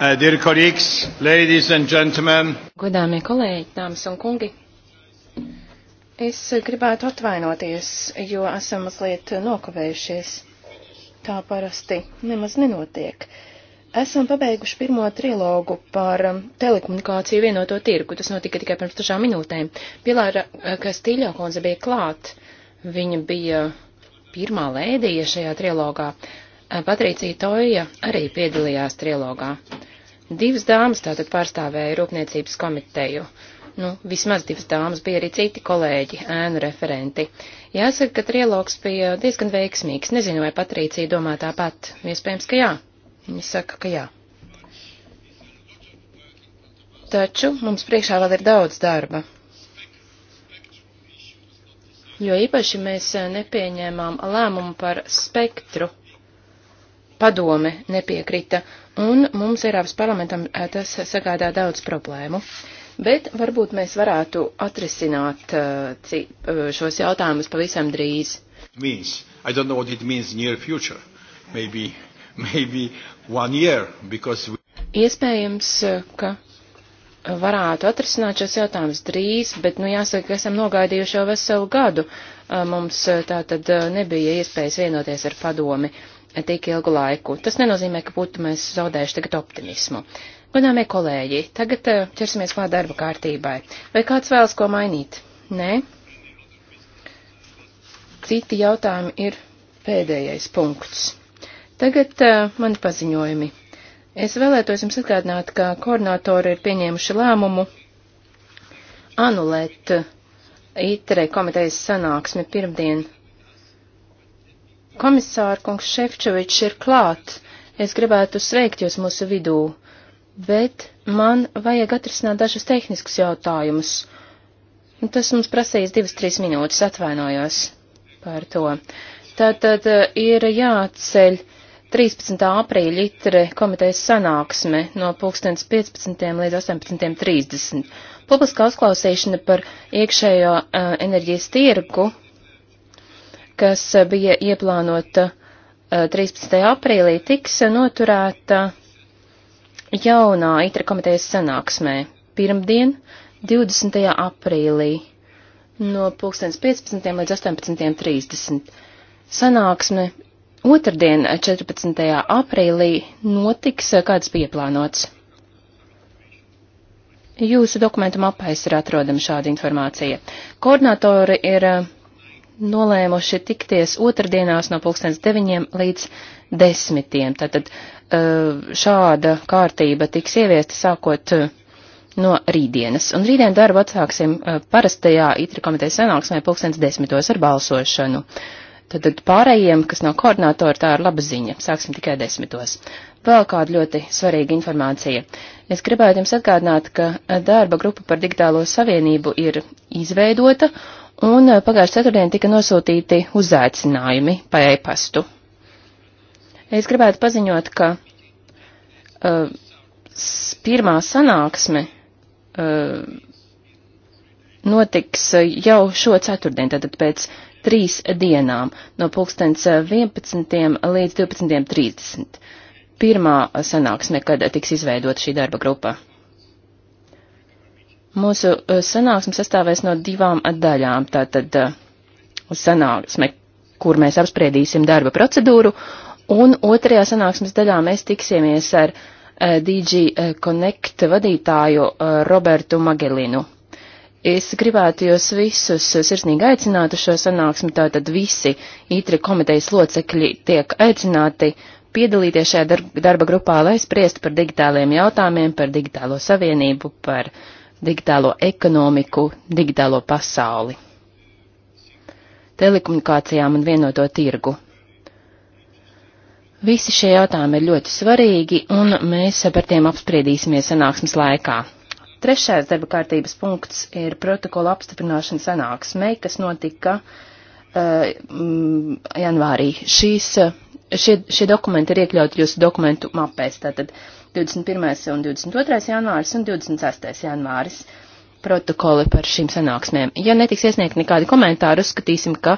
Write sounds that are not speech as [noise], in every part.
Uh, dear colleagues, ladies and gentlemen. Godāmie kolēģi, dāmas un kungi. Es gribētu atvainoties, jo esam mazliet nokavējušies. Tā parasti nemaz nenotiek. Esam pabeiguši pirmo trilogu par um, telekomunikāciju vienoto tirgu. Tas notika tikai pirms dažām minūtēm. Pilāra uh, Kastīļo konze bija klāt. Viņa bija pirmā lēdija šajā trilogā. Patricija Toja arī piedalījās trilogā. Divas dāmas tātad pārstāvēja Rūpniecības komiteju. Nu, vismaz divas dāmas bija arī citi kolēģi, ēnu referenti. Jāsaka, ka trilogs bija diezgan veiksmīgs. Nezinu, vai Patricija domā tāpat. Iespējams, ka jā. Viņa saka, ka jā. Taču mums priekšā vēl ir daudz darba. Jo īpaši mēs nepieņēmām lēmumu par spektru padome nepiekrita, un mums Eiropas parlamentam eh, tas sagādā daudz problēmu. Bet varbūt mēs varētu atrisināt eh, eh, šos jautājumus pavisam drīz. Means. I don't know what it means near future. Maybe, [laughs] maybe one year, because we... Iespējams, ka varētu atrisināt šos jautājumus drīz, bet, nu, jāsaka, ka esam nogaidījuši jau veselu gadu. Mums tā tad nebija iespējas vienoties ar padomi tik ilgu laiku. Tas nenozīmē, ka būtu mēs zaudējuši tagad optimismu. Godāmie kolēģi, tagad eh, ķersimies klāt darba kārtībai. Vai kāds vēlas ko mainīt? Nē? Citi jautājumi ir pēdējais punkts. Tagad uh, mani paziņojumi. Es vēlētos jums atgādināt, ka koordinātori ir pieņēmuši lēmumu anulēt eh, ITRE komitejas sanāksmi pirmdien Komisāra kungs Šefčovičs ir klāt. Es gribētu sveikt jūs mūsu vidū, bet man vajag atrisināt dažus tehniskus jautājumus. Tas mums prasīs divas, trīs minūtes, atvainojos par to. Tātad eh, ir jāceļ 13. aprīļa itre komitejas sanāksme no 15. līdz 18.30. Publiskā uzklausīšana par iekšējo uh, enerģijas tirgu kas bija ieplānota 13. aprīlī, tiks noturēta jaunā ITRA komitejas sanāksmē pirmdien, 20. aprīlī, no 2015. līdz 18.30. Sanāksme otrdien, 14. aprīlī, notiks, kāds bija plānots. Jūsu dokumentu mapā ir atrodama šāda informācija. Koordinatori ir nolēmuši tikties otrdienās no pulkstens deviņiem līdz desmitiem. Tātad eh, šāda kārtība tiks ieviesta sākot eh, no rītdienas. Un rītdien darbu atsāksim eh, parastajā itri komitejas sanāksmē pulkstens desmitos ar balsošanu. Tad pārējiem, kas nav koordinātori, tā ir laba ziņa. Sāksim tikai desmitos. Vēl kāda ļoti svarīga informācija. Es gribētu jums atgādināt, ka darba grupa par digitālo savienību ir izveidota un eh, pagājušā ceturtdien tika nosūtīti uzaicinājumi pa e-pastu. Es gribētu paziņot, ka uh, pirmā sanāksme uh, notiks jau šo ceturtdienu, tātad pēc trīs dienām, no pulkstens 11. līdz 12.30. Pirmā sanāksme, kad tiks izveidota šī darba grupa. Mūsu eh, sanāksme sastāvēs no divām daļām. Tātad eh, sanāksme, kur mēs apspriedīsim darba procedūru, un otrajā sanāksmes daļā mēs tiksimies ar eh, DG Connect vadītāju Robertu Magelinu. Es gribētu jūs visus sirsnīgi aicināt uz šo sanāksmi, tātad visi ITRI komitejas locekļi tiek aicināti piedalīties šajā darba grupā, lai spriestu par digitāliem jautājumiem, par digitālo savienību, par uh, digitālo ekonomiku, digitālo pasauli, telekomunikācijām un vienoto tirgu. Visi šie jautājumi ir ļoti svarīgi, un mēs par tiem apspriedīsimies sanāksmes laikā. Trešais darba kārtības punkts ir protokola apstiprināšana sanāksmei, kas notika uh, mm, janvārī. Šīs, uh, šie, šie dokumenti ir iekļauti jūsu dokumentu mapēs, tātad uh, 21. un 22. janvāris un 26. janvāris protokoli par šīm sanāksmēm. Ja netiks iesniegt nekādi komentāri, uzskatīsim, ka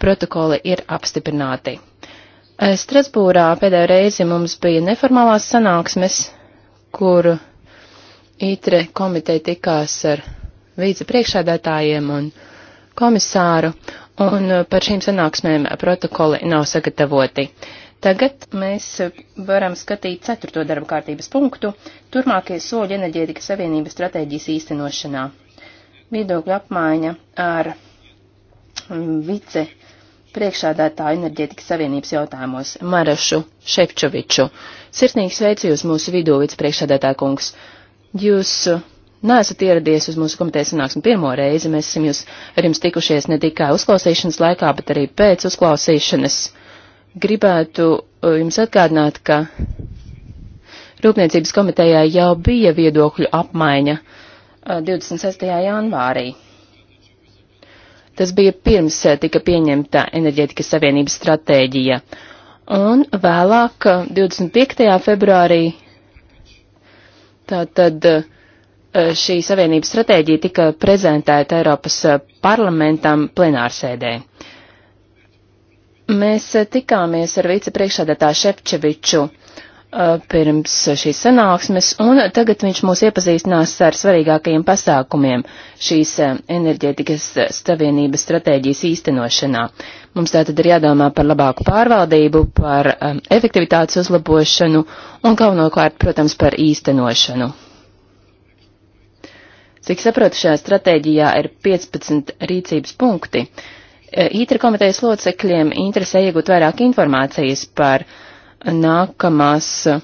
protokoli ir apstiprināti. Eh, Strasbūrā pēdējo reizi mums bija neformālās sanāksmes, kur ITRE komiteja tikās ar vīdzi priekšādātājiem un komisāru, un eh, par šīm sanāksmēm protokoli nav sagatavoti. Tagad mēs varam skatīt ceturto darba kārtības punktu - turmākie soļi enerģētikas savienības stratēģijas īstenošanā. Viedokļu apmaiņa ar vice priekšādātāju enerģētikas savienības jautājumos Marašu Šepčoviču. Sirsnīgi sveicu jūs mūsu vidū, vice priekšādātā kungs. Jūs neesat ieradies uz mūsu komitejas sanāksmi pirmo reizi. Mēs esam jūs ar jums tikušies ne tikai uzklausīšanas laikā, bet arī pēc uzklausīšanas. Uh, gribētu uh, jums atgādināt, ka Rūpniecības komitejā jau bija viedokļu apmaiņa 26. Uh, janvārī. Tas bija pirms uh, tika pieņemta enerģētikas savienības stratēģija. Un vēlāk, 25. februārī, tātad šī savienības stratēģija tika prezentēta Eiropas parlamentam plenārsēdē. Uh, Mēs eh, tikāmies ar vicepriekšādātāju Šepčeviču eh, pirms šīs sanāksmes, un tagad viņš mūs iepazīstinās ar svarīgākajiem pasākumiem šīs eh, enerģētikas savienības stratēģijas īstenošanā. Mums tātad ir jādomā par labāku pārvaldību, par efektivitātes uzlabošanu un galvenokārt, protams, par īstenošanu. Cik saprotu, šajā stratēģijā ir 15 rīcības punkti. Uh, Ītra eh, komitejas locekļiem interesē iegūt vairāk informācijas par nākamās uh,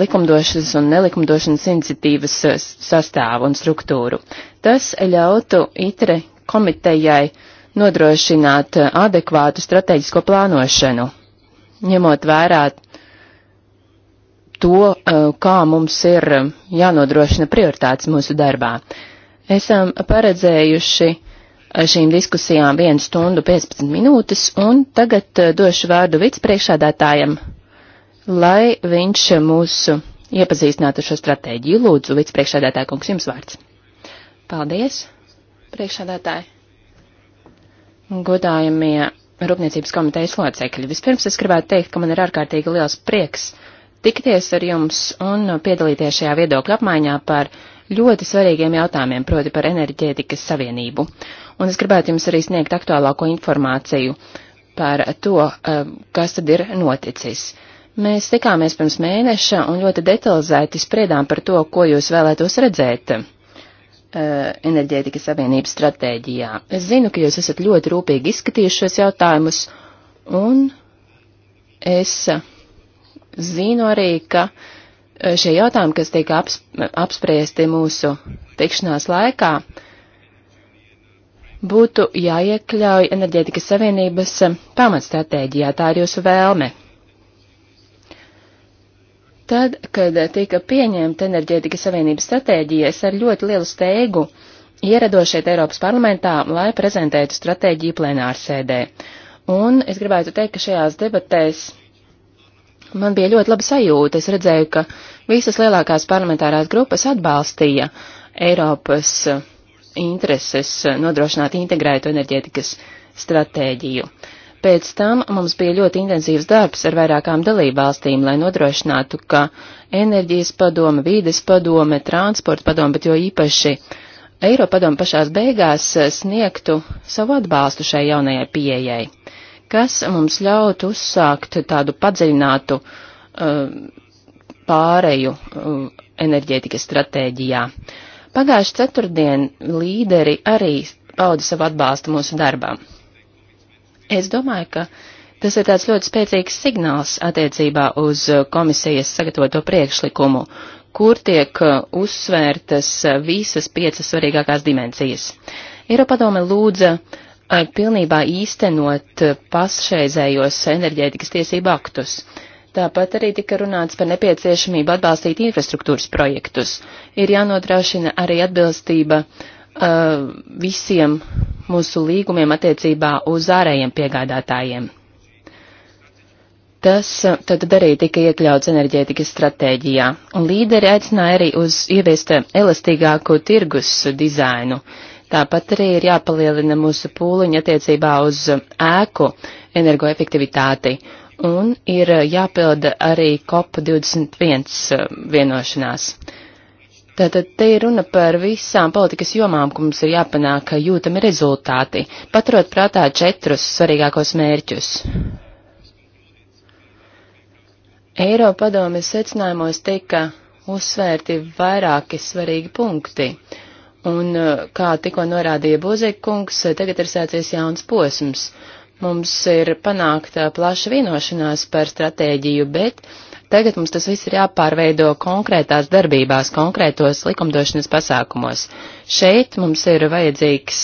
likumdošanas un nelikumdošanas iniciatīvas eh, sastāvu un struktūru. Tas ļautu ITRE komitejai nodrošināt adekvātu strateģisko plānošanu, ņemot vērā to, kā mums ir jānodrošina prioritātes mūsu darbā. Esam paredzējuši uh, šīm diskusijām 1 stundu 15 minūtes, un tagad eh, došu vārdu vicepriekšādātājam, lai viņš mūsu iepazīstinātu šo stratēģiju. Lūdzu, vicepriekšādātāja kungs, jums vārds. Paldies, priekšādātāji. Godājamie Rūpniecības komitejas locekļi. Vispirms es gribētu teikt, ka man ir ārkārtīgi liels prieks tikties ar jums un piedalīties šajā viedokļa apmaiņā par uh, ļoti svarīgiem jautājumiem, proti par enerģētikas savienību. Un es gribētu jums arī sniegt aktuālāko informāciju par to, eh, kas tad ir noticis. Mēs tikāmies pirms mēneša un ļoti detalizēti spriedām par to, ko jūs vēlētos redzēt eh, enerģētikas savienības stratēģijā. Es zinu, ka jūs esat ļoti rūpīgi izskatījušos jautājumus, un es zinu arī, ka uh, šie jautājumi, kas tika aps, apspriesti mūsu tikšanās laikā, būtu jāiekļauj enerģētikas savienības pamatstratēģijā. Tā ir jūsu vēlme. Tad, kad tika pieņemta enerģētikas savienības stratēģija, es ar ļoti lielu steigu ierados šeit Eiropas parlamentā, lai prezentētu stratēģiju plenārsēdē. Un es gribētu teikt, ka šajās debatēs Man bija ļoti laba sajūta. Es redzēju, ka visas lielākās parlamentārās grupas atbalstīja Eiropas eh, intereses eh, nodrošināt integrētu enerģētikas stratēģiju. Pēc tam mums bija ļoti intensīvs darbs ar vairākām dalībvalstīm, lai nodrošinātu, ka enerģijas padome, vīdes padome, transporta padome, bet jo īpaši Eiropadome pašās beigās eh, sniegtu savu atbalstu šai jaunajai pieejai kas mums ļaut uzsākt tādu padziļinātu uh, pāreju uh, enerģētikas stratēģijā. Pagājuši ceturtdien līderi arī pauda savu atbalstu mūsu darbam. Es domāju, ka tas ir tāds ļoti spēcīgs signāls attiecībā uz komisijas sagatavoto priekšlikumu, kur tiek uh, uzsvērtas uh, visas piecas svarīgākās dimensijas. Eiropadome lūdza uh, Uh, pilnībā īstenot pašreizējos enerģētikas tiesību aktus. Tāpat arī tika runāts par nepieciešamību atbalstīt infrastruktūras projektus. Ir jānodrošina arī atbilstība uh, visiem mūsu līgumiem attiecībā uz ārējiem piegādātājiem. Tas uh, tad arī tika iekļauts enerģētikas stratēģijā, un līderi aicināja arī uz ieviest elastīgāku tirgus dizainu. Uh, Tāpat arī ir jāpalielina mūsu pūliņa attiecībā uz ēku energoefektivitāti un ir jāpilda arī COP21 eh, vienošanās. Tātad te ir runa par visām politikas jomām, kur mums ir jāpanāk jūtami rezultāti, paturot prātā četrus svarīgākos mērķus. Eiropadomes secinājumos tika uzsvērti vairāki svarīgi punkti. Un, uh, kā tikko norādīja Buzekungs, uh, tagad ir sācies jauns posms. Mums ir panākta plaša vienošanās par stratēģiju, bet tagad mums tas viss ir jāpārveido konkrētās darbībās, konkrētos likumdošanas pasākumos. Šeit mums ir vajadzīgs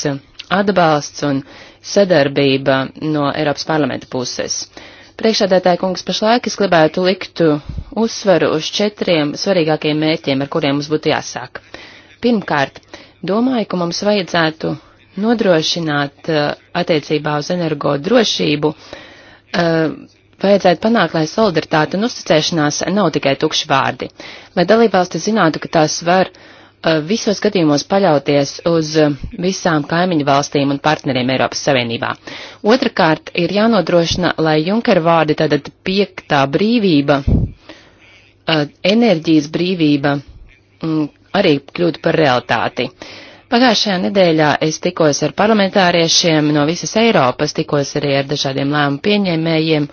atbalsts un sadarbība no Eiropas parlamenta puses. Priekšādētāja kungs pašlaik es gribētu likt uzsvaru uz četriem svarīgākiem mērķiem, ar kuriem mums būtu jāsāk. Pirmkārt, Domāju, ka mums vajadzētu nodrošināt eh, attiecībā uz energo drošību, eh, vajadzētu panākt, lai solidaritāte un uzticēšanās nav tikai tukši vārdi, lai dalībvalsti zinātu, ka tās var eh, visos gadījumos paļauties uz visām kaimiņu valstīm un partneriem Eiropas Savienībā. Otrakārt, ir jānodrošina, lai Junker vārdi tātad piektā brīvība, enerģijas brīvība, mm, arī kļūtu par realitāti. Pagājušajā nedēļā es tikos ar parlamentāriešiem no visas Eiropas, tikos arī ar dažādiem lēmu pieņēmējiem,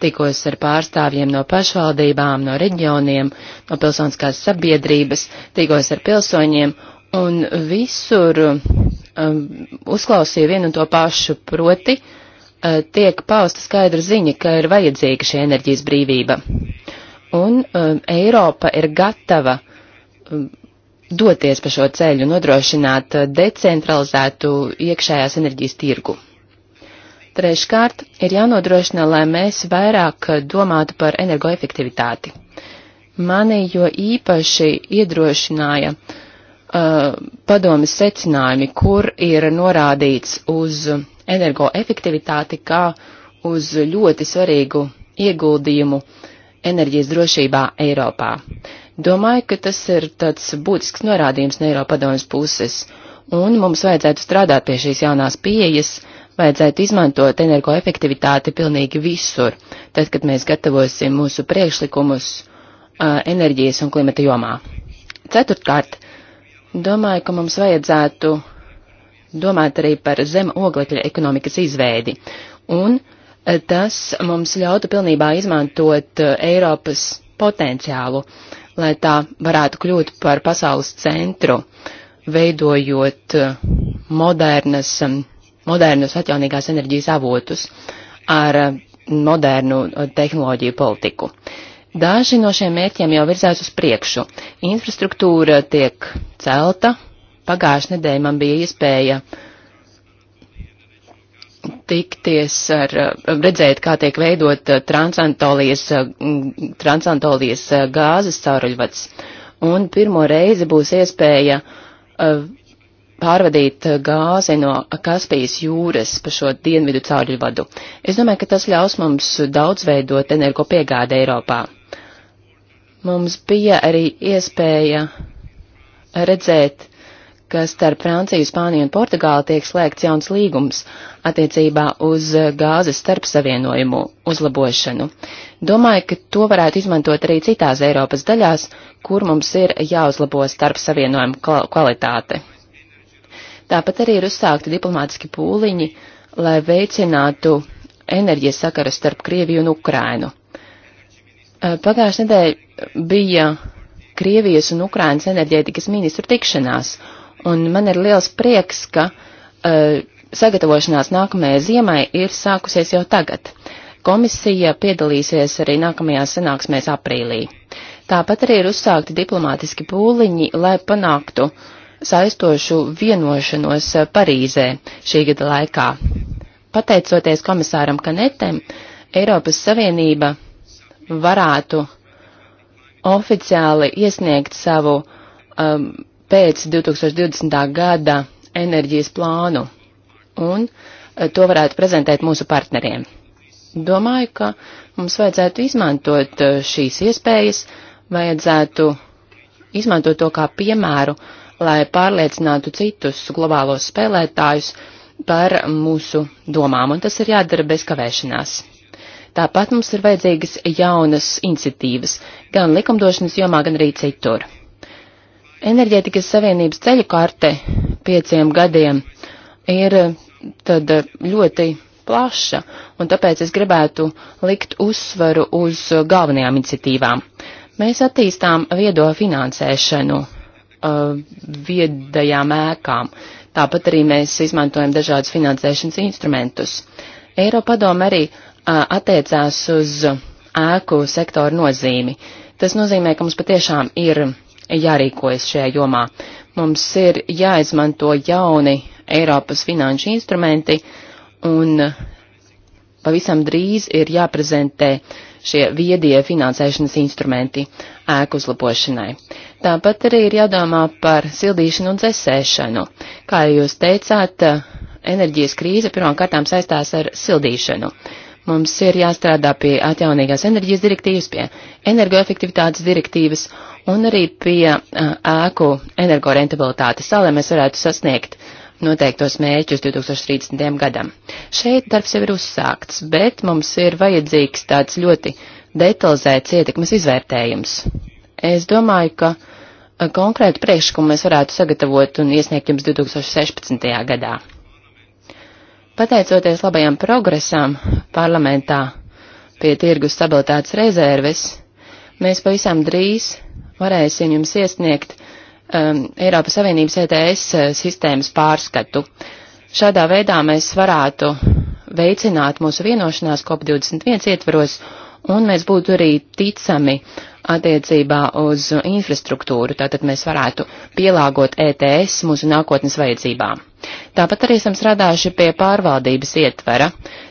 tikos ar pārstāvjiem no pašvaldībām, no reģioniem, no pilsoniskās sabiedrības, tikos ar pilsoņiem un visur um, uzklausīju vienu un to pašu proti, uh, tiek pausta skaidra ziņa, ka ir vajadzīga šī enerģijas brīvība. Un um, Eiropa ir gatava um, doties pa šo ceļu, nodrošināt eh, decentralizētu iekšējās enerģijas tirgu. Treškārt, ir jānodrošina, lai mēs vairāk eh, domātu par energoefektivitāti. Mani jo īpaši iedrošināja uh, eh, padomas secinājumi, kur ir norādīts uz energoefektivitāti kā uz ļoti svarīgu ieguldījumu enerģijas drošībā Eiropā. Domāju, ka tas ir tāds būtisks norādījums no Eiropadomas puses, un mums vajadzētu strādāt pie šīs jaunās pieejas, vajadzētu izmantot energoefektivitāti pilnīgi visur, tad, kad mēs gatavosim mūsu priekšlikumus uh, enerģijas un klimata jomā. Ceturtkārt, domāju, ka mums vajadzētu domāt arī par zem oglekļa ekonomikas izveidi, un tas mums ļautu pilnībā izmantot Eiropas potenciālu. Uh, lai tā varētu kļūt par pasaules centru, veidojot eh, modernas, eh, modernus atjaunīgās enerģijas avotus ar eh, modernu tehnoloģiju politiku. Daži no šiem mērķiem jau virzās uz priekšu. Infrastruktūra tiek celta. Pagājušajā nedēļā man bija iespēja uh, tikties ar, eh, redzēt, kā tiek veidot eh, transantolijas, eh, transantolijas gāzes cauruļvads. Un pirmo reizi būs iespēja pārvadīt gāzi no Kaspijas jūras pa šo dienvidu cauruļvadu. Es domāju, ka tas ļaus mums daudz veidot energo piegāde Eiropā. Mums bija arī iespēja redzēt, ka starp Franciju, Spāniju un Portugāli tiek slēgts jauns līgums attiecībā uz eh, gāzes starpsavienojumu uzlabošanu. Domāju, ka to varētu izmantot arī citās Eiropas daļās, kur mums ir jāuzlabo starpsavienojumu kvalitāte. Tāpat arī ir uzsākti diplomātiski pūliņi, lai veicinātu enerģijas sakaru starp Krieviju un Ukrainu. Eh, pagājušajā nedēļā bija Krievijas un Ukrainas enerģētikas ministru tikšanās, Un man ir liels prieks, ka uh, sagatavošanās nākamajai ziemai ir sākusies jau tagad. Komisija piedalīsies arī nākamajās sanāksmēs aprīlī. Tāpat arī ir uzsākti diplomātiski pūliņi, lai panāktu saistošu vienošanos e, Parīzē šī gada laikā. Pateicoties komisāram Kanetem, Eiropas Savienība varētu oficiāli iesniegt savu um, pēc 2020. gada enerģijas plānu, un eh, to varētu prezentēt mūsu partneriem. Domāju, ka mums vajadzētu izmantot eh, šīs iespējas, vajadzētu izmantot to kā piemēru, lai pārliecinātu citus globālos spēlētājus par mūsu domām, un tas ir jādara bez kavēšanās. Tāpat mums ir vajadzīgas jaunas iniciatīvas, gan likumdošanas jomā, gan arī citur. Enerģētikas Savienības ceļu karte pieciem gadiem ir eh, tad eh, ļoti plaša, un tāpēc es gribētu likt uzsvaru uz eh, galvenajām iniciatīvām. Mēs attīstām viedo finansēšanu uh, viedajām ēkām, tāpat arī mēs izmantojam dažādus finansēšanas instrumentus. Eiropadoma arī uh, attiecās uz ēku sektoru nozīmi. Tas nozīmē, ka mums patiešām ir jārīkojas šajā jomā. Mums ir jāizmanto jauni Eiropas finanšu instrumenti un pavisam drīz ir jāprezentē šie viedie finansēšanas instrumenti ēku uzlabošanai. Tāpat arī ir jādomā par sildīšanu un dzesēšanu. Kā jūs teicāt, enerģijas krīze pirmkārtām saistās ar sildīšanu. Uh, Mums ir jāstrādā pie atjaunīgās enerģijas direktīvas, pie energoefektivitātes direktīvas un arī pie ēku energorentabilitātes, tā lai mēs varētu sasniegt noteiktos mērķus 2030. gadam. Šeit darbs jau ir uzsākts, bet mums ir vajadzīgs tāds ļoti detalizēts ietekmes izvērtējums. Es domāju, ka konkrētu priekšlikumu mēs varētu sagatavot un iesniegt jums 2016. gadā. Pateicoties labajam progresam parlamentā pie tirgus stabilitātes rezerves, mēs pavisam drīz varēsim jums iesniegt um, Eiropas Savienības ETS uh, sistēmas pārskatu. Šādā veidā mēs varētu veicināt mūsu vienošanās COP21 ietvaros, un mēs būtu arī ticami attiecībā uz infrastruktūru, tātad mēs varētu pielāgot ETS mūsu nākotnes vajadzībām. Tāpat arī esam strādājuši pie pārvaldības ietvera.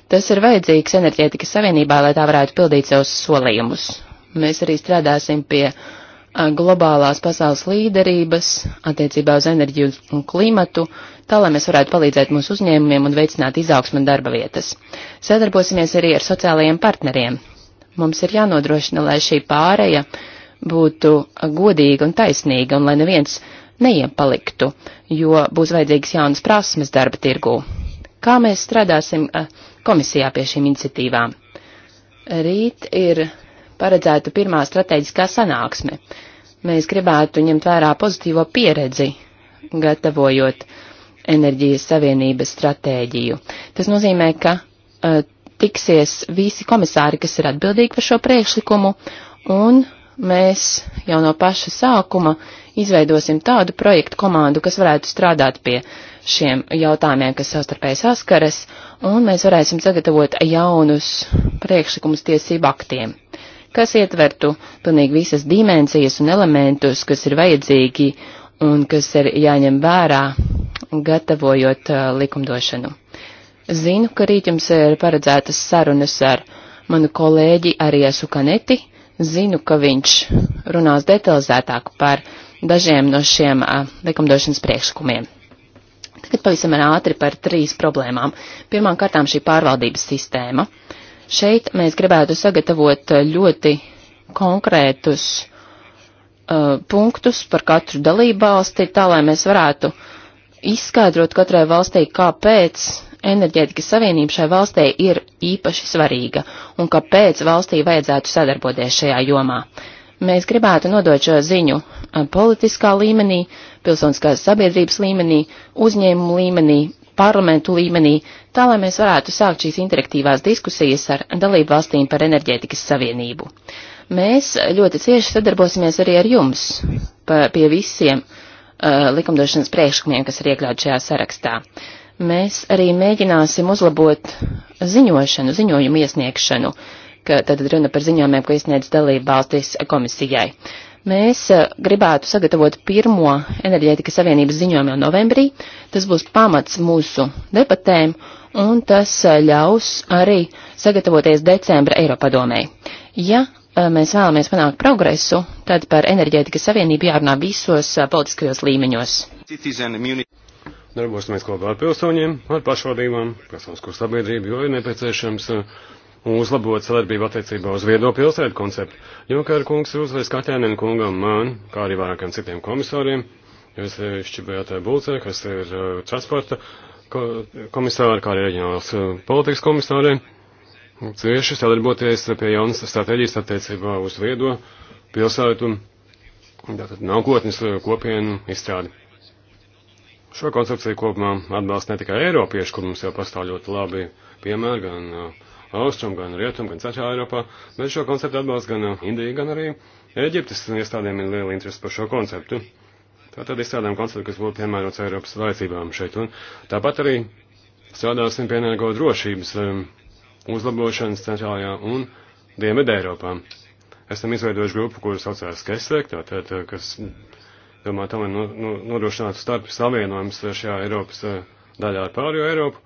Tas ir vajadzīgs enerģētikas savienībā, lai tā varētu pildīt savus solījumus. Mēs arī strādāsim pie globālās pasaules līderības attiecībā uz enerģiju un klimatu, tā lai mēs varētu palīdzēt mūsu uzņēmumiem un veicināt izaugsmu un darba vietas. Sadarbosimies arī ar sociālajiem partneriem. Mums ir jānodrošina, lai šī pāreja būtu godīga un taisnīga, un lai neviens neiepaliktu, jo būs vajadzīgas jaunas prasmes darba tirgū. Kā mēs strādāsim eh, komisijā pie šīm iniciatīvām? Rīt ir paredzēta pirmā strateģiskā sanāksme. Mēs gribētu ņemt vērā pozitīvo pieredzi, gatavojot enerģijas savienības stratēģiju. Tas nozīmē, ka uh, tiksies visi komisāri, kas ir atbildīgi par šo priekšlikumu, un mēs jau no paša sākuma izveidosim tādu projektu komandu, kas varētu strādāt pie šiem jautājumiem, kas savstarpēji saskaras, un mēs varēsim sagatavot jaunus priekšlikumus tiesību aktiem, kas ietvertu pilnīgi visas dimensijas un elementus, kas ir vajadzīgi un kas ir jāņem vērā, gatavojot uh, likumdošanu. Zinu, ka rīt jums ir paredzētas sarunas ar manu kolēģi Ariesu Kaneti. Zinu, ka viņš runās detalizētāk par dažiem no šiem uh, likumdošanas priekšlikumiem. Tagad pavisam ātri par trīs problēmām. Pirmām kārtām šī pārvaldības sistēma. Šeit mēs gribētu sagatavot ļoti konkrētus uh, punktus par katru dalību valsti, tā lai mēs varētu izskaidrot katrai valstī, kāpēc enerģētikas savienība šai valstī ir īpaši svarīga un kāpēc valstī vajadzētu sadarboties šajā jomā. Mēs gribētu nodot šo ziņu politiskā līmenī, pilsoniskās sabiedrības līmenī, uzņēmumu līmenī, parlamentu līmenī, tā lai mēs varētu sākt šīs interaktīvās diskusijas ar dalību valstīm par enerģētikas savienību. Mēs ļoti cieši sadarbosimies arī ar jums pa, pie visiem uh, likumdošanas priekšlikumiem, kas ir iekļauts šajā sarakstā. Uh, Mēs arī mēģināsim uzlabot ziņošanu, ziņojumu iesniegšanu, ka tad runa par ziņojumiem, ko iesniedz dalība valstis komisijai. Mēs eh, gribētu sagatavot pirmo enerģētikas savienības ziņojumu jau novembrī. Tas būs pamats mūsu debatēm, un tas eh, ļaus arī sagatavoties decembra Eiropadomē. Ja eh, mēs vēlamies panākt progresu, tad par enerģētikas savienību jārunā visos politiskajos līmeņos. Darbosimies kopā ar pilsoņiem, ar pašvaldībām, pilsonisko sabiedrību, jo ir nepieciešams uh, uzlabot sadarbību attiecībā uz viedo pilsētu konceptu. Junkar kungs uzreiz Katēnen kungam man, kā arī vairākiem citiem komisāriem, jūs šķibējāt uh, Bulcē, kas ir uh, transporta komisāri, kā arī reģionāls politikas komisāriem, cieši sadarboties pie jaunas stratēģijas attiecībā uz viedo pilsētu, tātad nākotnes kopienu izstrādi. Šo koncepciju kopumā atbalsta ne tikai Eiropieši, kur mums jau pastāv ļoti labi piemēri gan uh, Austrum, gan Rietum, gan Centrā Eiropā, bet šo konceptu atbalsta gan uh, Indija, gan arī Eģiptes iestādēm ir liela interese par šo konceptu. Tātad izstrādājam konceptu, kas būtu piemērots Eiropas vajadzībām šeit. Un tāpat arī strādāsim pie energo drošības um, uzlabošanas centrālajā un Dienvidē Eiropā. Esam izveidojuši grupu, kuru saucās Kesvek, tātad, uh, kas. Tā, tā, domāju, tam ir nu, nodrošināts starp savienojums šajā Eiropas eh, daļā ar pārējo Eiropu.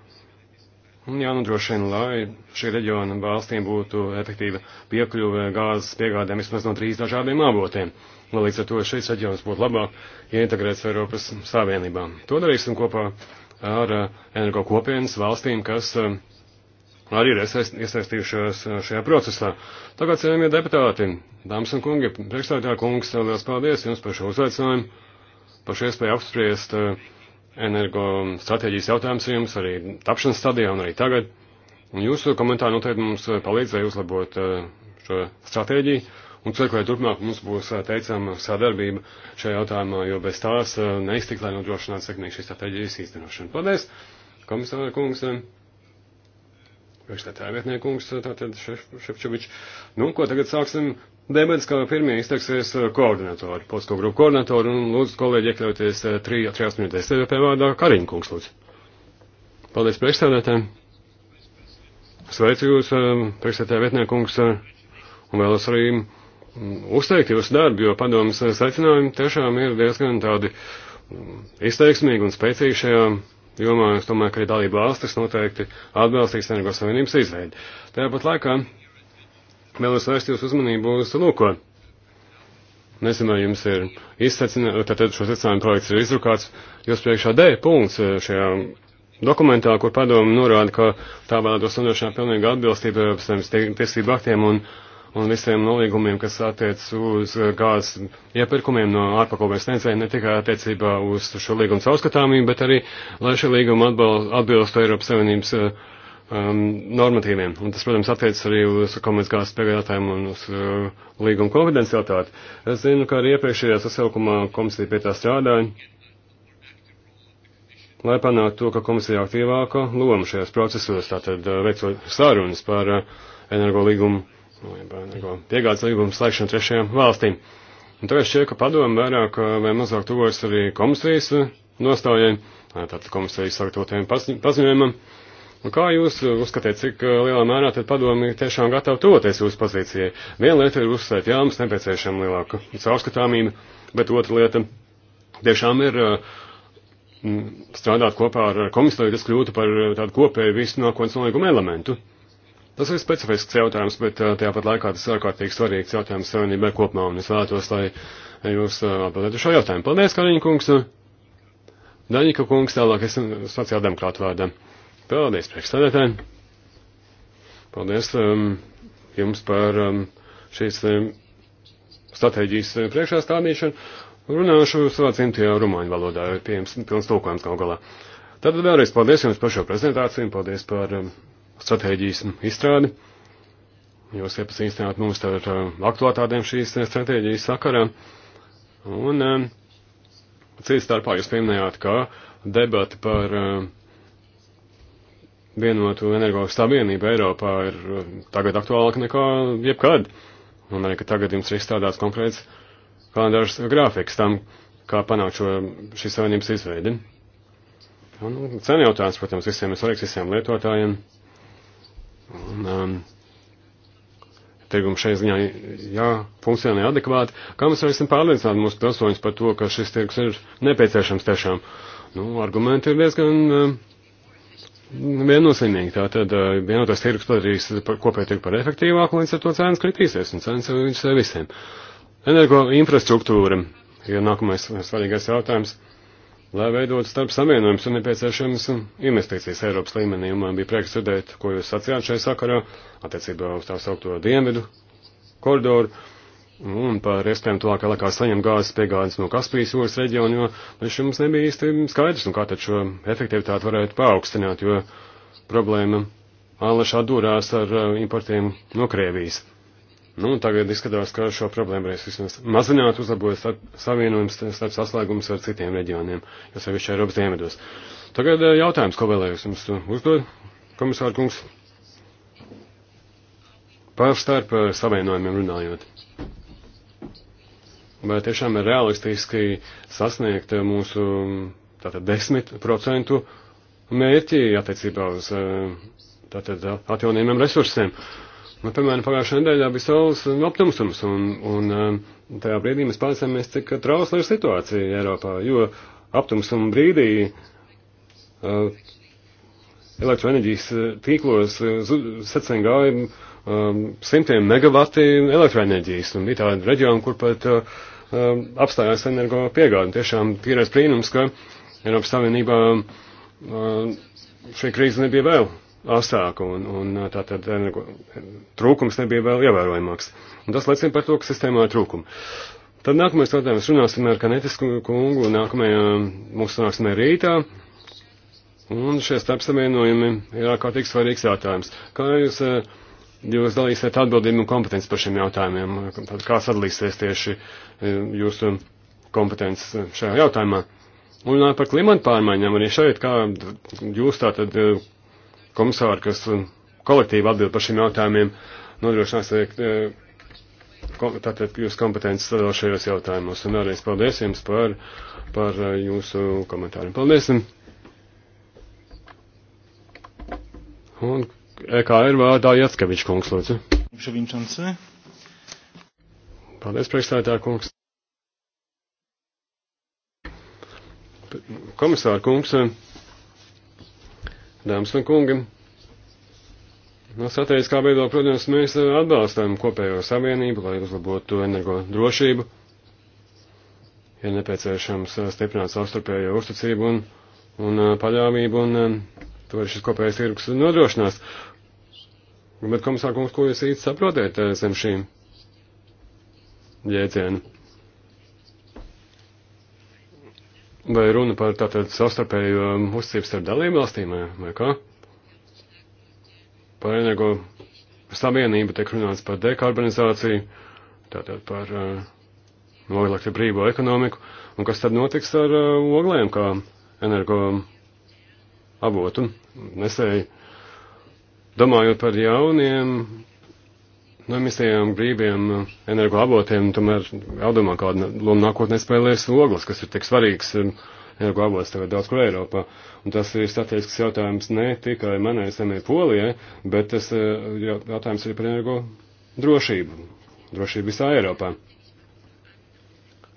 Un jānodrošina, lai šī reģiona valstīm būtu efektīva piekļuve gāzes piegādēm vismaz no trīs dažādiem avotiem, lai līdz ar to šis reģions būtu labāk ieintegrēts ja Eiropas Savienībā. To darīsim kopā ar eh, energo kopienas valstīm, kas uh, arī ir iesaistījušās eh, šajā procesā. Tagad, cienījamie deputāti, dāmas un kungi, priekšstādā kungs, liels paldies jums par šo uzveicinājumu, par šo iespēju apspriest eh, energo stratēģijas jautājums jums arī tapšanas stadijā un arī tagad. Un jūsu komentāri noteikti mums eh, palīdzēja uzlabot šo stratēģiju. Un ceru, ka turpmāk mums būs teicama sadarbība šajā jautājumā, jo bez tās neiztiklē nodrošināt sekmīgi šīs stratēģijas īstenošanu. Paldies, komisāra kungs! priekšstādātāja vietniekums, tātad Šepčovičs. Nu, ko tagad sāksim debatas, kā pirmie izteiksies eh, koordinatori, politisko grupu koordinatori, un lūdzu kolēģi iekļauties eh, tri, trijās minūtēs. Tev pievārdā Kariņa kungs, lūdzu. Paldies priekšstādātājiem. Sveicu jūs, eh, priekšstādātāja vietniekums, un vēlos arī mm, uzteikt jūsu darbu, jo padomas secinājumi tiešām ir diezgan tādi mm, izteiksmīgi un spēcīgi šajā jomā es domāju, ka ir dalība valstis noteikti atbalstīs energo savienības izveidi. Tāpat laikā vēlos vērst jūsu uzmanību uz lūko. Nezinu, vai jums ir izsacināts, tad šo secinājumu projekts ir izrukāts. Jūs priekšā D punkts eh, šajā dokumentā, kur padomu norāda, ka tā vēlētos nodrošināt pilnīgu atbilstību Eiropas Savienības tiesību aktiem un un visiem nolīgumiem, kas attiec uz eh, gāzes iepirkumiem no ārpakalpojumu sniedzējiem, ne tikai attiecībā uz šo līgumu caurskatāmību, bet arī, lai šie līgumi atbilstu Eiropas Savienības eh, um, normatīviem. Un tas, protams, attiecas arī uz komēdus gāzes piegādātājiem un uz uh, līguma konfidencialitāti. Es zinu, ka arī iepriekšējā sasaukumā komisija pie tā strādāja, lai panāktu to, ka komisija aktīvāka loma šajos procesos, tātad uh, veicot sarunas par uh, energo līgumu no energo piegādes līgumu slēgšanu trešajām valstīm. Un tagad šķiet, ka padomu vairāk eh, vai mazāk tuvojas arī komisijas eh, nostājai, eh, tātad komisijas sagatavotajiem paziņojumam. Un kā jūs uzskatiet, cik lielā mērā tad padomi tiešām gatavi tuvoties jūsu pozīcijai? Viena lieta ir uzsvērt, jā, mums nepieciešama lielāka caurskatāmība, bet otra lieta tiešām ir strādāt kopā ar komisiju, tas kļūtu par tādu kopēju visu nākotnes nolīgumu elementu. Tas ir specifisks jautājums, bet tāpat laikā tas ir ārkārtīgi svarīgs jautājums savienībai kopumā, un es vēlētos, lai jūs atbildētu šo jautājumu. Paldies, Kariņa kungs! Daņika kungs, tālāk es sociāldemokrātu vārdā. Paldies, priekšstādētāji! Paldies um, jums par um, šīs um, stratēģijas priekšā stādīšanu. Runāšu savā dzimtajā rumāņu valodā, ir pieejams pilns tulkojums gal galā. Tātad vēlreiz paldies jums par šo prezentāciju un paldies par um, stratēģijas izstrādi. Jūs iepazīstināt mums ar uh, aktuālitātēm šīs uh, stratēģijas sakarā. Un uh, cits starpā jūs pieminējāt, ka debati par vienotu energoefektu savienību Eiropā ir tagad aktuālāk nekā jebkad. Un arī, ka tagad jums ir izstrādāts konkrēts kalendārs grāfiks tam, kā panākt šo, šīs savienības izveidi. Un cena jautājums, protams, visiem ir svarīgs, visiem lietotājiem. Un, um, tirgums šai ziņā jāfunkcionē adekvāti. Kā mēs varēsim pārliecināt mūsu pilsoņus par to, ka šis tirgus ir nepieciešams tiešām? Nu, argumenti ir diezgan um, viennozīmīgi. Tātad uh, vienotais tirgus padarīs kopēju tirgu par efektīvāku, līdz ar to cenas kritīsies un cenas ir visiem. Energo infrastruktūra ir nākamais svarīgais jautājums. Uh, lai veidot starp savienojums un nepieciešams investīcijas Eiropas līmenī. Un man bija prieks dzirdēt, ko jūs sacījāt šai sakarā, attiecībā uz tā saukto dienvidu koridoru. Un par iespējām tuvākā laikā saņem gāzes piegādes no Kaspijas jūras reģiona, jo viņš mums nebija īsti skaidrs, un kā tad šo efektivitāti varētu paaugstināt, jo problēma Ālašā dūrās ar importiem no Krievijas. Nu, tagad izskatās, ka šo problēmu varēs vismaz mazināt, uzlabot savienojums starp saslēgums ar citiem reģioniem, jo sevišķi Eiropas dienvidos. Tagad eh, jautājums, ko vēlējos jums uzdot, komisāra kungs, par starp eh, savienojumiem runājot. Vai tiešām ir realistiski sasniegt eh, mūsu tātad 10% mērķi attiecībā uz tātad atjaunījumiem resursiem? Uh, Nu, piemēram, pagājušajā nedēļā bija saules optimisms, un, un um, tajā brīdī mēs pārcēmies, cik trausla ir situācija Eiropā, jo optimismu brīdī uh, elektroenerģijas uh, tīklos uh, secen gāja um, uh, simtiem megavati elektroenerģijas, un bija tādi reģioni, kur pat uh, um, apstājās energo piegāde. Tiešām tīrais brīnums, ka Eiropas Savienībā uh, šī krīze nebija vēl asāka, un, un uh, tā tad eh, trūkums nebija vēl ievērojamāks. Un tas liecina par to, ka sistēmā ir trūkumi. Tad nākamais jautājums runāsim ar Kanetisku kungu nākamajā mūsu sanāksmē rītā. Un šie starpsavienojumi ir ārkārtīgi svarīgs jautājums. Kā jūs, eh, jūs dalīsiet atbildību un kompetenci par šiem jautājumiem? Tad kā sadalīsies tieši eh, jūsu kompetences šajā jautājumā? Un par klimatu pārmaiņām arī šeit, kā jūs tātad komisāri, kas um, kolektīvi atbild par šiem jautājumiem, nodrošinās e, e, tātad jūs kompetences šajos jautājumos. Un vēlreiz paldies jums par, par e, jūsu komentāriem. Paldies! Un EKR vārdā Jackavičs kungs, lūdzu. Paldies, priekšstādātā kungs. Komisāra kungs. Dāmas un kungi, no strateģiskā veidā, protams, mēs atbalstām kopējo savienību, lai uzlabotu energo drošību. Ir nepieciešams stiprināt savstarpējo uzticību un, un uh, paļāvību, un um, to ir šis kopējais tirgus nodrošinās. Bet, komisār kungs, ko jūs īsti saprotiet uh, zem šīm jēdzienu? Vai runa par tātad savstarpēju um, uzticību starp dalību valstīm vai kā? Par energo savienību tiek runāts par dekarbonizāciju, tātad par uh, noglekļa brīvo ekonomiku, un kas tad notiks ar uh, oglēm kā energo avotu. Nesēji domājot par jauniem no emisijām brīviem uh, energoavotiem, tomēr jādomā, kāda loma nākotnē spēlēs ogles, kas ir tik svarīgs um, energoavots tagad daudz kur Eiropā. Un tas ir strateģisks jautājums ne tikai manai zemē Polijai, bet tas uh, jautājums ir par energo drošību, drošību visā Eiropā.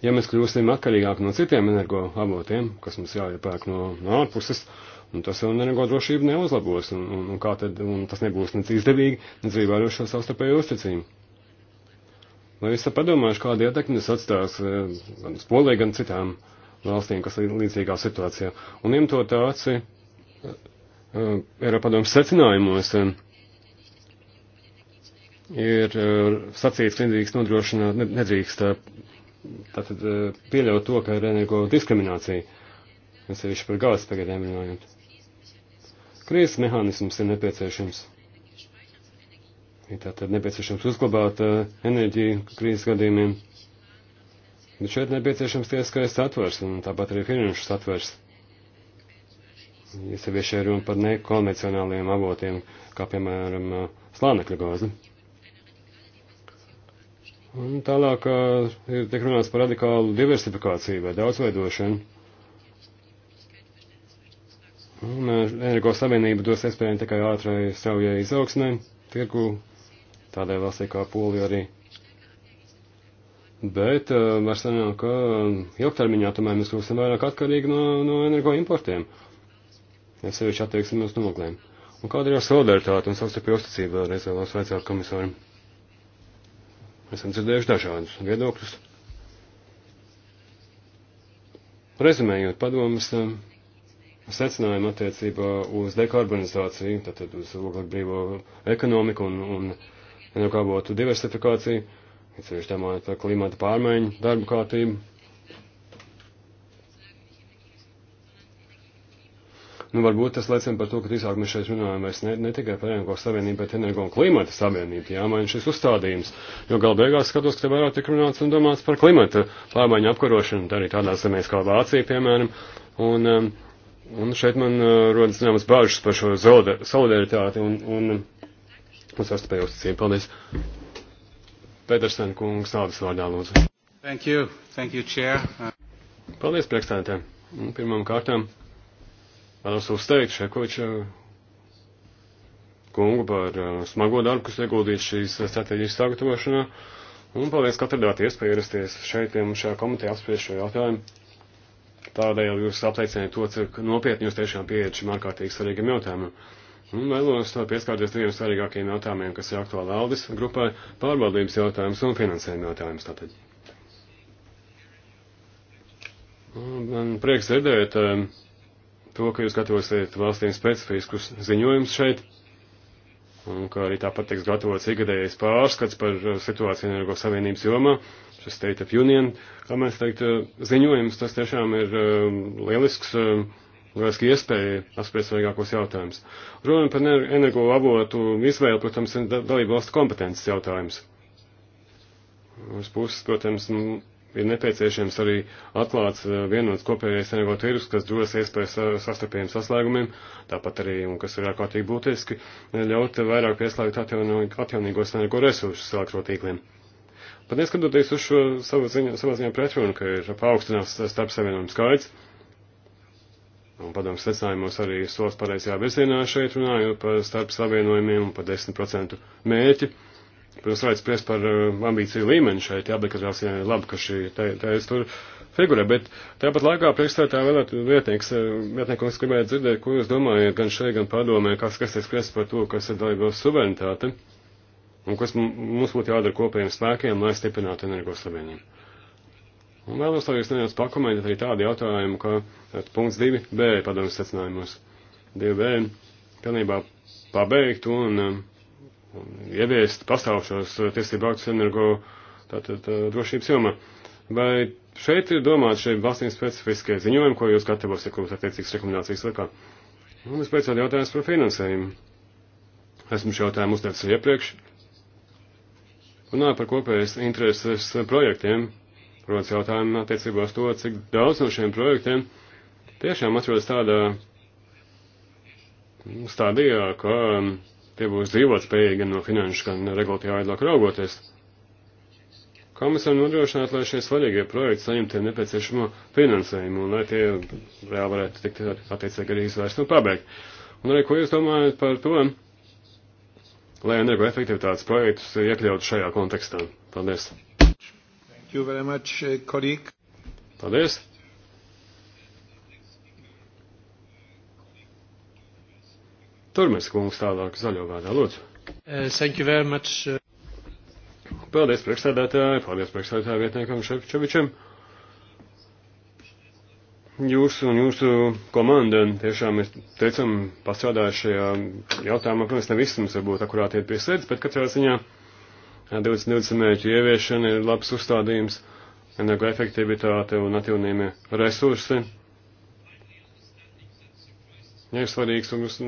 Ja mēs kļūsim atkarīgāki no citiem energoavotiem, kas mums jāiepērk no, no ārpuses, no Un tas jau nenegodrošību neuzlabos, un, un, un, tad, un tas nebūs nec izdevīgi, nec arī vērošo savstarpēju uzticību. Lai es padomāšu, kāda ietekme tas atstās eh, gan uz Poliju, gan citām valstīm, kas ir līdzīgā situācijā. Un ņem to tāci eh, eh, Eiropadomu secinājumos ir sacīts, ka nedrīkst nodrošināt, nedrīkst tātad pieļaut to, ka ir energo diskriminācija. Mēs sevišķi par gāzes tagad runājam. Krīzes mehānisms ir nepieciešams. Ir tātad nepieciešams uzglabāt uh, enerģiju krīzes gadījumiem. Bet šeit nepieciešams tieskais satvers un tāpat arī finanšu satvers. Ja sevišķi runa par nekonvencionāliem avotiem, kā piemēram uh, slānekļa gāzi. Un tālāk uh, ir tik runāts par radikālu diversifikāciju vai daudzveidošanu. Un eh, energo savienība dos iespēju tikai ātrai straujai izaugsmē, tirgu, tādai valstī kā Polija arī. Bet eh, var sanākt, ka ilgtermiņā tomēr mēs kļūsim vairāk atkarīgi no, no energo importiem. Ja sevišķi attieksim uz noglēm. Un kāda ir solidaritāte un savstarpēja uzticība vēlreiz vēlos vaicāt komisāram? Esam dzirdējuši dažādus viedokļus. Rezumējot padomus, eh, secinājumu attiecībā uz dekarbonizāciju, tātad uz oglekļa brīvo ekonomiku un, un energoavotu diversifikāciju, ceļš domājot par klimata pārmaiņu darbu kārtību. Nu, varbūt tas liecina par to, ka drīzāk mēs šeit runājam vairs ne, ne tikai par energo savienību, bet energo un klimata savienību. Jāmaina šis uzstādījums. Jo gal beigās skatos, ka te vairāk tik runāts un domāts par klimata pārmaiņu apkarošanu, arī tādās zemēs kā Vācija, piemēram. Un, um, Un šeit man uh, rodas zināmas bāžas par šo zolda, solidaritāti un, un, un sastāpēju uzticību. Paldies. Pedersen kungs, tādas vārdā lūdzu. Thank you. Thank you, chair. Paldies, priekšstādātē. Pirmām kārtām vēlos uzteikt Šekoviča kungu par uh, smago darbu, kas ieguldīts šīs strateģijas sagatavošanā. Un paldies, ka atradāt iespēju ierasties šeit pie mums šajā komitejā apspriest šo jautājumu. Tādēļ jūs apliecināt to, cik nopietni jūs tiešām pieiet šim ārkārtīgi svarīgam jautājumam. Un vēlos pieskārties diviem svarīgākajiem jautājumiem, kas ir aktuāli Aldis grupai - pārvaldības jautājums un finansējuma jautājums. Tātad. Un man prieks dzirdēt eh, to, ka jūs gatavosiet valstīm specifiskus ziņojumus šeit, un ka arī tāpat tiks gatavots ikgadējais pārskats par situāciju energo savienības jomā šis State of Union, kā mēs teikt, eh, ziņojums, tas tiešām ir eh, lielisks, eh, lieliski iespēja apspriest svarīgākos jautājumus. Runājot par energo avotu izvēli, protams, ir dalību valstu kompetences jautājums. Uz puses, protams, nu, ir nepieciešams arī atklāts vienots kopējais energo tirgus, kas dos iespējas sastapiem saslēgumiem, tāpat arī, un kas ir ārkārtīgi būtiski, ļaut vairāk pieslēgt atjaunīgos energo resursus elektrotīkliem. Pat neskatoties uz šo savu ziņu, savā ziņā pretrunu, ka ir paaugstinās starp savienojumu skaits, un padomu secinājumos arī solis pareizajā virzienā šeit runājot par starp savienojumiem un par 10% mērķi. Protams, vajadz spriest par uh, ambīciju līmeni šeit, jā, bet katrā ziņā ir labi, ka šī tēs tur figurē, bet tāpat laikā priekšstādā vēlētu vietnieks, uh, vietniekums gribētu dzirdēt, ko jūs domājat gan šeit, gan padomē, kas, kas tiek spriest par to, kas ir dalībās suverenitāte un kas mums būtu jādara kopējiem spēkiem, lai stiprinātu energo savienību. Un vēlos, lai jūs nedaudz pakomentētu arī tādu jautājumu, ka punkts 2b padomjas secinājumos. 2b pilnībā pabeigt un, un ieviest pastāvšos tiesību aktus energo tātad tā, drošības jomā. Vai šeit ir domāts šie valstīm specifiskie ziņojumi, ko jūs gatavosiet, ko attiecīgas rekomendācijas laikā? Un vispēc vēl jautājums par finansējumu. Esmu šo jautājumu uzdevis iepriekš, Runājot par kopējas intereses projektiem, rodas jautājumi attiecībā uz to, cik daudz no šiem projektiem tiešām atrodas tādā stadijā, ka um, tie būs dzīvotspējīgi gan no finanšu, gan regulatīvā aizlāk raugoties. Kā mēs varam nodrošināt, lai šie svarīgie projekti saņemtu nepieciešamo finansējumu un lai tie reāli varētu tikt attiecīgi arī izvērst un pabeigt? Un arī, ko jūs domājat par to, lai energoefektivitātes projektus iekļautu šajā kontekstā. Paldies! Much, eh, Paldies! Turmēs kungs tālāk zaļo vārdā, lūdzu. Uh, thank you very much. Eh. Paldies priekšsēdētāji, paldies priekšsēdētāju vietniekam Šepčevičam. Šep, Jūs un jūsu komanda tiešām ir, teicam, pastrādājuši šajā jautājumā, protams, ne viss mums varbūt akurāt iet pie sirds, bet katrā ziņā 2020 mērķu ieviešana ir labs uzstādījums, energoefektivitāte un atjaunījumie resursi. Ja ir svarīgs un uz,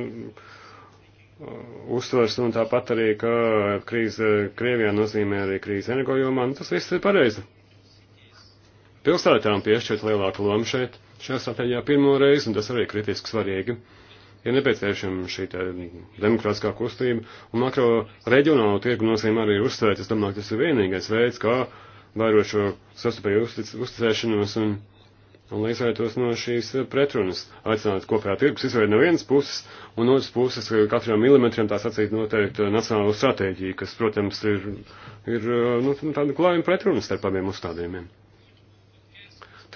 uztvers, un tāpat arī, ka krīze Krievijā nozīmē arī krīze energojumā, nu, tas viss ir pareizi. Pilsētām piešķirt lielāku lomu šeit šajā stratēģijā pirmo reizi, un tas arī kritiski svarīgi. Ir nepieciešama šī demokrātiskā kustība, un makro reģionālo tirgu nozīmē arī uzsvērt, es domāju, tas ir vienīgais veids, kā vairot šo sastapēju uzticēšanos un, un lai izvairītos no šīs pretrunas, aicināt kopējā tirgus izveidu no vienas puses, un otras puses katram milimetram tā sacīt noteikti nacionālo stratēģiju, kas, protams, ir, ir nu, tāda klājuma pretrunas starp abiem uzstādījumiem.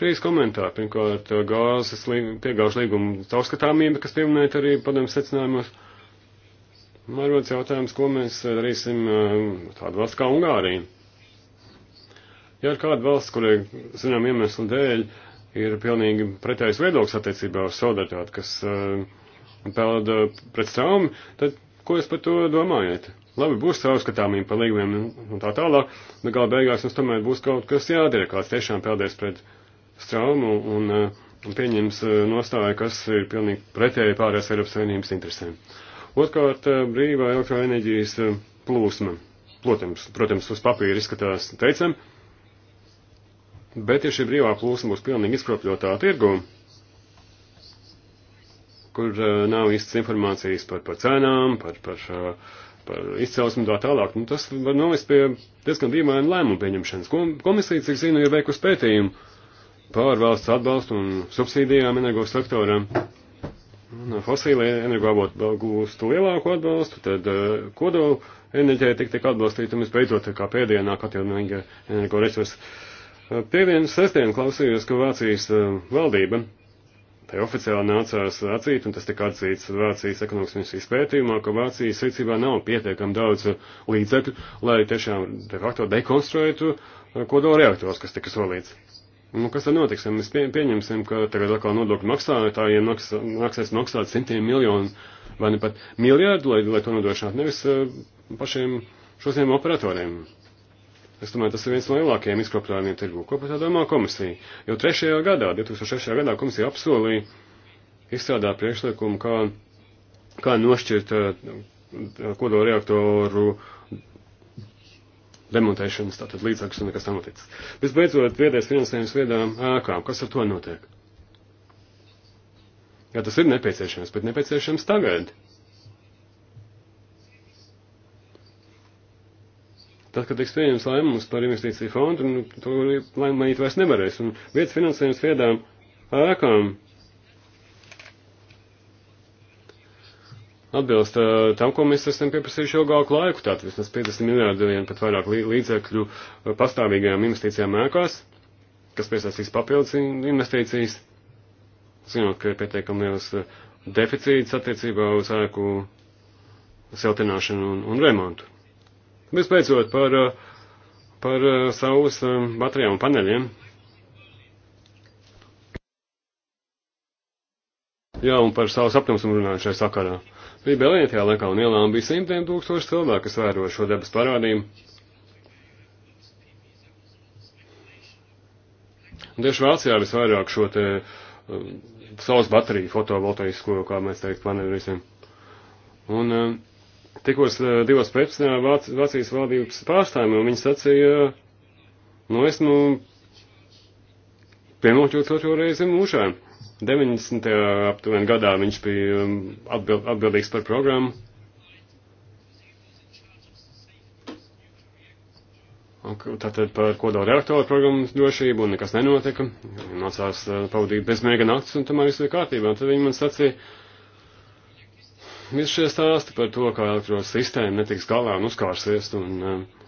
Trīs komentāri. Pirmkārt, gāzes piegāžu līguma caurskatāmība, kas pieminēta arī padomu secinājumos. Man rodas jautājums, ko mēs darīsim eh, tādu valsts kā Ungārija. Ja ir kāda valsts, kurai, zinām, iemeslu dēļ ir pilnīgi pretējs viedoklis attiecībā uz solidaritāti, kas uh, pelda pret straumi, tad ko jūs par to domājat? Labi, būs caurskatāmība par līgumiem un tā tālāk, bet gala beigās mums tomēr būs kaut kas jādara, kāds tiešām peldēs pret straumi straumu un, eh, un pieņems eh, nostāju, kas ir pilnīgi pretēji pārējās Eiropas Savienības interesēm. Otkārt, eh, brīvā elektroenerģijas plūsma. Protams, protams, uz papīra izskatās teicam, bet ja šī brīvā plūsma būs pilnīgi izkropļotā tirgu, kur uh, nav īstas informācijas par, par cenām, par, par, uh, par izcelsmi tā tālāk, nu, tas var novest pie diezgan dīvainu lēmumu pieņemšanas. Komisija, cik zinu, ir veikusi pētījumu pār valsts atbalstu un subsīdijām energo sektoram. No uh, fosīlē energoavotu gūstu lielāku atbalstu, tad uh, kodolu enerģētika tika atbalstīta un visbeidzot kā pēdienā atjaunīga energoresursa. Uh, Pēdienas sestdien klausījos, ka Vācijas uh, valdība te oficiāli nācās atzīt, un tas tika atzīts Vācijas ekonomikas ministrijas pētījumā, ka Vācijas rīcībā nav pietiekami daudz uh, līdzekļu, lai tiešām de facto dekonstruētu uh, kodola reaktors, kas tika solīts. Nu, kas tad notiks? Mēs pie, pieņemsim, ka tagad atkal nodokļu maksātājiem naks, nāksies maksāt simtiem miljonu vai ne pat miljārdu, lai, lai to nodrošinātu, nevis uh, pašiem šosiem operatoriem. Es domāju, tas ir viens no lielākajiem izkropļojumiem tirgu. Ko par tā domā komisija? Jo trešajā gadā, 2006. gadā komisija apsolīja izstrādā priekšlikumu, kā, kā nošķirt uh, eh, kodola reaktoru uh, demontēšanas tātad līdzekļus un nekas nav noticis. Visbeidzot, viedais finansējums viedām ēkām. Kas ar to notiek? Jā, tas ir nepieciešams, bet nepieciešams tagad. Tad, kad tiks pieņems lēmums par investīciju fondu, nu, to lēmumu mainīt vairs nevarēs. Un vietas finansējums viedām ēkām atbilst uh, tam, ko mēs esam pieprasījuši ilgāku laiku, tātad vismaz 50 miljārdiem pat vairāk līdzekļu pastāvīgajām investīcijām ēkās, kas piesaistīs papildus investīcijas, zinot, ka ir pietiekami liels deficīts attiecībā uz ēku siltināšanu un, un remontu. Vispēcot par, par saules baterijām un paneļiem, Jā, un par savu sapņus runāju šajā sakarā. Bija Belīnē tajā laikā un ielām bija simtiem tūkstoši cilvēku, kas vēro šo debesu parādību. Un tieši Vācijā visvairāk šo te uh, um, saules bateriju fotovoltaisko, kā mēs teikt, paneļiem. Un uh, tikos uh, divos pēcpusdienā uh, Vāc, Vācijas valdības pārstāvjiem, un viņi sacīja, uh, nu esmu nu, piemoķots otro reizi mūžām. 90. aptuveni gadā viņš bija um, atbild, atbildīgs par programmu. Tātad par kodola reaktoru programmas drošību un nekas nenotika. Nācās uh, pavadīt bezmēga naktis un tomēr viss bija kārtībā. Un tad viņi man sacīja, visi šie stāsti par to, kā elektrosistēma netiks galā un uzkārsies un uh,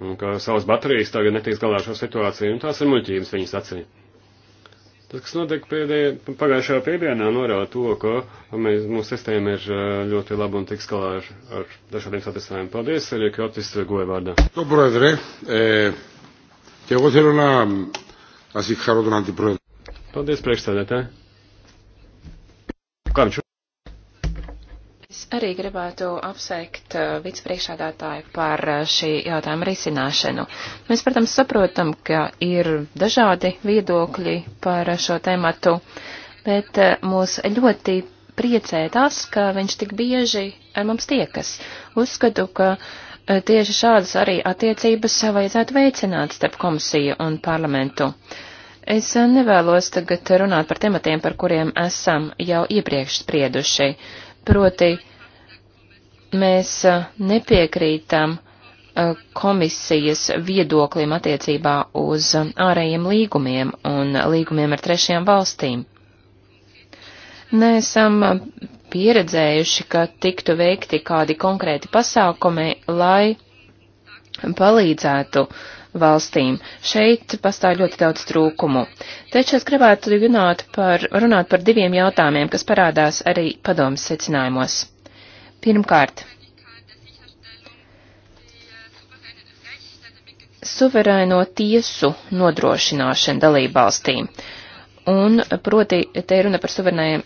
un ka savas baterijas tagad netiks galā ar šo situāciju, un tās ir muļķības viņas acī. Tas, kas notiek pēdējā, pagājušajā piekdienā, norāda to, ka mēs, mūsu sistēma ir ļoti laba un tiks galā ar, ar dažādiem satrisinājumiem. Paldies, arī Kjotis Goja vārdā. To, brodre, και εγώ θέλω να ασυγχαρώ τον αντιπρόεδρο. Paldies, priekšstādētāji. Kamču. Es arī gribētu apsveikt uh, vicepriekšādātāju par uh, šī jautājuma risināšanu. Mēs, protams, saprotam, ka ir dažādi viedokļi par uh, šo tematu, bet uh, mūs ļoti priecē tas, ka viņš tik bieži ar mums tiekas. Uzskatu, ka uh, tieši šādas arī attiecības vajadzētu veicināt starp komisiju un parlamentu. Uh, Es nevēlos tagad runāt par tematiem, par kuriem esam jau iepriekš sprieduši. Proti, mēs nepiekrītam komisijas viedoklim attiecībā uz ārējiem līgumiem un līgumiem ar trešajām valstīm. Neesam pieredzējuši, ka tiktu veikti kādi konkrēti pasākumi, lai palīdzētu uh, valstīm. Šeit pastāv ļoti daudz trūkumu. Taču es gribētu runāt par, runāt par diviem jautājumiem, kas parādās arī padomas secinājumos. Pirmkārt, suverēno tiesu nodrošināšana dalībvalstīm. Un, proti, te ir runa par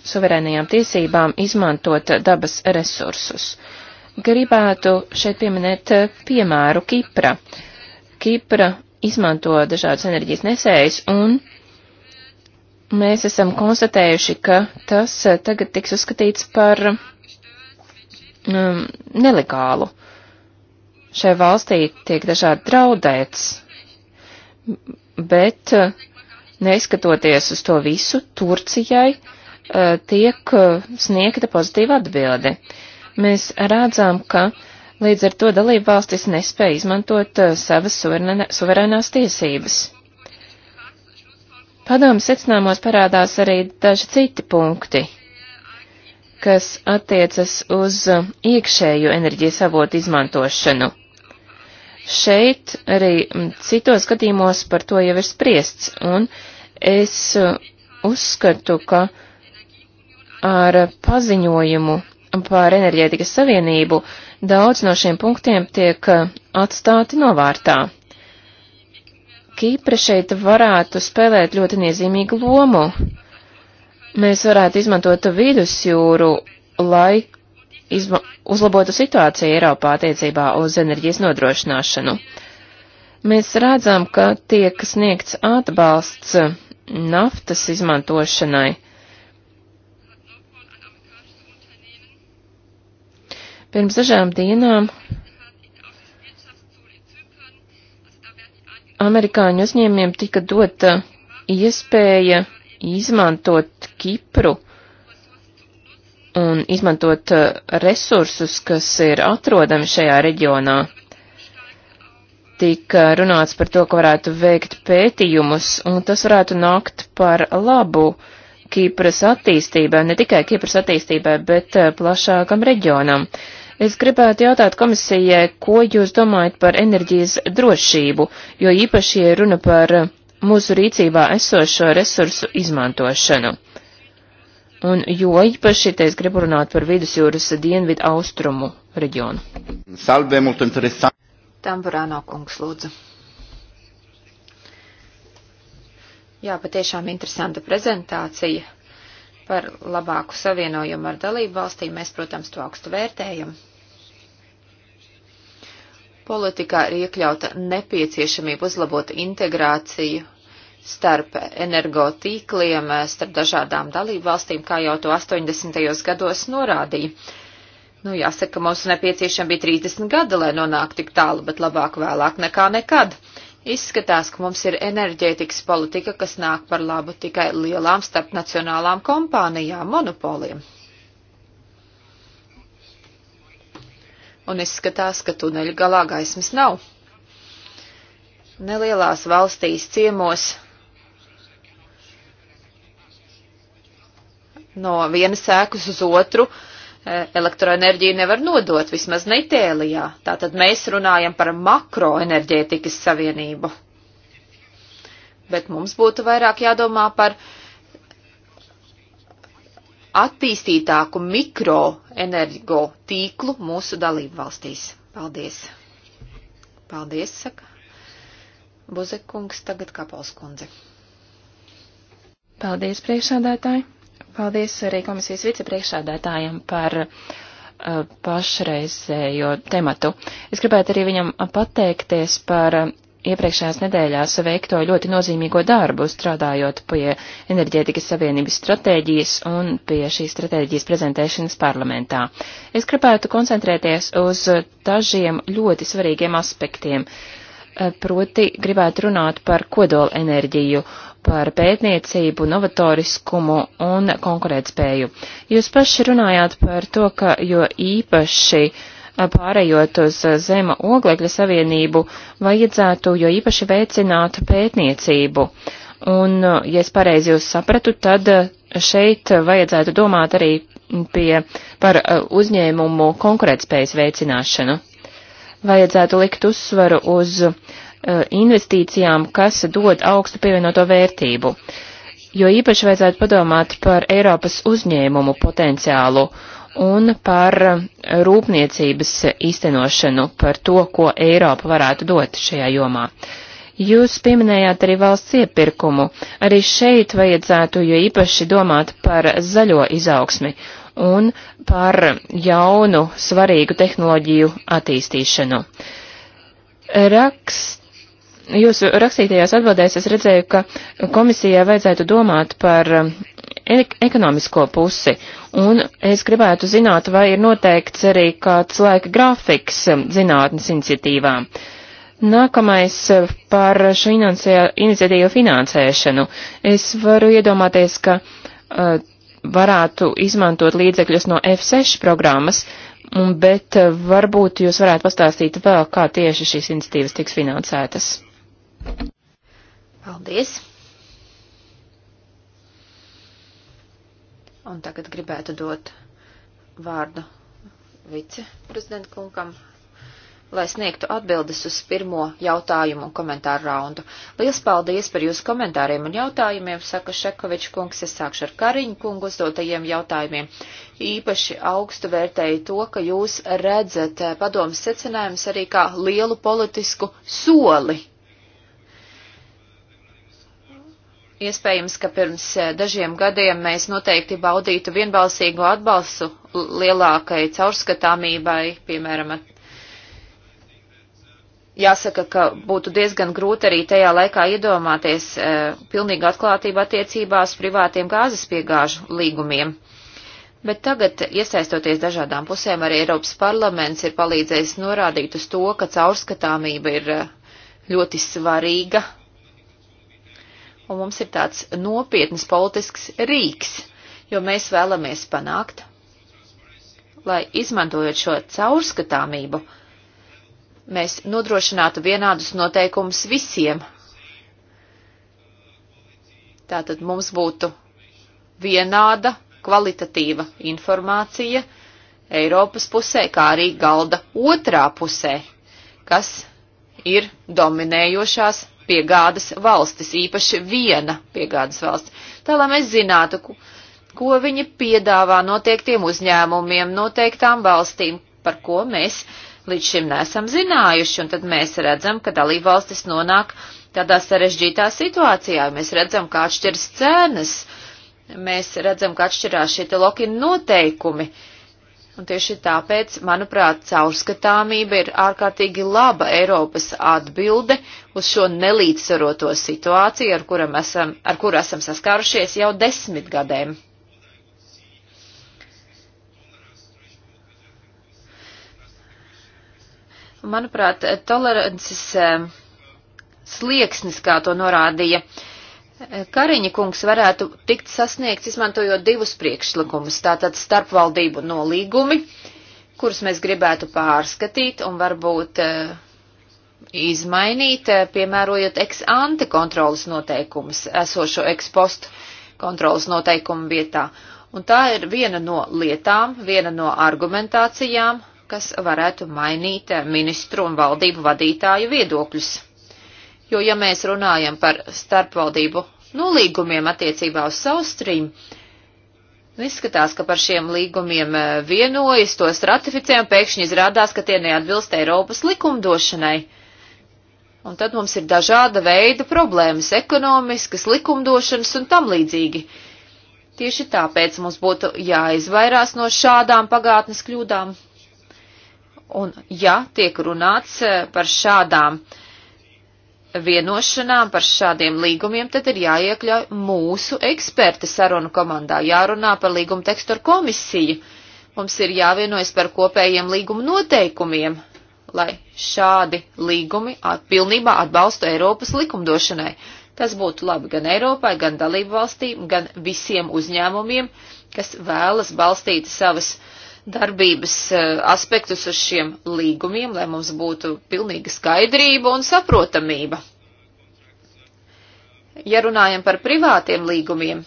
suverēnajām tiesībām izmantot dabas resursus. Gribētu šeit pieminēt piemēru Kipra. Uh, Kipra izmanto dažādus enerģijas nesējus, un mēs esam konstatējuši, ka tas eh, tagad tiks uzskatīts par um, nelegālu. Šai valstī tiek dažādi draudēts, bet eh, neskatoties uz to visu, Turcijai uh, tiek sniegta pozitīva atbilde. Mēs redzam, ka uh, Līdz ar to dalība valstis nespēja izmantot eh, savas suverēnās tiesības. Padomu secinājumos parādās arī daži citi punkti, kas attiecas uz eh, iekšēju enerģijas avotu izmantošanu. Šeit arī mm, citos skatījumos par to jau ir spriests, un es eh, uzskatu, ka ar paziņojumu par enerģētikas savienību uh, daudz no šiem punktiem tiek eh, atstāti novārtā. Kīpre šeit varētu spēlēt ļoti niezīmīgu lomu. Mēs varētu izmantot vidusjūru, lai izma uzlabotu situāciju Eiropā attiecībā uz enerģijas nodrošināšanu. Mēs redzam, ka tiek sniegts atbalsts naftas izmantošanai Pirms dažām dienām amerikāņu uzņēmiem tika dota iespēja izmantot Kipru un izmantot uh, resursus, kas ir atrodami šajā reģionā. Tika runāts par to, ka varētu veikt pētījumus, un tas varētu nākt par labu Kipras attīstībai, ne tikai Kipras attīstībai, bet uh, plašākam reģionam. Uh, Es gribētu jautāt komisijai, ko jūs domājat par enerģijas drošību, jo īpaši ir runa par eh, mūsu rīcībā esošo resursu izmantošanu. Un jo īpaši te es gribu runāt par vidusjūras dienvidu austrumu reģionu. Salve, molto interesanti. Tamburāno kungs, lūdzu. Jā, patiešām interesanta prezentācija par labāku savienojumu ar dalību valstīm. Mēs, protams, to augstu vērtējam. Politikā ir iekļauta nepieciešamība uzlabot integrāciju starp energotīkliem, starp dažādām dalību valstīm, kā jau to 80. gados norādīja. Nu, jāsaka, mums nepieciešami bija 30 gadi, lai nonāktu tik tālu, bet labāk vēlāk nekā nekad. Uh, Izskatās, ka mums ir enerģētikas politika, kas nāk par labu tikai lielām starpnacionālām kompānijām, monopoliem. Un izskatās, ka tuneļa galā gaismas nav. Nelielās valstīs ciemos no vienas sēkas uz otru uh, elektroenerģiju nevar nodot, vismaz ne Itālijā. Tātad mēs runājam par makroenerģētikas savienību. Bet mums būtu vairāk jādomā par attīstītāku mikroenergo tīklu mūsu dalību valstīs. Paldies! Paldies, saka Buzekungs, tagad Kapelskundze. Paldies, priekšādētāji! Paldies arī komisijas vicepriekšādātājiem par uh, pašreizējo tematu. Es gribētu arī viņam pateikties par uh, iepriekšējās nedēļās veikto ļoti nozīmīgo darbu, strādājot pie enerģētikas savienības stratēģijas un pie šīs stratēģijas prezentēšanas parlamentā. Es gribētu koncentrēties uz dažiem ļoti svarīgiem aspektiem. Eh, proti gribētu runāt par kodola enerģiju par pētniecību, novatoriskumu un konkurētspēju. Jūs paši runājāt par to, ka jo īpaši pārējot uz zema oglekļa savienību, vajadzētu jo īpaši veicināt pētniecību. Un, ja es pareizi jūs sapratu, tad šeit vajadzētu domāt arī pie, par uzņēmumu konkurētspējas veicināšanu. Vajadzētu likt uzsvaru uz uh, Eh, investīcijām, kas dod augstu pievienoto vērtību. Jo īpaši vajadzētu padomāt par Eiropas uzņēmumu potenciālu un par eh, rūpniecības īstenošanu, par to, ko Eiropa varētu dot šajā jomā. Jūs pieminējāt arī valsts iepirkumu. Arī šeit vajadzētu jo īpaši domāt par zaļo izaugsmi un par jaunu svarīgu tehnoloģiju attīstīšanu. Rakst Jūsu rakstītajās atbildēs es redzēju, ka komisijai vajadzētu domāt par um, ekonomisko pusi, un es gribētu zināt, vai ir noteikts arī kāds laika grafiks um, zinātnes iniciatīvām. Nākamais um, par šo iniciatīvu finansēšanu. Es varu iedomāties, ka uh, varētu izmantot līdzekļus no F6 programmas, bet uh, varbūt jūs varētu pastāstīt vēl, kā tieši šīs iniciatīvas tiks finansētas. Paldies! Un tagad gribētu dot vārdu viceprezidentu kungam, lai sniegtu atbildes uz pirmo jautājumu un komentāru raundu. Liels paldies par jūsu komentāriem un jautājumiem, saka Šekovičs kungs, es sākšu ar Kariņu kungu uzdotajiem jautājumiem. Īpaši augstu vērtēju to, ka jūs redzat eh, padomas secinājumus arī kā lielu politisku soli Iespējams, ka pirms eh, dažiem gadiem mēs noteikti baudītu vienbalsīgu atbalstu lielākai caurskatāmībai, piemēram, Jāsaka, ka būtu diezgan grūti arī tajā laikā iedomāties e, pilnīgu atklātību attiecībās privātiem gāzes piegāžu līgumiem. Bet tagad, iesaistoties dažādām pusēm, arī Eiropas parlaments ir palīdzējis norādīt uz to, ka caurskatāmība ir eh, ļoti svarīga un mums ir tāds nopietnas politisks rīks, jo mēs vēlamies panākt, lai izmantojot šo caurskatāmību, mēs nodrošinātu vienādus noteikumus visiem. Tātad mums būtu vienāda kvalitatīva informācija Eiropas pusē, kā arī galda otrā pusē, kas ir dominējošās piegādes valstis, īpaši viena piegādes valsts. Tā lai mēs zinātu, ko viņi piedāvā noteiktiem uzņēmumiem, noteiktām valstīm, par ko mēs līdz šim nesam zinājuši, un tad mēs redzam, ka dalībvalstis nonāk tādā sarežģītā situācijā. Mēs redzam, kā atšķiras cenas, mēs redzam, kā atšķirās šie loki noteikumi. Uh, Un tieši tāpēc, manuprāt, caurskatāmība ir ārkārtīgi laba Eiropas atbilde uz šo nelīdzsvaroto situāciju, ar, kuram esam, ar kuru esam saskārušies jau desmit gadiem. Manuprāt, tolerances eh, slieksnis, kā to norādīja uh, Kariņa kungs varētu tikt sasniegts izmantojot divus priekšlikumus, tātad starpvaldību nolīgumi, kurus mēs gribētu pārskatīt un varbūt eh, izmainīt, eh, piemērojot ex ante kontrolas noteikumus esošo ex post kontrolas noteikumu vietā. Un tā ir viena no lietām, viena no argumentācijām, kas varētu mainīt eh, ministru un valdību vadītāju viedokļus jo, ja mēs runājam par starpvaldību nolīgumiem attiecībā uz South Stream, izskatās, ka par šiem līgumiem eh, vienojas, tos ratificē un pēkšņi izrādās, ka tie neatbilst Eiropas likumdošanai. Un tad mums ir dažāda veida problēmas - ekonomiskas, likumdošanas un tam līdzīgi. Tieši tāpēc mums būtu jāizvairās no šādām pagātnes kļūdām. Un ja tiek runāts eh, par šādām uh, vienošanām par šādiem līgumiem, tad ir jāiekļauj mūsu eksperti sarunu komandā, jārunā par līguma tekstu ar komisiju. Mums ir jāvienojas par kopējiem līguma noteikumiem, lai šādi līgumi at, pilnībā atbalstu Eiropas likumdošanai. Tas būtu labi gan Eiropai, gan dalību valstīm, gan visiem uzņēmumiem, kas vēlas balstīt savas uh, darbības e, aspektus uz šiem līgumiem, lai mums būtu pilnīga skaidrība un saprotamība. Ja runājam par privātiem līgumiem,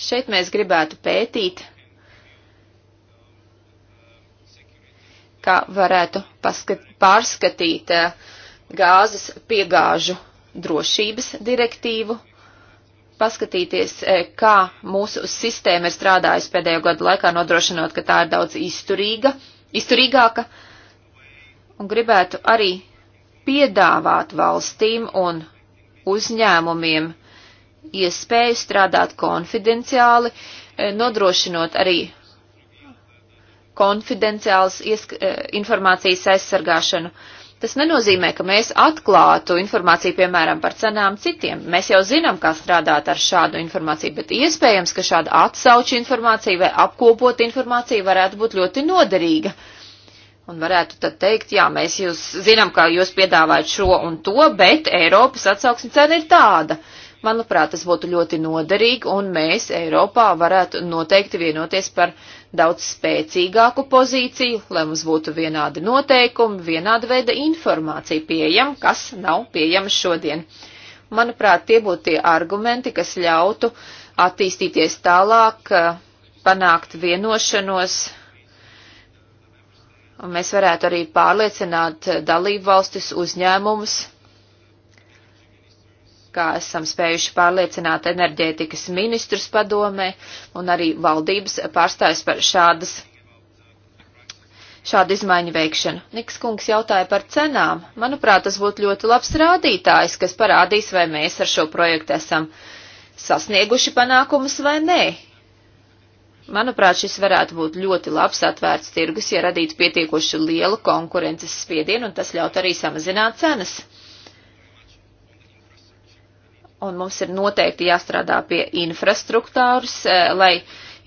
šeit mēs gribētu pētīt, kā varētu paskat, pārskatīt e, gāzes piegāžu drošības direktīvu paskatīties, e, kā mūsu sistēma ir strādājusi pēdējo gadu laikā, nodrošinot, ka tā ir daudz izturīga, izturīgāka, un gribētu arī piedāvāt valstīm un uzņēmumiem iespēju strādāt konfidenciāli, e, nodrošinot arī konfidenciālas e, informācijas aizsargāšanu. Uh, Tas nenozīmē, ka mēs atklātu informāciju, piemēram, par cenām citiem. Mēs jau zinām, kā strādāt ar šādu informāciju, bet iespējams, ka šāda atsauču informācija vai apkopot informācija varētu būt ļoti noderīga. Un varētu tad teikt, jā, mēs jūs zinām, kā jūs piedāvājat šo un to, bet Eiropas atsauksme cena ir tāda. Manuprāt, tas būtu ļoti noderīgi, un mēs Eiropā varētu noteikti vienoties par uh, daudz spēcīgāku pozīciju, lai mums būtu vienādi noteikumi, vienāda veida informācija pieejama, kas nav pieejama šodien. Manuprāt, tie būtu tie argumenti, kas ļautu attīstīties tālāk, eh, panākt vienošanos. Un mēs varētu arī pārliecināt eh, dalību valstis uzņēmumus kā esam spējuši pārliecināt enerģētikas ministrus padomē un arī valdības pārstājas par šādas, šādu izmaiņu veikšanu. Niks kungs jautāja par cenām. Manuprāt, tas būtu ļoti labs rādītājs, kas parādīs, vai mēs ar šo projektu esam sasnieguši panākumus vai nē. Manuprāt, šis varētu būt ļoti labs atvērts tirgus, ja radītu pietiekoši lielu konkurences spiedienu, un tas ļaut arī samazināt cenas un mums ir noteikti jāstrādā pie infrastruktūras, eh, lai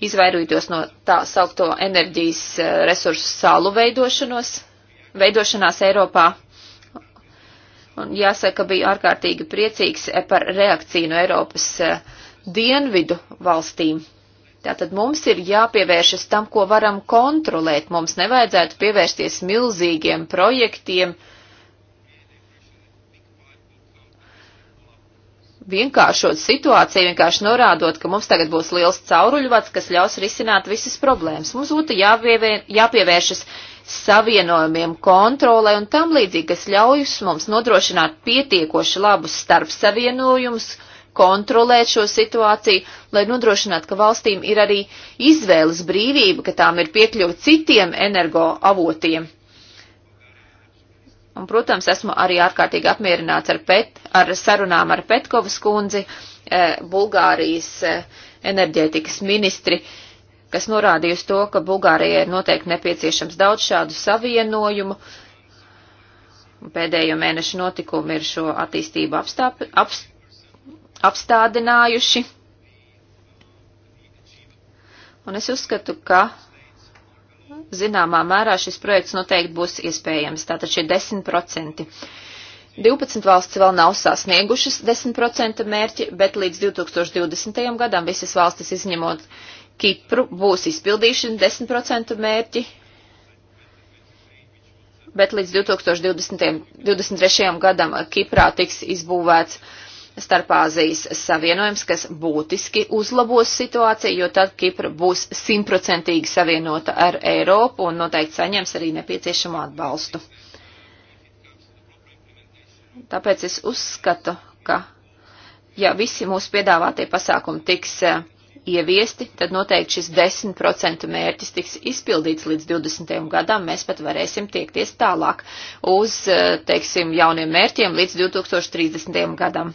izvairītos no tā saukto enerģijas eh, resursu salu veidošanos, veidošanās Eiropā. Un jāsaka, biju ārkārtīgi priecīgs eh, par reakciju no Eiropas dienvidu valstīm. Tātad mums ir jāpievēršas tam, ko varam kontrolēt. Mums nevajadzētu pievērsties milzīgiem projektiem, uh, vienkāršot situāciju, vienkārši norādot, ka mums tagad būs liels cauruļvats, kas ļaus risināt visas problēmas. Mums būtu jāpievien, jāpievēršas savienojumiem, kontrolē un tam līdzīgi, kas ļaujas mums nodrošināt pietiekoši labus starpsavienojumus, kontrolēt šo situāciju, lai nodrošinātu, ka valstīm ir arī izvēles brīvība, ka tām ir piekļuva citiem energoavotiem. Un, protams, esmu arī ārkārtīgi apmierināts ar, pet, ar sarunām ar Petkovas kundzi, eh, Bulgārijas eh, enerģētikas ministri, kas norādīja uz to, ka Bulgārijai ir noteikti nepieciešams daudz šādu savienojumu. Pēdējo mēnešu notikumi ir šo attīstību apstāp, apst, apstādinājuši. Un es uzskatu, ka zināmā mērā šis projekts noteikti būs iespējams, tātad šie 10%. 12 valsts vēl nav sasniegušas 10% mērķi, bet līdz 2020. gadam visas valstis izņemot Kipru būs izpildīšana 10% mērķi, bet līdz 2020. 2023. gadam Kiprā tiks izbūvēts starpāzijas savienojums, kas būtiski uzlabos situāciju, jo tad Kipra būs simtprocentīgi savienota ar Eiropu un noteikti saņems arī nepieciešamo atbalstu. Tāpēc es uzskatu, ka ja visi mūsu piedāvātie pasākumi tiks eh, ieviesti, tad noteikti šis 10% mērķis tiks izpildīts līdz 20. gadam. Mēs pat varēsim tiekties tālāk uz, eh, teiksim, jauniem mērķiem līdz 2030. gadam.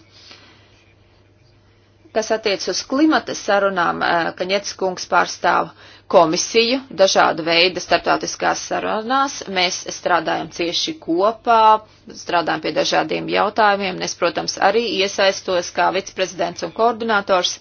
Kas attiec uz klimata sarunām, eh, Kaņets kungs pārstāv komisiju dažādu veidu starptautiskās sarunās. Mēs strādājam cieši kopā, strādājam pie dažādiem jautājumiem. Es, protams, arī iesaistos kā viceprezidents un koordinators.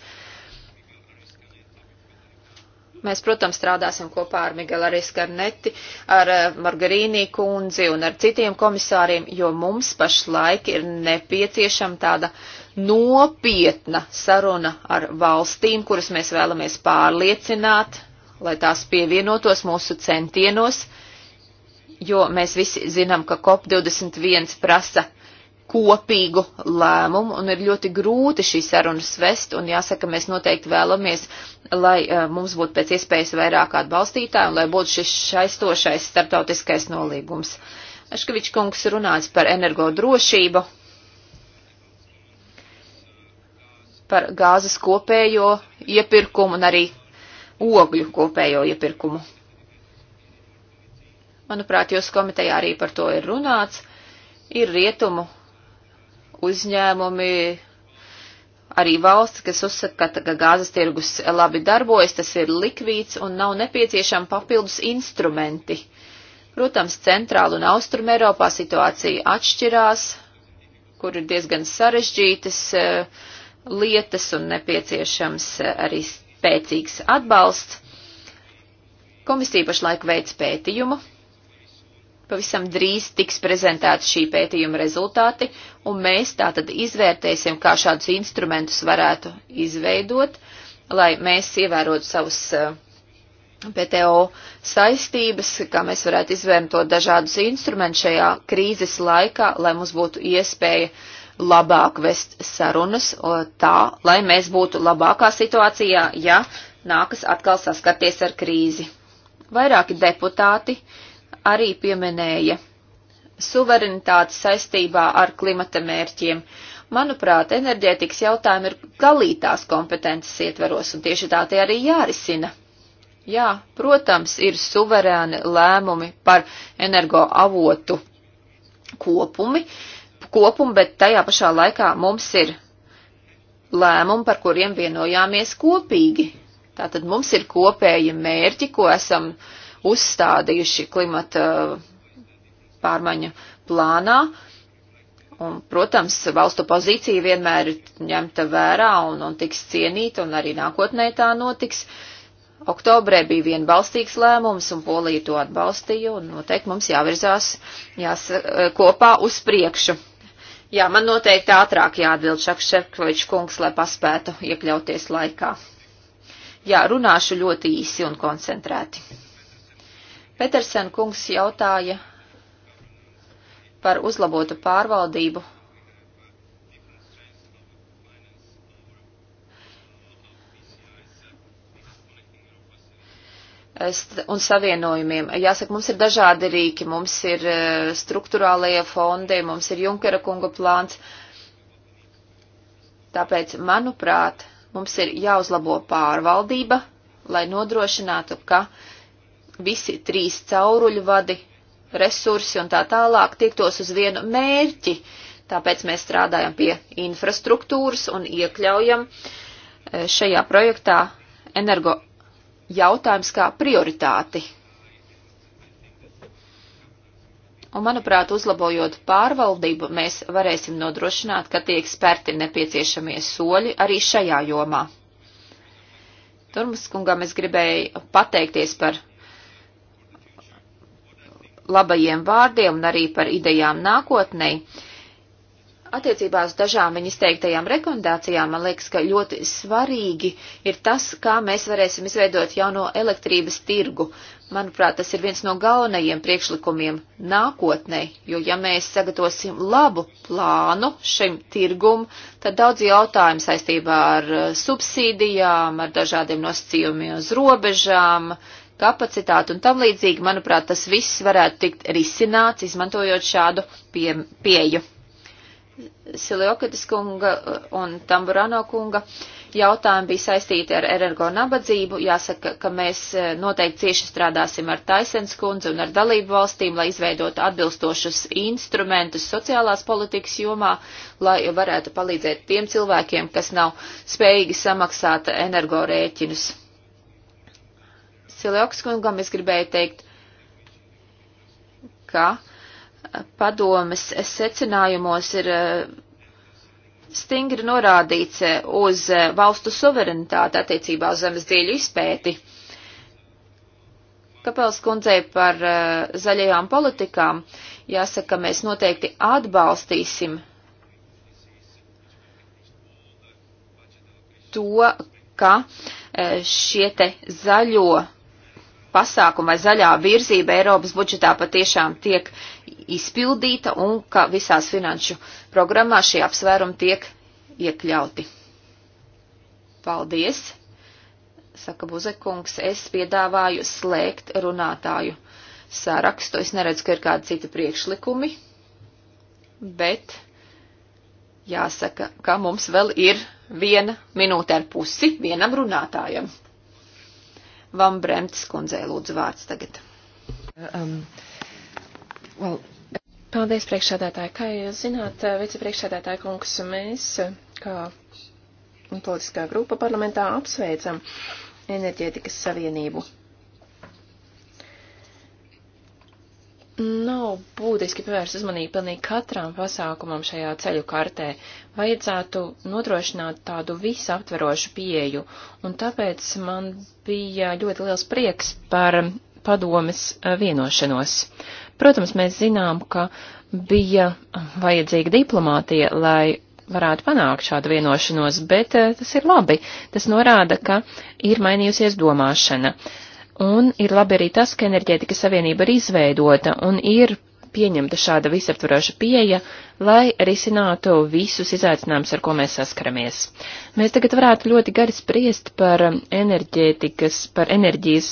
Mēs, protams, strādāsim kopā ar Miguelu Ariskarneti, ar eh, Margarīnī kundzi un ar citiem komisāriem, jo mums pašlaik ir nepieciešama tāda uh, nopietna saruna ar valstīm, kuras mēs vēlamies pārliecināt, lai tās pievienotos mūsu centienos, jo mēs visi zinām, ka COP21 prasa kopīgu lēmumu un ir ļoti grūti šīs sarunas vest, un jāsaka, mēs noteikti vēlamies, lai uh, mums būtu pēc iespējas vairāk atbalstītāju un lai būtu šis šaistošais starptautiskais nolīgums. Aškavičs kungs runāts par energodrošību, par gāzes kopējo iepirkumu un arī ogļu kopējo iepirkumu. Manuprāt, jūsu komitejā arī par to ir runāts. Ir rietumu uzņēmumi, arī valsts, kas uzsaka, ka gāzes tirgus labi darbojas, tas ir likvīds un nav nepieciešami papildus instrumenti. Protams, centrāla un austruma Eiropā situācija atšķirās, kur ir diezgan sarežģītas uh, lietas un nepieciešams arī spēcīgs atbalsts. Komisija pašlaik veids pētījumu. Pavisam drīz tiks prezentēti šī pētījuma rezultāti, un mēs tātad izvērtēsim, kā šādus instrumentus varētu izveidot, lai mēs ievērotu savus eh, PTO saistības, kā mēs varētu izvērtot dažādus instrumentus šajā krīzes laikā, lai mums būtu iespēja uh, labāk vest sarunas tā, lai mēs būtu labākā situācijā, ja nākas atkal saskarties ar krīzi. Vairāki deputāti arī pieminēja suverenitāti saistībā ar klimata mērķiem. Manuprāt, enerģētikas jautājumi ir galītās kompetences ietveros, un tieši tā tie arī jārisina. Jā, protams, ir suverēni lēmumi par energoavotu kopumi, kopumu, bet tajā pašā laikā mums ir lēmumi, par kuriem vienojāmies kopīgi. Tātad mums ir kopēji mērķi, ko esam uzstādījuši klimata pārmaiņu plānā. Un, protams, valstu pozīcija vienmēr ir ņemta vērā un, un tiks cienīta, un arī nākotnē tā notiks. Oktobrē bija vienbalstīgs lēmums, un Polija to atbalstīja, un noteikti mums jāvirzās jās, kopā uz priekšu. Jā, man noteikti ātrāk jāatbild Šakšerkovičs kungs, lai paspētu iekļauties laikā. Jā, runāšu ļoti īsi un koncentrēti. Petersen kungs jautāja par uzlabotu pārvaldību un savienojumiem. Jāsaka, mums ir dažādi rīki, mums ir e, struktūrālajie fondi, mums ir Junkera kunga plāns. Tāpēc, manuprāt, mums ir jāuzlabo pārvaldība, lai nodrošinātu, ka visi trīs cauruļu vadi, resursi un tā tālāk tiektos uz vienu mērķi. Tāpēc mēs strādājam pie infrastruktūras un iekļaujam e, šajā projektā energo jautājums kā prioritāti. Un, manuprāt, uzlabojot pārvaldību, mēs varēsim nodrošināt, ka tiek spērti nepieciešamie soļi arī šajā jomā. Turmaskungam es gribēju pateikties par labajiem vārdiem un arī par idejām nākotnei. Attiecībā uz dažām viņa izteiktajām rekomendācijām man liekas, ka ļoti svarīgi ir tas, kā mēs varēsim izveidot jauno elektrības tirgu. Manuprāt, tas ir viens no galvenajiem priekšlikumiem nākotnē, jo ja mēs sagatavosim labu plānu šim tirgum, tad daudz jautājumu saistībā ar eh, subsīdijām, ar dažādiem nosacījumiem uz robežām, kapacitāti un tam līdzīgi, manuprāt, tas viss varētu tikt risināts, izmantojot šādu pie, pieju. Siliokatis kunga un Tamburano kunga jautājumi bija saistīti ar energo nabadzību. Jāsaka, ka mēs e, noteikti cieši strādāsim ar Taisens kundzi un ar dalību valstīm, lai izveidotu atbilstošus instrumentus sociālās politikas jomā, lai varētu palīdzēt tiem cilvēkiem, kas nav spējīgi samaksāt energo rēķinus. Siliokatis kungam es gribēju teikt, ka. Uh, padomes secinājumos ir eh, stingri norādīts eh, uz eh, valstu suverenitāti attiecībā uz zemes dziļu izpēti. Kapels kundzei par zaļajām politikām jāsaka, mēs noteikti atbalstīsim to, ka šie te zaļo pasākuma vai zaļā virzība Eiropas budžetā patiešām tiek izpildīta un ka visās finanšu programmās šie apsvērumi tiek iekļauti. Paldies! Saka Buzekungs, es piedāvāju slēgt runātāju sarakstu. Es neredzu, ka ir kādi citi priekšlikumi, bet jāsaka, ka mums vēl ir viena minūte ar pusi vienam runātājam. Vam Bremtes kundzei lūdzu vārds tagad. Uh, um, well. Paldies, priekšsēdētāji. Kā jūs zināt, uh, vicepriekšsēdētāji kungs, mēs, uh, kā politiskā grupa parlamentā, apsveicam enerģētikas savienību. nav būtiski pievērst uzmanību pilnīgi katram pasākumam šajā ceļu kartē. Vajadzētu nodrošināt tādu visaptverošu pieeju, un tāpēc man bija ļoti liels prieks par padomes eh, vienošanos. Protams, mēs zinām, ka bija vajadzīga diplomātija, lai varētu panākt šādu vienošanos, bet eh, tas ir labi. Tas norāda, ka ir mainījusies domāšana. Uh, Un ir labi arī tas, ka enerģētikas savienība ir izveidota un ir pieņemta šāda visaptvaroša pieeja, lai risinātu visus izaicinājumus, ar ko mēs saskaramies. Mēs tagad varētu ļoti gari spriest par enerģētikas, par enerģijas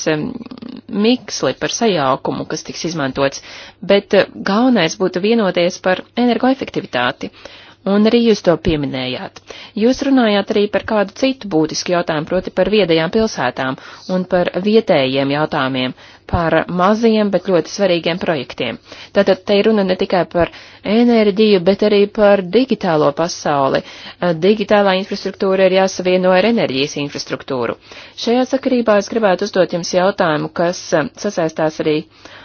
miksli, par sajaukumu, kas tiks izmantots, bet eh, galvenais būtu vienoties par energoefektivitāti. Uh, un arī jūs to pieminējāt. Jūs runājāt arī par kādu citu būtisku jautājumu, proti par viedajām pilsētām un par vietējiem jautājumiem, par maziem, bet ļoti svarīgiem projektiem. Tātad te ir runa ne tikai par enerģiju, bet arī par digitālo pasauli. Eh, digitālā infrastruktūra ir jāsavieno ar enerģijas infrastruktūru. Šajā sakarībā es gribētu uzdot jums jautājumu, kas eh, sasaistās arī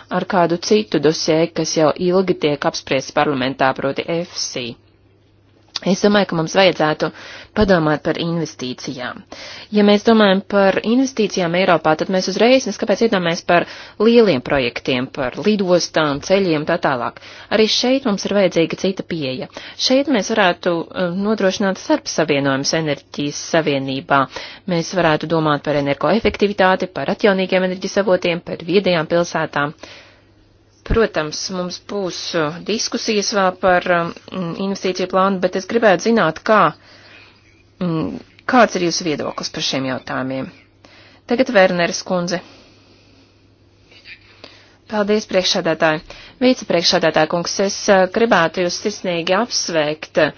ar kādu citu dosē, kas jau ilgi tiek apspriests parlamentā, proti EFSI. Es domāju, ka mums vajadzētu padomāt par investīcijām. Ja mēs domājam par investīcijām Eiropā, tad mēs uzreiz neskaidrs iedomājamies par lieliem projektiem, par lidostām, ceļiem tā tālāk. Arī šeit mums ir vajadzīga cita pieeja. Šeit mēs varētu um, nodrošināt starp savienojumus enerģijas savienībā. Mēs varētu domāt par energoefektivitāti, par atjaunīgiem enerģijas avotiem, par viedajām pilsētām. Uh, Protams, mums būs uh, diskusijas vēl par um, investīciju plānu, bet es gribētu zināt, kā, mm, kāds ir jūsu viedoklis par šiem jautājumiem. Tagad Werneres kundze. Paldies, priekšsādātāji. Vicepriekšsādātāja kungs, es uh, gribētu jūs sirsnīgi apsveikt uh,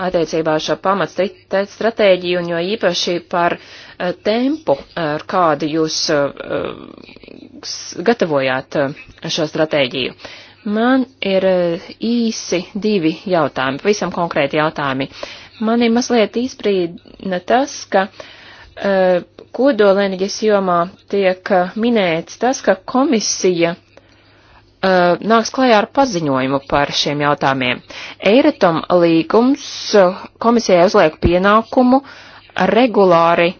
attiecībā šo pamat stratēģiju un jo īpaši par eh, tempu, ar kādu jūs eh, gatavojāt eh, šo stratēģiju. Man ir īsi divi jautājumi, pavisam konkrēti jautājumi. Mani mazliet izbrīna tas, ka kodolenerģijas jomā tiek minēts tas, ka komisija uh, nāks klajā ar paziņojumu par šiem jautājumiem. Eiratom līgums uh, komisijai uzliek pienākumu regulāri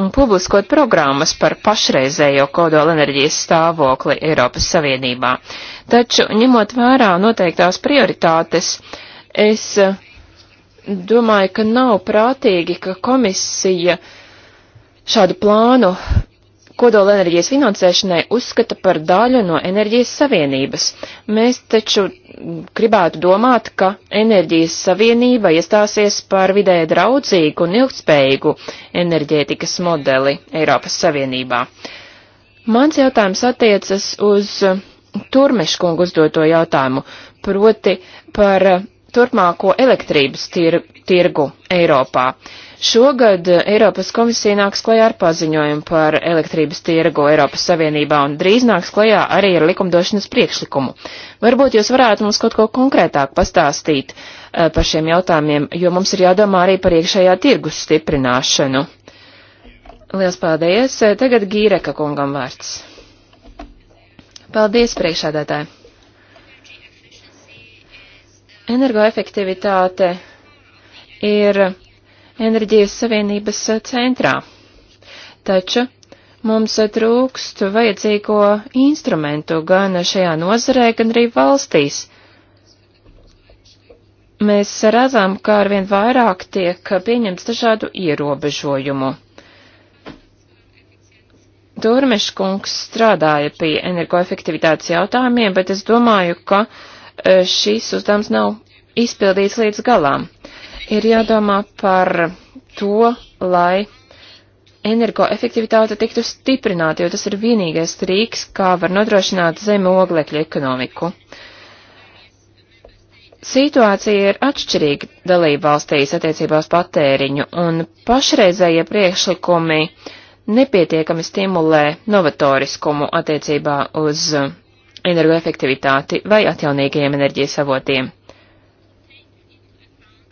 un publiskot programmas par pašreizējo kodolenerģijas stāvokli Eiropas Savienībā. Taču, ņemot vērā noteiktās prioritātes, es uh, domāju, ka nav prātīgi, ka komisija šādu plānu kodola enerģijas finansēšanai uzskata par daļu no enerģijas savienības. Mēs taču gribētu domāt, ka enerģijas savienība iestāsies par vidē draudzīgu un ilgtspējīgu enerģētikas modeli Eiropas Savienībā. Mans jautājums attiecas uz Turmeškungu uzdoto jautājumu, proti par turpmāko elektrības tir tirgu Eiropā. Uh, Šogad eh, Eiropas komisija nāks klajā ar paziņojumu par elektrības tirgu Eiropas Savienībā un drīz nāks klajā arī ar likumdošanas priekšlikumu. Varbūt jūs varētu mums kaut ko konkrētāk pastāstīt uh, par šiem jautājumiem, jo mums ir jādomā arī par iekšējā tirgus stiprināšanu. Liels paldies! Eh, tagad Gīreka kungam vārds. Paldies, priekšādātāji! Energoefektivitāte ir enerģijas savienības centrā. Taču mums trūkst vajadzīgo instrumentu gan šajā nozarē, gan arī valstīs. Mēs redzam, ka arvien vairāk tiek pieņemts dažādu ierobežojumu. Turmeškungs strādāja pie energoefektivitātes jautājumiem, bet es domāju, ka eh, šis uzdevums nav izpildīts līdz galām ir jādomā par to, lai energoefektivitāte tiktu stiprināta, jo tas ir vienīgais rīks, kā var nodrošināt zemu oglekļu ekonomiku. Situācija ir atšķirīga dalībvalstīs attiecībā uz patēriņu, un pašreizējie priekšlikumi nepietiekami stimulē novatoriskumu attiecībā uz energoefektivitāti vai atjaunīgajiem enerģijas avotiem.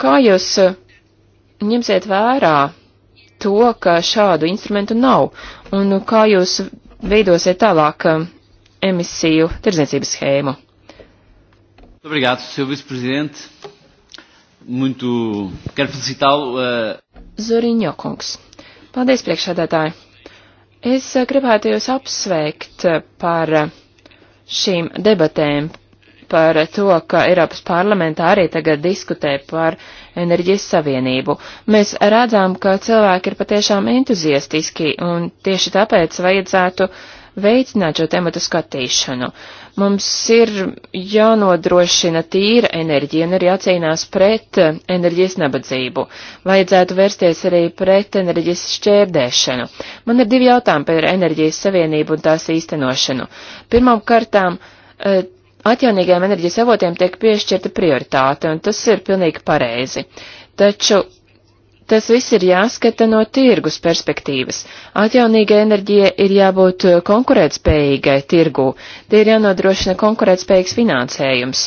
Kā jūs eh, ņemsiet vērā to, ka šādu instrumentu nav, un kā jūs veidosiet tālāk eh, emisiju tirdzniecības schēmu? Obrigado, Sr. Vice-Presidente. Muito. Quero felicitá-lo. Uh... Zoriņo kungs. Paldies, priekšsēdētāji. Es gribētu jūs apsveikt par šīm debatēm par to, ka Eiropas parlamentā arī tagad diskutē par enerģijas savienību. Mēs redzam, ka cilvēki ir patiešām entuziastiski un tieši tāpēc vajadzētu veicināt šo tematu skatīšanu. Mums ir jānodrošina tīra enerģija un arī jācīnās pret enerģijas nabadzību. Vajadzētu vērsties arī pret enerģijas šķērdēšanu. Man ir divi jautājumi par enerģijas savienību un tās īstenošanu. Pirmām kārtām, eh, atjaunīgajiem enerģijas avotiem tiek piešķirta prioritāte, un tas ir pilnīgi pareizi. Taču tas viss ir jāskata no tirgus perspektīvas. Atjaunīga enerģija ir jābūt konkurētspējīgai tirgū, tie ir jānodrošina konkurētspējīgs finansējums.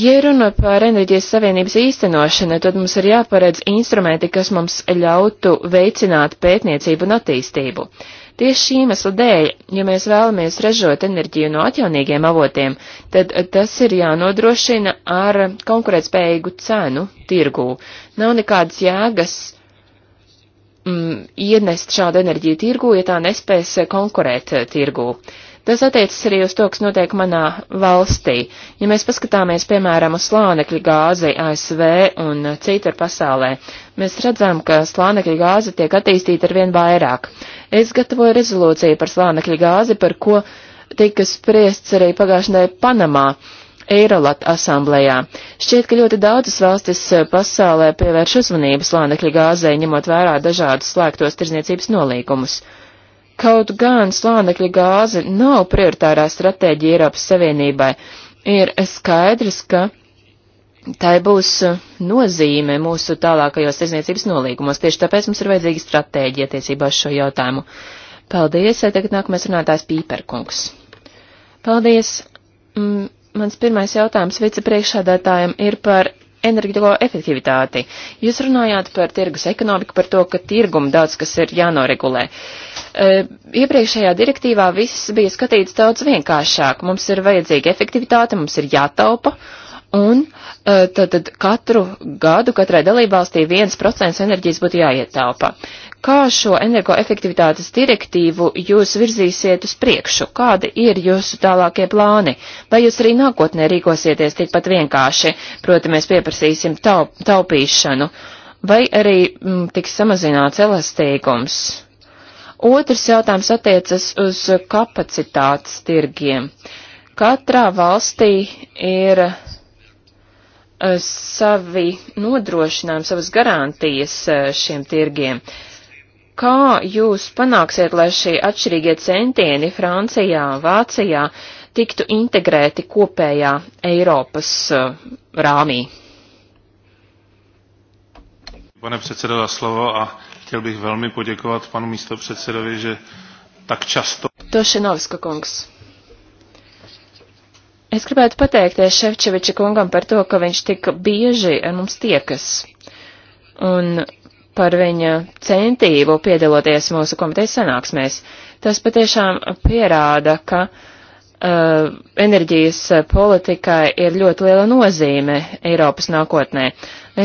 Ja runa par enerģijas savienības īstenošanu, tad mums ir jāparedz instrumenti, kas mums ļautu veicināt pētniecību un attīstību. Tieši šī iemesla dēļ, ja mēs vēlamies ražot enerģiju no atjaunīgiem avotiem, tad tas ir jānodrošina ar konkurētspējīgu cenu tirgū. Nav nekādas jēgas mm, ienest šādu enerģiju tirgū, ja tā nespēs konkurēt tirgū. Uh, Tas attiecas arī uz to, kas notiek manā valstī. Ja mēs paskatāmies, piemēram, uz slānekļa gāzi ASV un citur pasaulē, mēs redzam, ka slānekļa gāze tiek attīstīta arvien vairāk. Es gatavoju rezolūciju par slānekļa gāzi, par ko tika spriests arī pagājušajā Panamā. Eirolat asamblējā. Šķiet, ka ļoti daudzas valstis pasaulē pievērš uzmanību slānekļa gāzē, ņemot vērā dažādus slēgtos tirzniecības nolīgumus. Kaut gan slānekļa gāze nav prioritārā stratēģija Eiropas Savienībai, ir skaidrs, ka tai būs uh, nozīme mūsu tālākajos tirzniecības nolīgumos. Tieši tāpēc mums ir vajadzīga stratēģija attiecībā uz šo jautājumu. Paldies, eh, tagad nākamais runātājs Pīperkungs. Paldies. Mm, mans pirmais jautājums vicepriekšādātājiem ir par enerģiko efektivitāti. Jūs runājāt par tirgus ekonomiku, par to, ka tirgum daudz kas ir jānoregulē. E, iepriekšējā direktīvā viss bija skatīts daudz vienkāršāk. Mums ir vajadzīga efektivitāte, mums ir jātaupa. Un e, tad, tad katru gadu katrai dalībvalstī 1% enerģijas būtu jāietaupa. Uh, Kā šo energoefektivitātes direktīvu jūs virzīsiet uz priekšu? Kādi ir jūsu tālākie plāni? Vai jūs arī nākotnē rīkosieties tikpat vienkārši, proti mēs pieprasīsim taup, taupīšanu, vai arī m, mm, tiks samazināts elastīgums? Otrs jautājums attiecas uz kapacitātes tirgiem. Katrā valstī ir eh, savi nodrošinājumi, savas garantijas eh, šiem tirgiem. Kā jūs panāksiet, lai šie atšķirīgie centieni Francijā, Vācijā tiktu integrēti kopējā Eiropas uh, rāmī? Pane předsedo, za slovo a chtěl bych velmi poděkovat panu místopředsedovi, že tak často. Tošinovska kungs. Es gribētu pateikties Ševčeviča kungam par to, ka viņš tik bieži ar mums tiekas. Un par viņa centību piedaloties mūsu komitejas sanāksmēs. Tas patiešām pierāda, ka uh, enerģijas politikai ir ļoti liela nozīme Eiropas nākotnē.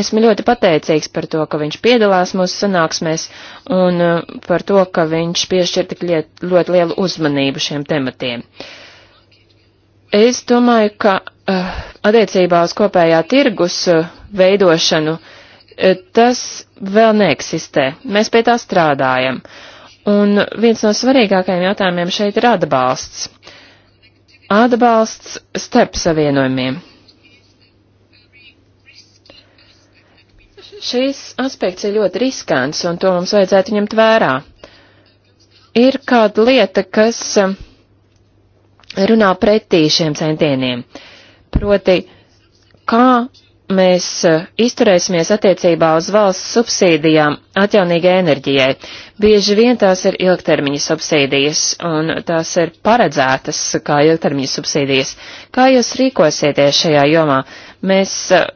Esmu ļoti pateicīgs par to, ka viņš piedalās mūsu sanāksmēs un uh, par to, ka viņš piešķir tik liet, ļoti lielu uzmanību šiem tematiem. Es domāju, ka uh, attiecībā uz kopējā tirgus uh, veidošanu uh, Eh, tas vēl neeksistē. Mēs pie tā strādājam. Un viens no svarīgākajiem jautājumiem šeit ir atbalsts. Atbalsts starp savienojumiem. Šīs aspekts ir ļoti riskants, un to mums vajadzētu ņemt vērā. Ir kāda lieta, kas eh, runā pretī šiem centieniem. Proti, kā mēs eh, izturēsimies attiecībā uz valsts subsīdijām atjaunīgai enerģijai. Bieži vien tās ir ilgtermiņa subsīdijas, un tās ir paredzētas kā ilgtermiņa subsīdijas. Kā jūs rīkosieties šajā jomā? Mēs eh,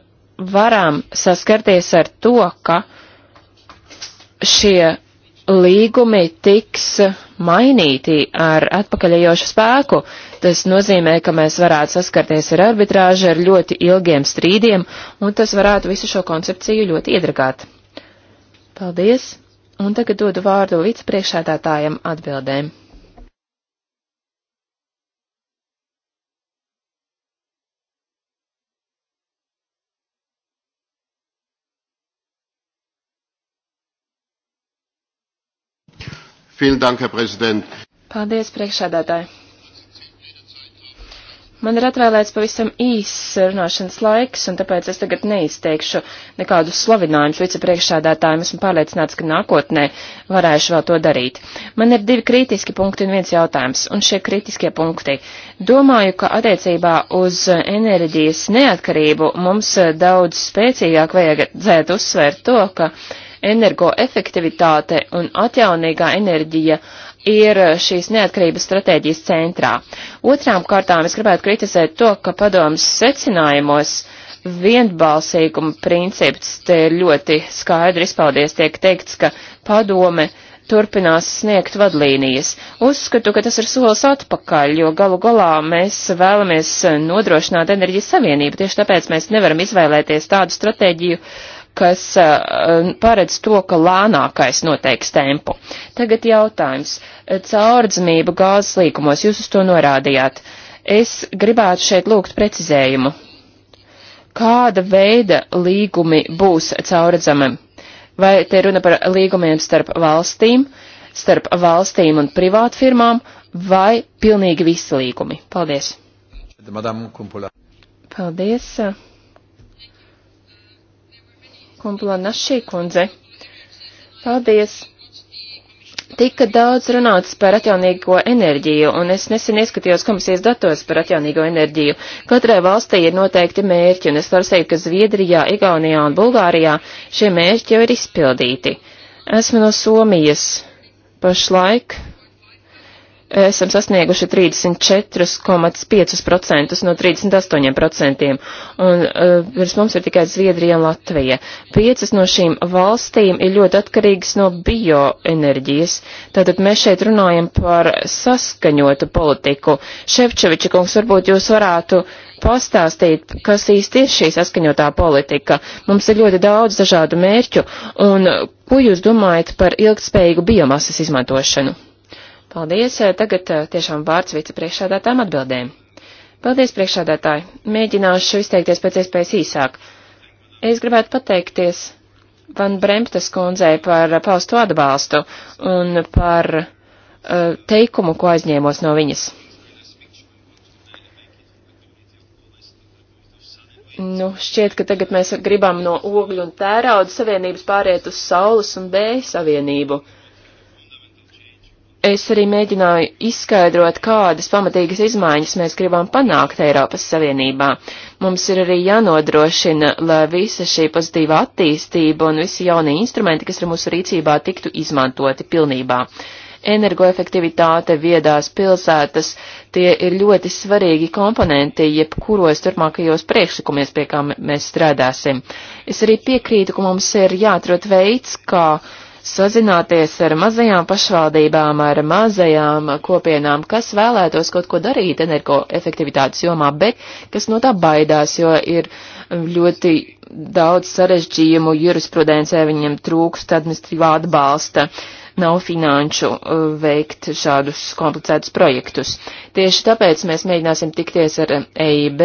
varam saskarties ar to, ka šie līgumi tiks mainīti ar atpakaļējošu spēku, Tas nozīmē, ka mēs varētu saskarties ar arbitrāžu, ar ļoti ilgiem strīdiem, un tas varētu visu šo koncepciju ļoti iedragāt. Paldies! Un tagad dodu vārdu vicepriekšētātājam atbildēm. Dank, Paldies, priekšsēdētāji! Man ir atvēlēts pavisam īss runāšanas laiks, un tāpēc es tagad neizteikšu nekādus slavinājumus vicepriekšādātājiem. Esmu pārliecināts, ka nākotnē varēšu vēl to darīt. Man ir divi kritiski punkti un viens jautājums, un šie kritiskie punkti. Domāju, ka attiecībā uz enerģijas neatkarību mums daudz spēcīgāk vajadzētu uzsvērt to, ka energoefektivitāte un atjaunīgā enerģija ir eh, šīs neatkarības stratēģijas centrā. Otrām kārtām es gribētu kritizēt to, ka padomas secinājumos vienbalsīguma princips te ļoti skaidri izpaudies, tiek teikts, ka padome turpinās sniegt vadlīnijas. Uzskatu, ka tas ir solis atpakaļ, jo galu galā mēs vēlamies nodrošināt enerģijas savienību, tieši tāpēc mēs nevaram izvēlēties tādu stratēģiju, uh, kas uh, paredz to, ka lēnākais noteiks tempu. Tagad jautājums. Caurdzamība gāzes līkumos, jūs uz to norādījāt. Es gribētu šeit lūgt precizējumu. Kāda veida līgumi būs caurdzamam? Vai te runa par līgumiem starp valstīm, starp valstīm un privātfirmām, vai pilnīgi visi līgumi? Paldies! Paldies! Kumpula Našī kundze. Paldies! Tika daudz runāts par atjaunīgo enerģiju, un es nesen ieskatījos komisijas datos par atjaunīgo enerģiju. Katrai valstī ir noteikti mērķi, un es varu teikt, ka Zviedrijā, Igaunijā un Bulgārijā šie mērķi jau ir izpildīti. Esmu no Somijas. Pašlaik esam sasnieguši 34,5% no 38%, un eh, virs mums ir tikai Zviedrija un Latvija. Piecas no šīm valstīm ir ļoti atkarīgas no bioenerģijas, tātad mēs šeit runājam par saskaņotu politiku. Ševčeviča kungs, varbūt jūs varētu pastāstīt, kas īsti ir šī saskaņotā politika. Mums ir ļoti daudz dažādu mērķu, un ko jūs domājat par ilgspējīgu biomasas izmantošanu? Paldies. Eh, tagad eh, tiešām vārds vicepriekšādātām atbildēm. Paldies, priekšādātāji. Mēģināšu izteikties pēc iespējas īsāk. Es gribētu pateikties Van Bremtes kundzei par paustu atbalstu un par uh, teikumu, ko aizņēmos no viņas. Nu, šķiet, ka tagad mēs gribam no ogļu un tērauda savienības pāriet uz saules un vēja savienību. Es arī mēģināju izskaidrot, kādas pamatīgas izmaiņas mēs gribam panākt Eiropas Savienībā. Mums ir arī jānodrošina, lai visa šī pozitīva attīstība un visi jaunie instrumenti, kas ir mūsu rīcībā, tiktu izmantoti pilnībā energoefektivitāte, viedās pilsētas, tie ir ļoti svarīgi komponenti jebkuros turpmākajos priekšlikumies, pie kā mēs strādāsim. Es arī piekrītu, ka mums ir jāatrod veids, kā uh, sazināties ar mazajām pašvaldībām, ar mazajām kopienām, kas vēlētos kaut ko darīt energoefektivitātes jomā, bet kas no tā baidās, jo ir ļoti daudz sarežģījumu jurisprudencē, viņiem trūkst administratīvā atbalsta. Uh, nav finanšu uh, veikt šādus komplicētus projektus. Tieši tāpēc mēs mēģināsim tikties ar EIB,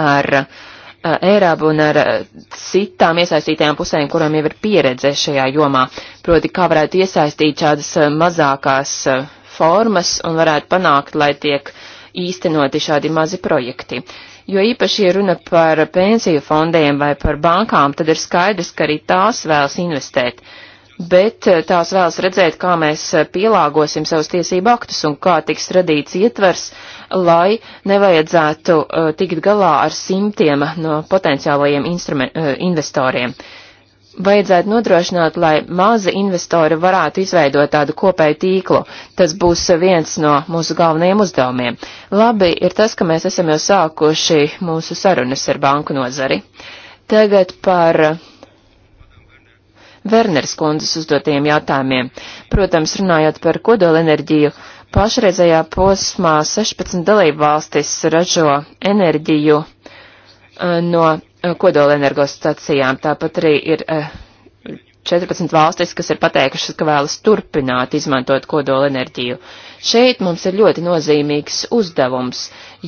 ar uh, Eirābu un ar citām iesaistītajām pusēm, kurām jau ir pieredze šajā jomā, proti kā varētu iesaistīt šādas eh, mazākās eh, formas un varētu panākt, lai tiek īstenoti šādi mazi projekti. Jo īpaši, ja runa par pensiju fondiem vai par bankām, tad ir skaidrs, ka arī tās vēlas investēt. Bet eh, tās vēlas redzēt, kā mēs pielāgosim savus tiesību aktus un kā tiks radīts ietvers, uh, lai nevajadzētu uh, tikt galā ar simtiem no potenciālajiem uh, investoriem. Vajadzētu nodrošināt, lai mazi investori varētu izveidot tādu kopēju tīklu. Tas būs viens no mūsu galvenajiem uzdevumiem. Labi ir tas, ka mēs esam jau sākuši mūsu sarunas ar banku nozari. Tagad par uh, Verners kundzes uzdotiem jautājumiem. Protams, runājot par kodolenerģiju, uh, Pašreizējā posmā 16 dalību valstis ražo enerģiju uh, no uh, kodolenergostacijām. Tāpat arī ir 14 uh, valstis, kas ir pateikušas, ka vēlas turpināt izmantot kodolenerģiju. Šeit mums ir ļoti nozīmīgs uzdevums.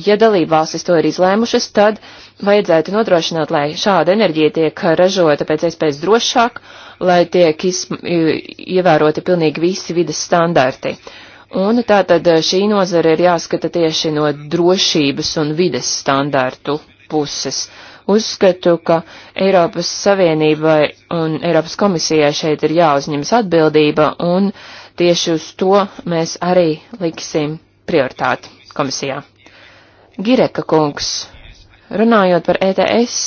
Ja dalība valstis to ir izlēmušas, tad vajadzētu nodrošināt, lai šāda enerģija tiek ražota pēc iespējas drošāk, lai tiek ievēroti pilnīgi visi vidas standarti. Uh, Un tātad eh, šī nozara ir jāskata tieši no drošības un vides standārtu puses. Uzskatu, ka Eiropas Savienībai un Eiropas komisijai šeit ir jāuzņemas atbildība, un tieši uz to mēs arī liksim prioritāti komisijā. Gireka kungs, runājot par ETS,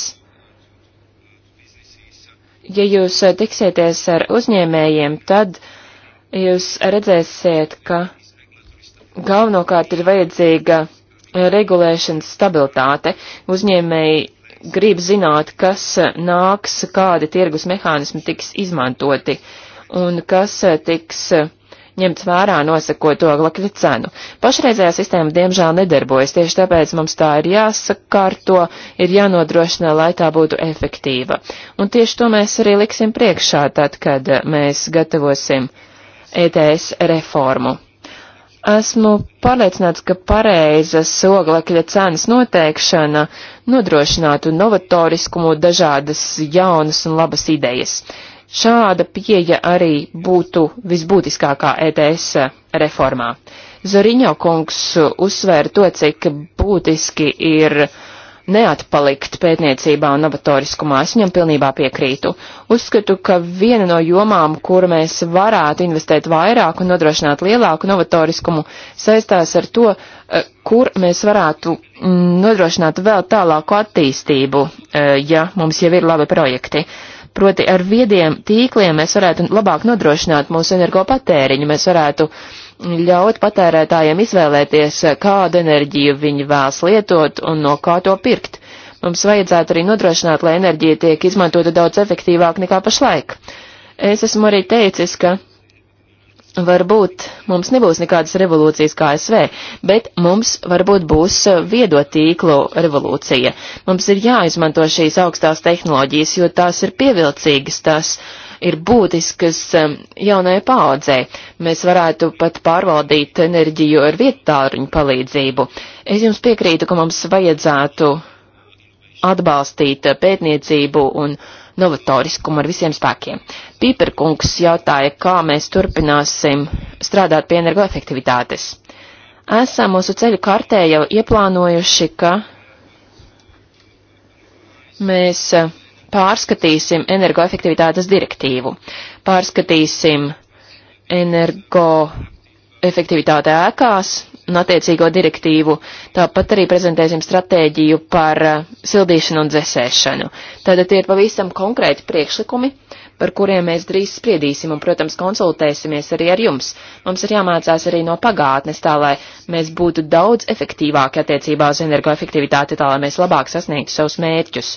ja jūs eh, tiksieties ar uzņēmējiem, tad uh, jūs redzēsiet, ka galvenokārt ir vajadzīga regulēšanas stabilitāte. Uzņēmēji grib zināt, kas nāks, kādi tirgus mehānismi tiks izmantoti un kas tiks ņemts vērā nosakot oglekļa cenu. Pašreizējā sistēma diemžēl nedarbojas, tieši tāpēc mums tā ir jāsakārto, ir jānodrošina, lai tā būtu efektīva. Un tieši to mēs arī liksim priekšā tad, kad mēs gatavosim uh, ETS reformu. Esmu pārliecināts, ka pareiza oglekļa cenas noteikšana nodrošinātu novatoriskumu dažādas jaunas un labas idejas. Šāda pieeja arī būtu visbūtiskākā ETS reformā. Zoriņo kungs uzsvēra to, cik būtiski ir uh, neatpalikt pētniecībā un novatoriskumā. Es viņam pilnībā piekrītu. Uzskatu, ka viena no jomām, kur mēs varētu investēt vairāk un nodrošināt lielāku novatoriskumu, saistās ar to, eh, kur mēs varētu mm, nodrošināt vēl tālāku attīstību, eh, ja mums jau ir labi projekti. Proti ar viediem tīkliem mēs varētu labāk nodrošināt mūsu energopatēriņu, mēs varētu uh, ļaut patērētājiem izvēlēties, kādu enerģiju viņi vēlas lietot un no kā to pirkt. Mums vajadzētu arī nodrošināt, lai enerģija tiek izmantota daudz efektīvāk nekā pašlaik. Es esmu arī teicis, ka varbūt mums nebūs nekādas revolūcijas kā SV, bet mums varbūt būs viedo tīklu revolūcija. Mums ir jāizmanto šīs augstās tehnoloģijas, jo tās ir pievilcīgas, tās uh, ir būtiskas um, jaunajai paaudzei. Mēs varētu pat pārvaldīt enerģiju ar vietāruņu palīdzību. Es jums piekrītu, ka mums vajadzētu atbalstīt pētniecību un novatoriskumu ar visiem spēkiem. Pīperkungs jautāja, kā mēs turpināsim strādāt pie energoefektivitātes. Esam mūsu ceļu kartē jau ieplānojuši, ka mēs uh, pārskatīsim energoefektivitātes direktīvu, pārskatīsim energoefektivitāte ēkās un attiecīgo direktīvu, tāpat arī prezentēsim stratēģiju par eh, sildīšanu un dzesēšanu. Tātad tie ir pavisam konkrēti priekšlikumi, par kuriem mēs drīz spriedīsim un, protams, konsultēsimies arī ar jums. Mums ir jāmācās arī no pagātnes tā, lai mēs būtu daudz efektīvāki attiecībā uz energoefektivitāti, tā lai mēs labāk sasniegtu savus mērķus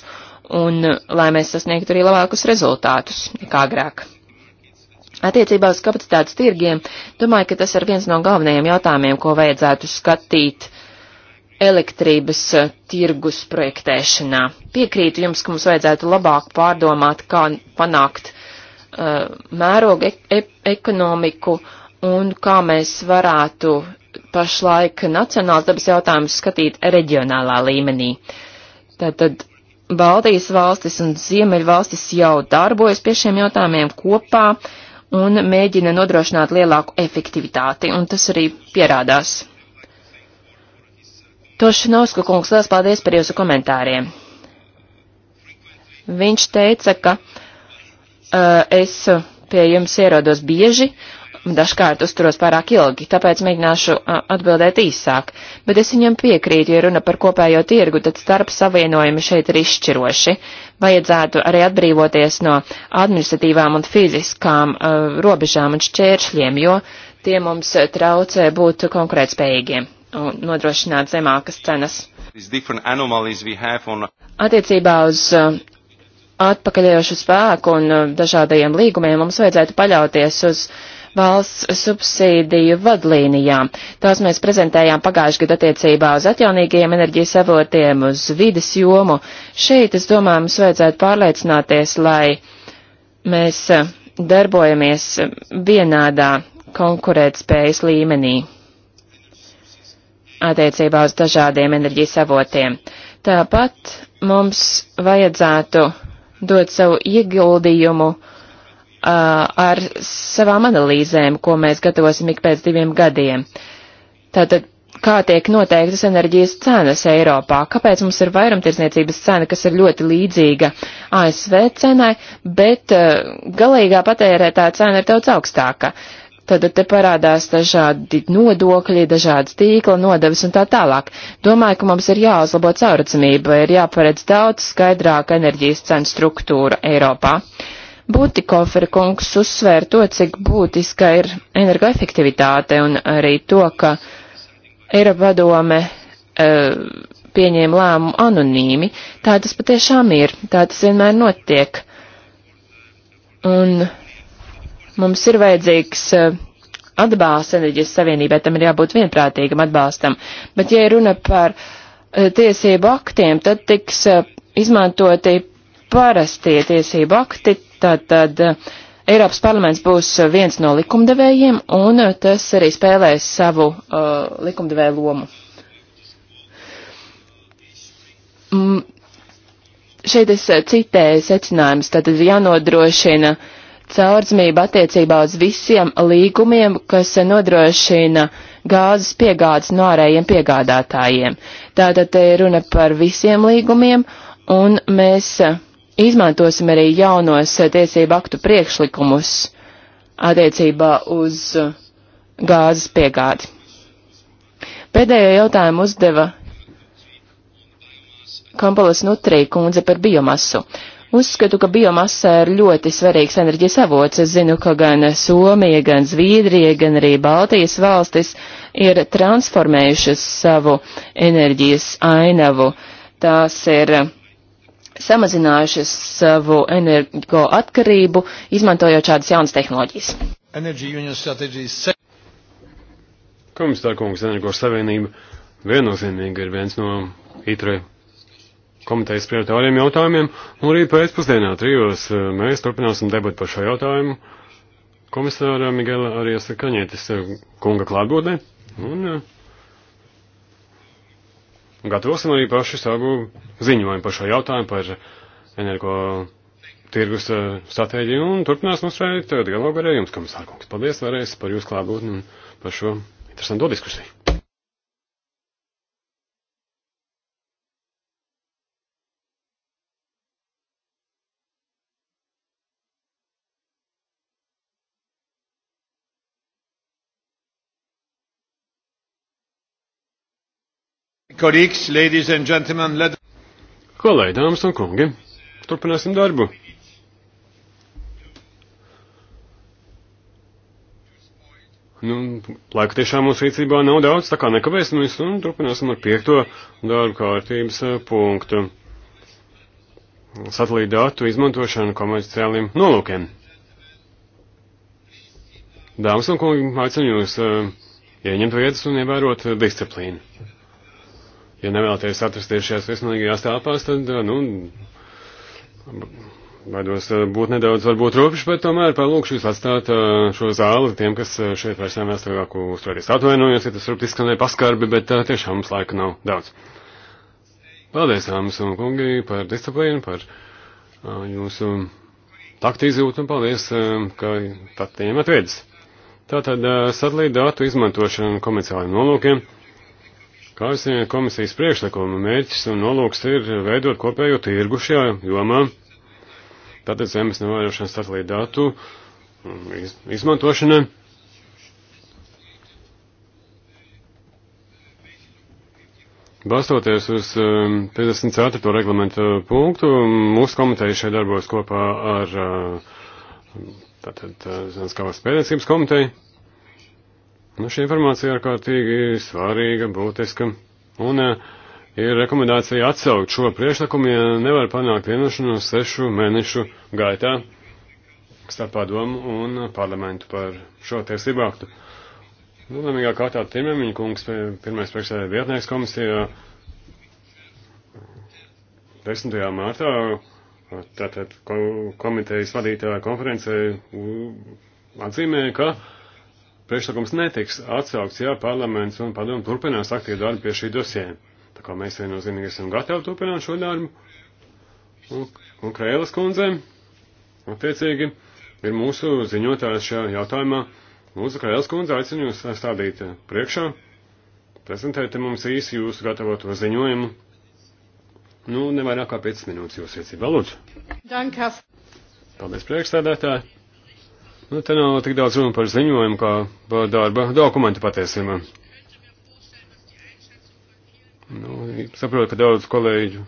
un uh, lai mēs sasniegtu arī labākus rezultātus nekā agrāk. Attiecībā uz kapacitātes tirgiem, domāju, ka tas ir viens no galvenajiem jautājumiem, ko vajadzētu skatīt elektrības uh, tirgus projektēšanā. Piekrītu jums, ka mums vajadzētu labāk pārdomāt, kā panākt uh, mēroga e ekonomiku un kā mēs varētu pašlaik nacionāls dabas jautājumus skatīt reģionālā līmenī. Tātad Baltijas valstis un Ziemeļvalstis jau darbojas pie šiem jautājumiem kopā un mēģina nodrošināt lielāku efektivitāti, un tas arī pierādās. Tošinovska kungs, liels paldies par jūsu komentāriem. Viņš teica, ka uh, es pie jums ierodos bieži, dažkārt uzturos pārāk ilgi, tāpēc mēģināšu atbildēt īsāk, bet es viņam piekrītu, ja runa par kopējo tirgu, tad starp savienojumi šeit ir izšķiroši. Vajadzētu arī atbrīvoties no administratīvām un fiziskām uh, robežām un šķēršļiem, jo tie mums traucē būt konkurētspējīgiem un nodrošināt zemākas cenas. On... Attiecībā uz uh, atpakaļējošu spēku un uh, dažādajiem līgumiem mums vajadzētu paļauties uz uh, valsts subsīdiju vadlīnijām. Tās mēs prezentējām pagājušajā gadā attiecībā uz atjaunīgajiem enerģijas avotiem, uz vides jomu. Šeit, es domāju, mums vajadzētu pārliecināties, lai mēs eh, darbojamies eh, vienādā konkurētspējas līmenī attiecībā uz dažādiem enerģijas avotiem. Tāpat mums vajadzētu dot savu ieguldījumu uh, Uh, ar savām analīzēm, ko mēs gatavosim ik pēc diviem gadiem. Tātad, kā tiek noteiktas enerģijas cenas Eiropā? Kāpēc mums ir vairumtirdzniecības cena, kas ir ļoti līdzīga ASV cenai, bet uh, galīgā patērētā cena ir daudz augstāka? Tad te parādās dažādi nodokļi, dažādas tīkla nodevas un tā tālāk. Domāju, ka mums ir jāuzlabo caurredzamība, ir jāparedz daudz skaidrāka enerģijas cenu struktūra Eiropā. Uh, Būtikofera kungs uzsvēra to, cik būtiska ir energoefektivitāte un arī to, ka Eiropa padome e, pieņēma lēmumu anonīmi. Tā tas patiešām ir, tā tas vienmēr notiek. Un mums ir vajadzīgs e, atbalsts enerģijas savienībai, tam ir jābūt vienprātīgam atbalstam. Bet, ja runa par e, tiesību aktiem, tad tiks e, izmantoti parastie tiesību akti, tad, tad eh, Eiropas parlaments būs viens no likumdevējiem, un eh, tas arī spēlēs savu uh, eh, likumdevēju lomu. Mm, šeit es citēju secinājumus, tad jānodrošina caurdzmība attiecībā uz visiem līgumiem, kas nodrošina gāzes piegādes no ārējiem piegādātājiem. Tātad te runa par visiem līgumiem, un mēs. Uh, izmantosim arī jaunos eh, tiesību aktu priekšlikumus attiecībā uz eh, gāzes piegādi. Pēdējo jautājumu uzdeva Kampalas Nutrī kundze par biomasu. Uzskatu, ka biomasa ir ļoti svarīgs enerģijas avots. Es zinu, ka gan Somija, gan Zviedrija, gan arī Baltijas valstis ir transformējušas savu enerģijas ainavu. Tās ir uh, samazinājušas savu energo atkarību, izmantojot šādas jaunas tehnoloģijas. Komisāra kungs, energo savienība viennozīmīgi ir viens no ITRE komitejas prioritāriem jautājumiem, un rīt pēcpusdienā trijos eh, mēs turpināsim debatu par šo jautājumu komisāra Migela Ariesa Kaņietis eh, kunga klātbūtnē. Un, uh, gatavosim arī pašu savu ziņojumu par šo jautājumu, par energo tirgus eh, stratēģiju un turpināsim uzstrādīt eh, dialogu ar jums, komisārkungs. Paldies vēlreiz par jūsu klātbūtni un par šo interesanto diskusiju. Kolīgs, ladies and gentlemen, let... Kolēģi, dāmas un kungi, turpināsim darbu. Nu, laika tiešām mūsu rīcībā nav daudz, tā kā nekavēsimies un turpināsim ar piekto darbu kārtības eh, punktu. Satelīta datu izmantošanu komerciāliem nolūkiem. Dāmas un kungi, aicinu jūs uh, ieņemt vietas un ievērot disciplīnu ja nevēlaties atrasties šajās viesmīlīgajās telpās, tad, eh, nu, baidos eh, būt nedaudz varbūt rupšs, bet tomēr palūkšu jūs atstāt eh, šo zāli tiem, kas šeit vairs nevēlas tālāk uzturēties. Atvainojos, ja tas rupti skanēja paskarbi, bet tiešām mums laika nav daudz. Paldies, dāmas un kungi, par disciplīnu, par jūsu taktu izjūtu un paldies, ka tā tiem atvedis. Tātad satelīta datu izmantošana komerciālajiem nolūkiem. Kā es zinu, komisijas priekšlikuma mērķis un nolūks ir veidot kopējo tirgu šajā jomā. Tātad zemes novērošanas satelīta datu um, iz, izmantošanai. Balstoties uz 54. Um, reglamenta punktu, mūsu komiteja šeit darbojas kopā ar uh, tātad uh, Zanskavas pēdniecības komiteju. Nu, šī informācija ārkārtīgi svarīga, būtiska, un uh, ir rekomendācija atsaukt šo priekšlikumu, ja nevar panākt vienošanos sešu mēnešu gaitā starp padomu un parlamentu par šo tiesību aktu. Nu, lemīgā kārtā Timemiņa kungs, pirmais priekšsēdē vietnieks komisijā, 10. martā, tātad komitejas vadītāja konferencē atzīmēja, ka priekšlikums netiks atsaukts, ja parlaments un padomu turpinās aktīvu darbu pie šī dosē. Tā kā mēs viennozīmīgi esam gatavi turpināt šo darbu. Un, un Krēlas kundzēm, attiecīgi, ir mūsu ziņotājs šajā jautājumā. Lūdzu, Krēlas kundze, aicinu jūs stādīt priekšā, prezentēt mums īsi jūsu gatavoto ziņojumu. Nu, nevairāk kā 5 minūtes jūs iecībā, lūdzu. Dankas. Paldies, priekšstādātāji. Nu, te nav tik daudz runa par ziņojumu, kā par darba dokumentu patiesībā. Nu, saprotu, ka daudz kolēģu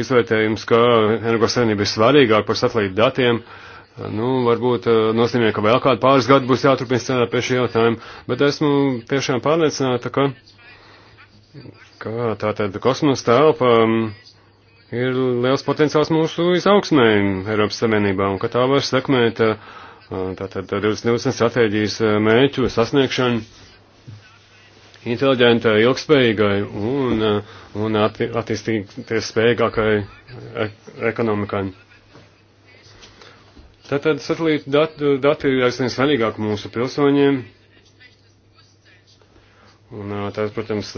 izvērtējums, ka energosavienība ir svarīgāk par satelītu datiem. Nu, varbūt eh, nozīmē, ka vēl kādu pāris gadu būs jāturpina strādāt pie šī jautājuma, bet esmu tiešām pārliecināta, ka, ka tātad kosmosa telpa mm, ir liels potenciāls mūsu izaugsmē Eiropas Savienībā un ka tā var sekmēt uh, tātad 2020 stratēģijas eh, mērķu sasniegšanu inteliģentai, ilgspējīgai un, eh, un atti, attīstīties spējīgākai eh, ekonomikai. Tātad satelīta dati, dati ir aizvien svarīgāk mūsu pilsoņiem. Un tas, protams,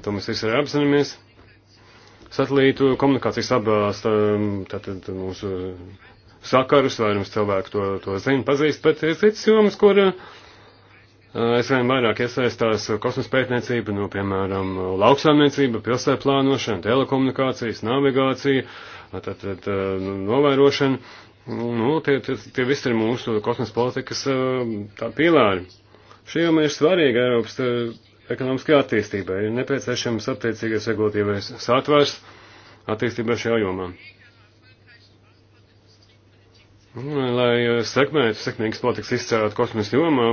to mēs visi arī apzināmies. Satelītu komunikācijas apbalsta tātad mūsu sakarus, vairums cilvēku to, to zina, pazīst, bet ir citas jomas, kur uh, es vien vairāk iesaistās kosmosa pētniecība, nu, piemēram, lauksāmniecība, pilsētu plānošana, telekomunikācijas, navigācija, tad, tad uh, novērošana. Nu, tie, tie, tie visi ir mūsu kosmosa politikas uh, tā pīlāri. Šī joma ir svarīga Eiropas ekonomiskajā attīstībā. Ir nepieciešams attiecīgais regulatīvais satvers attīstībā šajā jomā. Lai uh, sekmētu sekmīgas politikas izstrādāt kosmosa jomā,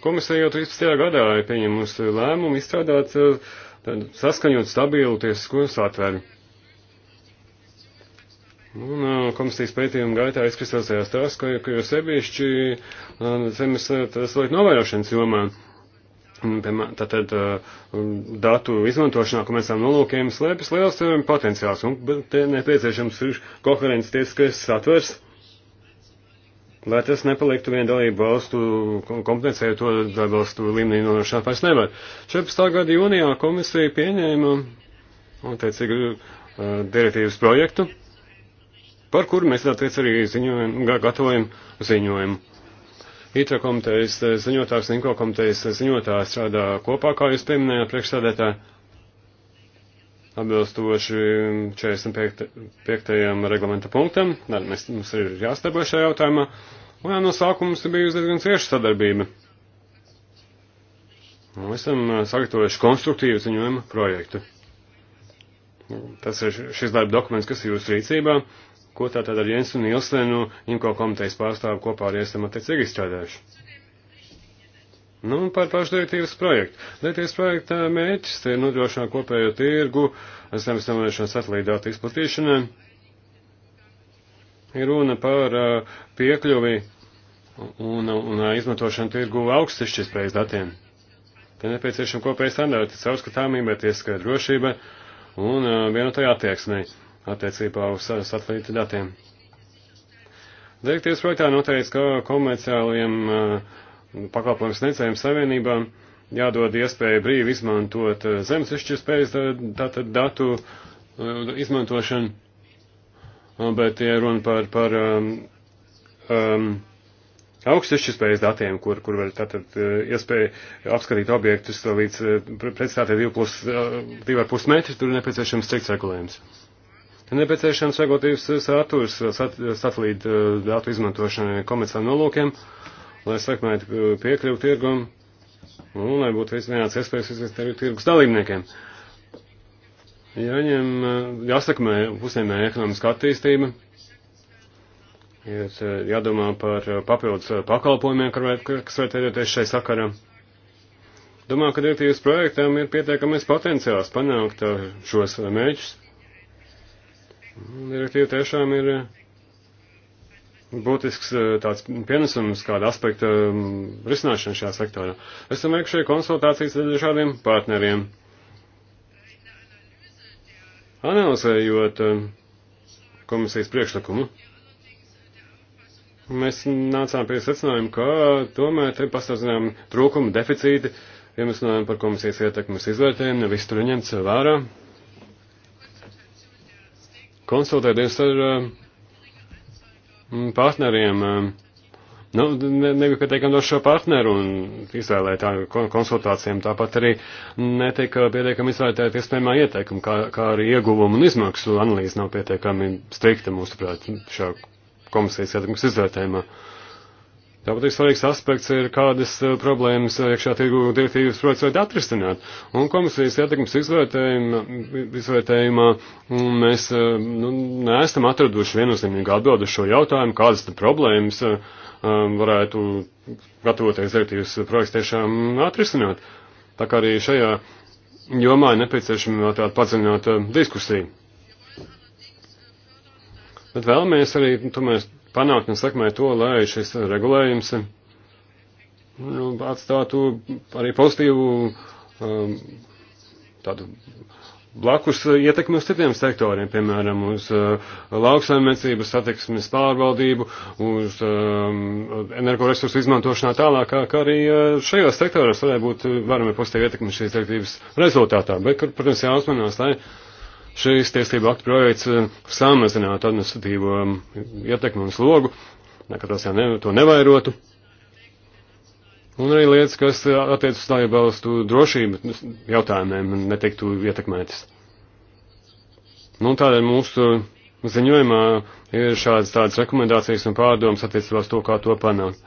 komisija jau 13. gadā ir pieņemusi lēmumu izstrādāt uh, saskaņot stabilu tiesisko satveru. Un uh, komisijas pētījuma gaitā izkristalizējās tas, ka, ka jo sevišķi zemes satelīta novērošanas jomā, tātad datu izmantošanā, ko mēs esam nolūkiem, slēpjas liels potenciāls, un te nepieciešams ir koherents tiesiskais satvers lai tas nepaliktu vienu dalību valstu kompetencija, to dalību valstu līmenī nonākt vairs nevar. 14. gada jūnijā komisija pieņēma, attiecīgi, uh, direktīvas projektu, par kuru mēs, attiec, arī ziņojam, gatavojam ziņojumu. ITRA komitejas ziņotājs, NINKO komitejas ziņotājs strādā kopā, kā jūs pieminējāt, priekšsādētāji atbilstoši 45. 5. reglamenta punktam. Tad mēs, mums ir jāstarbojas šajā jautājumā. Un jā, no sākuma mums ir bijusi diezgan cieša sadarbība. Un esam sagatavojuši konstruktīvu ziņojumu projektu. Tas ir šis darba dokuments, kas ir jūsu rīcībā, ko tātad ar Jensu Nilsenu, Inko komitejas pārstāvu kopā ar Iesam attiecīgi izstrādājuši. Nu, un par pašu direktīvas projektu. Direktīvas projekta mērķis ir nodrošināt kopējo tirgu, zemes novērošanas satelītdātu izplatīšanai. Ir runa par piekļuvi un, un izmantošanu tirgu augstišķis pēc datiem. Te nepieciešama kopēja standarta, caurskatāmība, tiesiskā drošība un vienotajā attieksmē attiecībā uz satelīta datiem. Direktīvas projektā noteikts, ka komerciāliem uh, pakalpojums sniedzējiem savienībām jādod iespēja brīvi izmantot eh, zemes izšķirspējas eh, tātad datu eh, izmantošanu, bet ja runa par, par um, um, augstu izšķirspējas datiem, kur, kur var tātad iespēja apskatīt objektus līdz pretstātie 2,5 metri, tur ir nepieciešams strikts regulējums. Ir nepieciešams regulatīvs saturs sat, satelīta datu izmantošanai komerciāliem nolūkiem. Uh, lai sekmētu uh, piekļuvu tirgumu un lai būtu vienāds iespējas visiem arī tirgus dalībniekiem. Jāņem, uh, jāsakmē pusēmē ekonomiska attīstība, ir uh, jādomā par papildus pakalpojumiem, kas var tērēties šai sakarā. Domāju, ka direktīvas projektām ir pietiekamais potenciāls panākt šos mērķus. Direktīva tiešām ir būtisks eh, tāds pienesums kāda aspekta mm, risināšana šajā sektorā. Esam veikuši konsultācijas ar dažādiem partneriem. Analizējot eh, komisijas priekšlikumu, mēs nācām pie secinājuma, ka tomēr te pastāvzinām trūkumu, deficīti, ja mēs runājam par komisijas ietekmes izvērtējumu, nevis tur ņemts vērā. Konsultēties ar uh, Mm, partneriem. Eh, nu, nebija pietiekami daudz šo partneru un izvēlētāju konsultācijām. Tāpat arī netika pietiekami izvērtēta iespējamā ieteikuma, kā, kā arī ieguvumu un izmaksu analīze nav pietiekami strikta, mūsuprāt, šā komisijas ietekmes izvērtējumā. Uh, Tāpat ir svarīgs aspekts, ir kādas eh, problēmas eh, iekšā tirgu direktīvas procesot atrisināt. Un komisijas ietekmes izvērtējumā, izvērtējumā mm, mēs eh, nu, neesam atraduši viennozīmīgu atbildu šo jautājumu, kādas tad problēmas um, varētu gatavoties direktīvas projekts tiešām atrisināt. Tā kā arī šajā jomā ir nepieciešama tāda padziļināta diskusija. Bet vēlamies arī tomēr panākt un sekmēt to, lai šis regulējums nu, atstātu arī pozitīvu um, tādu blakus ietekmi uz citiem sektoriem, piemēram, uz uh, lauksaimniecības satiksmes pārvaldību, uz um, energoresursu izmantošanā tālāk, kā, kā arī uh, šajos sektoros varētu būt varami pozitīva ietekme šīs direktīvas rezultātā. Bet, protams, jāuzmanās, lai šīs tiesību aktu projekts eh, samazinātu administratīvo um, ietekmi un slogu, nekad tās jau ne, to nevairotu. Un arī lietas, kas eh, attiec uz tāju balstu drošību jautājumiem, netiktu ietekmētas. Nu, tādēļ mūsu ziņojumā ir šādas tādas rekomendācijas un pārdomas attiecībā uz to, kā to panākt.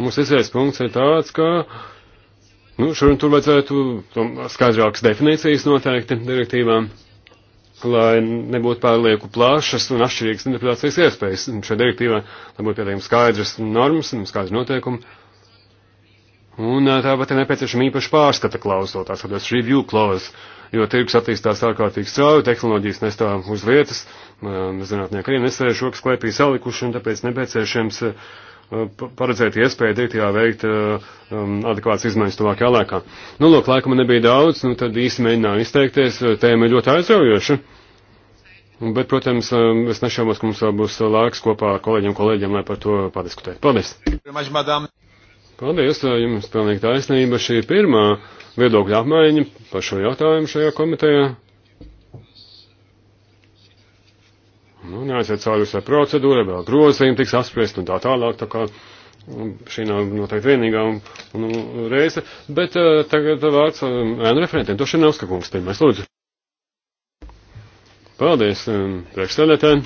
Mūsu izvēles punkts ir tāds, ka, nu, šur un tur vajadzētu um, skaidrākas definīcijas noteikti direktīvām lai nebūtu pārlieku plašas un atšķirīgas interpretācijas iespējas. Un šajā direktīvā, lai būtu pietiekami skaidras normas un skaidri noteikumi. Un tāpat ir nepieciešama īpaša pārskata klauzula, tā saucamais review clause, jo tirgus attīstās ārkārtīgi strauji, tehnoloģijas nestāv uz vietas, zinātnieki arī nesēž rokas klēpī salikuši, un tāpēc nepieciešams uh, Uh, paredzēt iespēju direktīvā veikt uh, um, adekvātas izmaiņas tuvākajā laikā. Nu, lūk, laika man nebija daudz, nu, tad īsi mēģināju izteikties, uh, tēma ir ļoti aizraujoša. Bet, protams, um, es nešaubos, ka mums vēl būs laiks kopā ar kolēģiem, kolēģiem, lai par to padiskutētu. Paldies! Paldies, jums pilnīgi taisnība. Šī ir pirmā viedokļa apmaiņa par šo jautājumu šajā komitejā. Nu, jāiziet cauri visai procedūrai, vēl grozījumi tiks apspriest un tā tālāk, tā kā šī nav noteikti vienīgā un, un, un reize. Bet uh, tagad vārds um, ēnu uh, referentiem. Toši nav skakums, pirmais lūdzu. Paldies um, priekšsēdētājiem.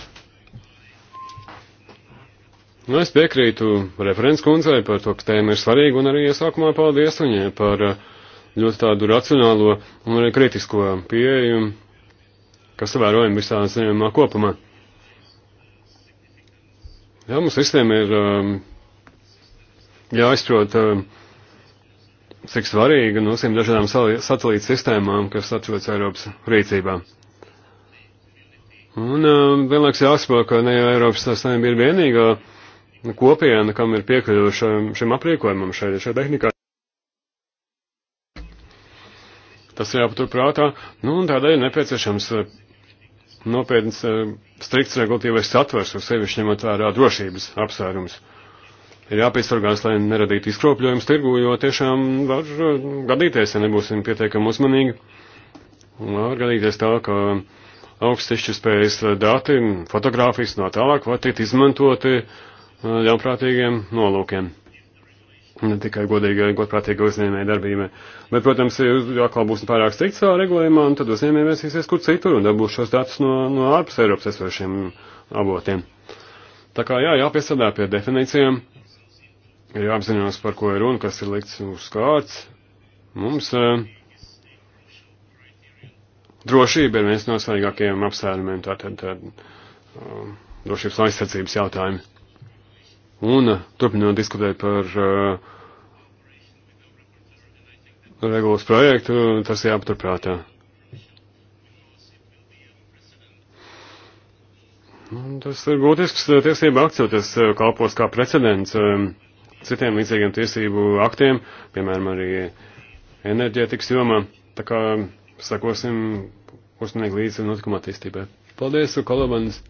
Nu, es piekrītu referents kundzei par to, ka tēma ir svarīga un arī iesākumā paldies viņai par uh, ļoti tādu racionālo un arī kritisko pieeju, kas vērojam visā ziņojumā kopumā. Jā, mums visiem ir um, jāizprot, um, cik svarīga no šīm dažādām satelīta sistēmām, kas atrodas Eiropas rīcībā. Un um, vienlaiks jāsaprot, ka ne jau Eiropas savienība ir vienīgā kopiena, kam ir piekļuvuša šim aprīkojumam, šai, šai tehnikai. Tas ir jāpatur prātā, nu un tādēļ nepieciešams uh, nopietns, eh, strikts regulatīvais satvers, uz sevišķi ņemot vērā drošības apsvērums. Ir jāpiesargās, lai neradītu izkropļojumus tirgu, jo tiešām var eh, gadīties, ja nebūsim pietiekami uzmanīgi. Var gadīties tā, ka augstišķi spējas dati, fotogrāfijas no tālāk var tikt izmantoti eh, ļaunprātīgiem nolūkiem ne tikai godīgai, godprātīgai uzņēmēji darbībai. Bet, protams, ja atkal būsim pārāk strikti savā regulējumā, un nu, tad uzņēmēji vērsīsies kur citur un dabūs šos datus no, no ārpus Eiropas esošiem avotiem. Tā kā jā, jāpiesadā pie definīcijām, ir jāapzinās, par ko ir runa, kas ir likts uz kārts. Mums eh, drošība ir viens no svarīgākajiem apsvērumiem, tātad um, drošības aizsardzības jautājumi. Un eh, turpinot diskutēt par uh, regulas projektu, tas jāpaturprātā. Un tas ir būtisks eh, tiesība akts, jo tas kalpos kā precedents um, citiem līdzīgiem tiesību aktiem, piemēram, arī enerģētikas jomā. Tā kā sakosim uzmanīgi līdzi notikuma attīstībai. Paldies, Kolobans!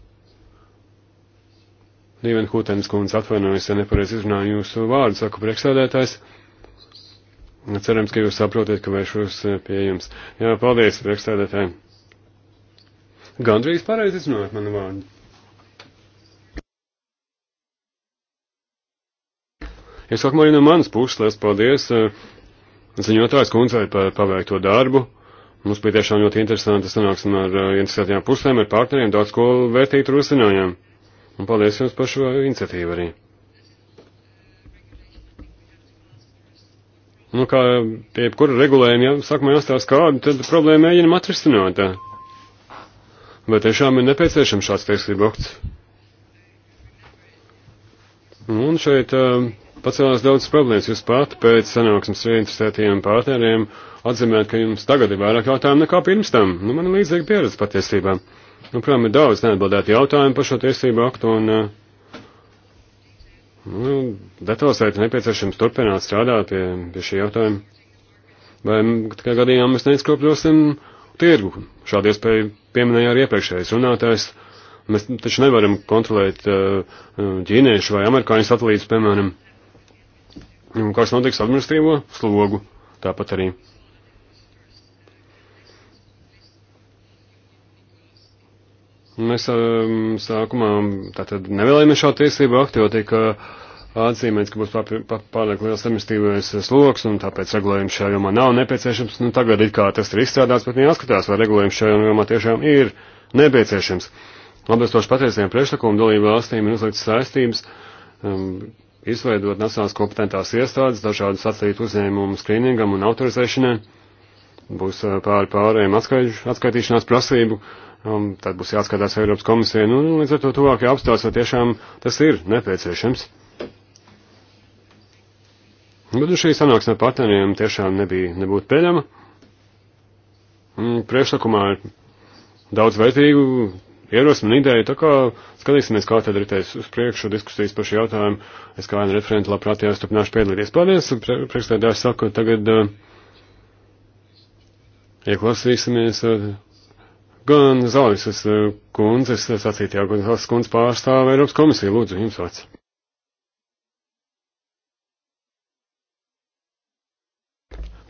Dīven Hūtens kundze atvainojas, ja nepareiz izrunāju jūsu vārdu, saku priekšsēdētājs. Cerams, ka jūs saprotat, ka vēršos eh, pie jums. Jā, paldies, priekšsēdētāji. Gandrīz pareizi izrunājat manu vārdu. Es saku arī no manas puses, liels paldies eh, ziņotājs kundzei par paveikto darbu. Mums bija tiešām ļoti interesanti sanāksim ar eh, interesētajām pusēm, ar partneriem, daudz ko vērtīt tur uzzinājām. Un paldies jums par šo iniciatīvu arī. Nu, kā pie kura regulējuma, ja sākumā jāstāsta kādu, tad problēma mēģinam atrisināt. Vai tiešām ir nepieciešams šāds tiesību akts? Nu, un šeit uh, um, pacēlās daudz problēmas. Jūs pat pēc sanāksmes reinteresētajiem partneriem atzīmējat, ka jums tagad ir vairāk jautājumu nekā pirms tam. Nu, man ir līdzīga pieredze patiesībā. Uh, Nu, protams, ir daudz neatbildētu jautājumu par šo tiesību aktu, un eh, nu, detalizēti nepieciešams turpināt strādāt pie, pie šī jautājuma. Vai tikai gadījumā mēs neizkropļosim tirgu? Šādu iespēju pieminēja arī iepriekšējais runātājs. Mēs taču nevaram kontrolēt eh, ķīniešu vai amerikāņu satelītus, piemēram. Kas notiks administrīvo slogu? Tāpat arī Mēs um, sākumā tātad nevēlējamies šo tiesību aktu, jo tika atzīmēts, ka būs pārāk liels administratīvais sloks, un tāpēc regulējums šajā jomā nav nepieciešams. Nu, tagad it kā tas ir izstrādāts, bet jāskatās, vai regulējums šajā jomā tiešām ir nepieciešams. Atbilstoši patiesiem priekšlikumu dalību valstīm ir uzlikts saistības um, izveidot nacionālās kompetentās iestādes, dažādas atslīt uzņēmumu skrīningam un autorizēšanai, būs uh, pāri pārējiem atskaitīšanās prasību um, tad būs jāskatās Eiropas komisijai, nu, nu līdz ar to tuvāk jāapstās, vai tiešām tas ir nepieciešams. Bet nu, šī sanāksme partneriem tiešām nebija, nebūtu pieļama. Mm, priekšlikumā ir daudz vērtīgu ierosmi un ideju, tā kā skatīsimies, kā tad ritēs uz priekšu diskusijas par šo jautājumu. Es kā viena referenta labprāt jāsturpināšu piedalīties. Paldies, priekšstādājs saka, tagad uh, ieklausīsimies. Uh, Gan Zalisas eh, kundzes eh, sacītajā, gan Zalisas kundzes pārstāv Eiropas komisiju. Lūdzu, jums vārds.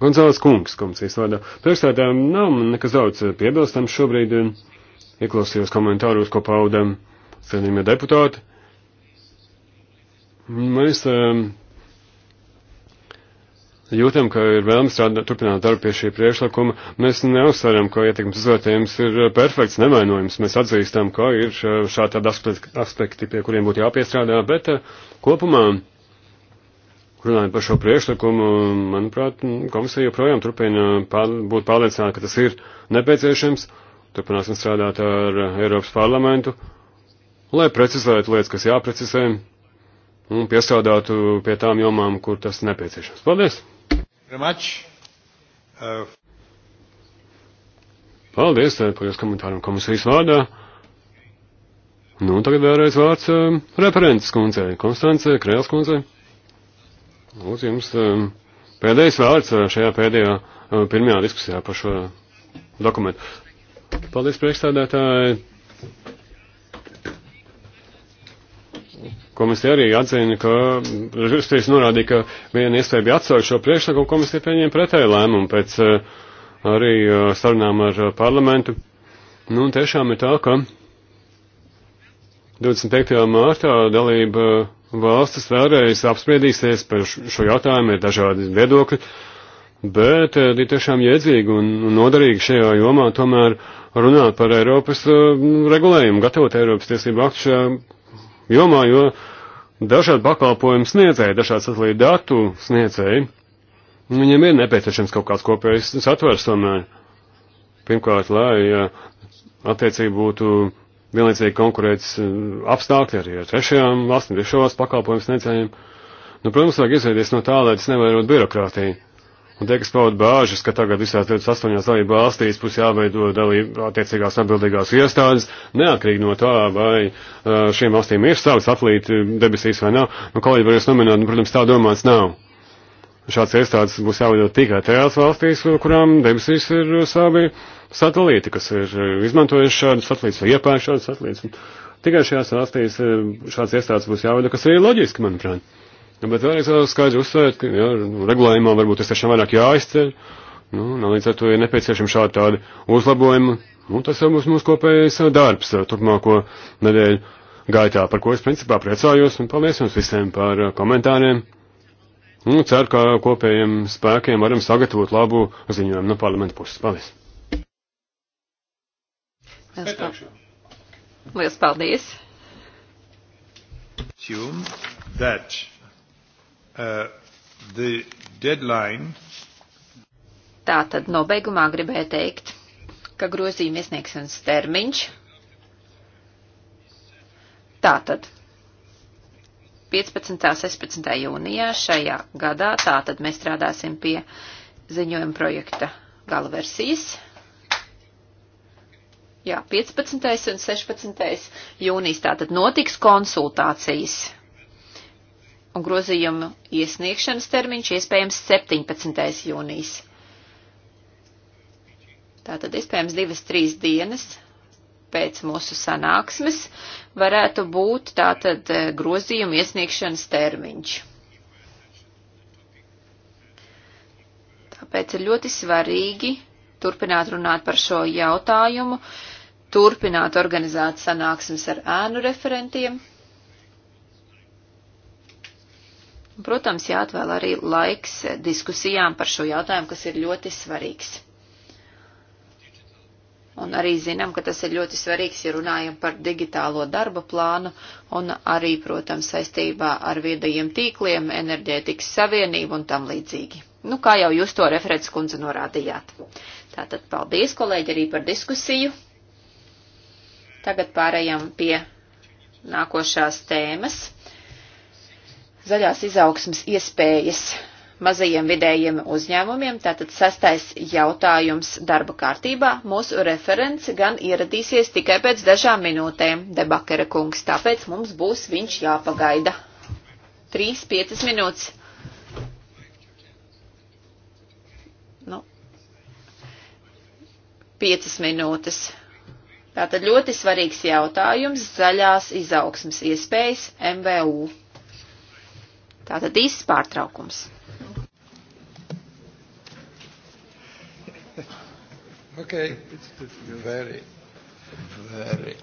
Gonzāles kungs, komisijas vārdā. Priekšstādā nav nekas daudz eh, piebilstams šobrīd. Ieklausījos komentārus, ko paudam cienījumie deputāti. Mēs jūtam, ka ir vēlams turpināt darbu pie šī priekšlikuma. Mēs neuzsveram, ka ietekmes izvērtējums ir eh, perfekts, nevainojums. Mēs atzīstam, ka ir eh, šādi tādi aspekti, pie kuriem būtu jāpiestrādā, bet eh, kopumā, runājot par šo priekšlikumu, manuprāt, komisija joprojām turpina pār, būt pārliecināta, ka tas ir nepieciešams. Turpināsim strādāt ar Eiropas parlamentu, lai precizētu lietas, kas jāprecizē un piestrādātu pie tām jomām, kur tas nepieciešams. Paldies! Uh... Paldies eh, par jūsu komentāru komisijas vārdā. Nu, tagad vēlreiz vārds uh, eh, referents kundzei, Konstance Krēls kundzei. Lūdzu, jums uh, pēdējais vārds uh, šajā pēdējā uh, pirmajā diskusijā par šo dokumentu. Paldies, priekšstādētāji. Komisija arī atzina, ka Rūstīs norādīja, ka viena iespēja bija atsaukt šo priekšlikumu, komisija pieņēma pretēju lēmumu pēc eh, arī eh, sarunām ar eh, parlamentu. Nu, tiešām ir tā, ka 25. mārtā dalība valstis vēlreiz apspriedīsies par šo jautājumu, ir dažādi viedokļi, bet ir tiešām jēdzīgi un noderīgi šajā jomā tomēr runāt par Eiropas regulējumu, gatavot Eiropas tiesību aktu šajā jomā, jo dažādi pakalpojumu sniedzēji, dažādi satelīta datu sniedzēji, viņiem ir nepieciešams kaut kāds kopējs satvers tomēr. Pirmkārt, lai attiecīgi būtu vienlaicīgi konkurētas eh, apstākļi arī ar trešajām valstīm, trešo valstu pakalpojumu sniedzējiem. Nu, protams, vajag izveidies no tā, lai tas nevairot birokrātiju. Un tie, kas pauda bāžas, ka tagad visās 28 dalību valstīs būs jāveido dalību attiecīgās atbildīgās iestādes, neatkarīgi no tā, vai šiem valstīm ir savs atlīti debesīs vai nav, nu, kolēģi varēs nominēt, nu, protams, tā domāts nav. Šāds iestādes būs jāveido tikai tajās valstīs, kurām debesīs ir savi satelīti, kas ir izmantojuši šādus satelītus vai iepērk šādus satelītus. Tikai šajās valstīs šāds iestādes būs jāveido, kas ir loģiski, manuprāt. Ja, nu, bet vēlreiz skaidri uzsvērt, ka ja, regulējumā varbūt tas tiešām vairāk jāizceļ. Nu, nav līdz ar to ir nepieciešama šāda tāda uzlabojuma. Nu, tas jau būs mūsu kopējais darbs turpmāko nedēļu gaitā, par ko es principā priecājos un paldies jums visiem par komentāriem. Nu, ceru, ka kopējiem spēkiem varam sagatavot labu ziņojumu no parlamenta puses. Paldies! Liels paldies! Liels paldies! That Uh, the deadline. Tā tad nobeigumā gribēju teikt, ka grozījuma iesniegšanas termiņš. Tā tad 15. un 16. jūnijā šajā gadā, tā tad mēs strādāsim pie ziņojuma projekta gala versijas. Jā, 15. un 16. jūnijas tātad notiks konsultācijas un grozījumu iesniegšanas termiņš iespējams 17. jūnijas. Tātad iespējams divas, trīs dienas pēc mūsu sanāksmes varētu būt tātad eh, grozījumu iesniegšanas termiņš. Tāpēc ir ļoti svarīgi turpināt runāt par šo jautājumu, turpināt organizēt sanāksmes ar ēnu referentiem Protams, jāatvēl arī laiks diskusijām par šo jautājumu, kas ir ļoti svarīgs. Un arī zinām, ka tas ir ļoti svarīgs, ja runājam par digitālo darba plānu un arī, protams, saistībā ar viedajiem tīkliem, enerģētikas savienību un tam līdzīgi. Nu, kā jau jūs to referents kundze norādījāt. Tātad paldies, kolēģi, arī par diskusiju. Tagad pārējām pie nākošās tēmas zaļās izaugsmas iespējas mazajiem vidējiem uzņēmumiem. Tātad sastais jautājums darba kārtībā. Mūsu referents gan ieradīsies tikai pēc dažām minūtēm, debakera kungs, tāpēc mums būs viņš jāpagaida. 3-5 minūtes. Nu, 5 minūtes. Tātad ļoti svarīgs jautājums - zaļās izaugsmas iespējas MVU. Tātad īsts pārtraukums. Okay, it's very, very.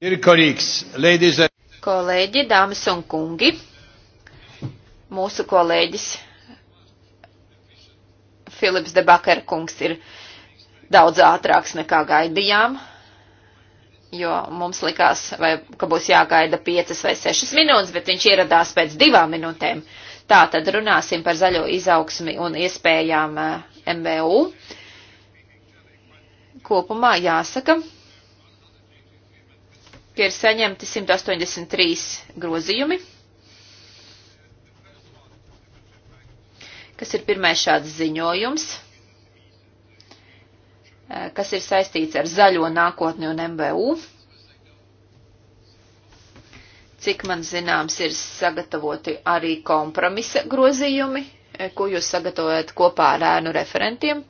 Ir kolīgs, ladies and... Kolēģi, dāmas un kungi, mūsu kolēģis Filips de Bakar kungs ir daudz ātrāks nekā gaidījām, jo mums likās, vai, ka būs jāgaida piecas vai sešas minūtes, bet viņš ieradās pēc divām minūtēm. Tā tad runāsim par zaļo izaugsmi un iespējām eh, MVU. Kopumā jāsaka, ka ir saņemti 183 grozījumi, kas ir pirmais šāds ziņojums, eh, kas ir saistīts ar zaļo nākotni un MBU. Cik man zināms, ir sagatavoti arī kompromisa grozījumi, eh, ko jūs sagatavojat kopā ar ēnu referentiem.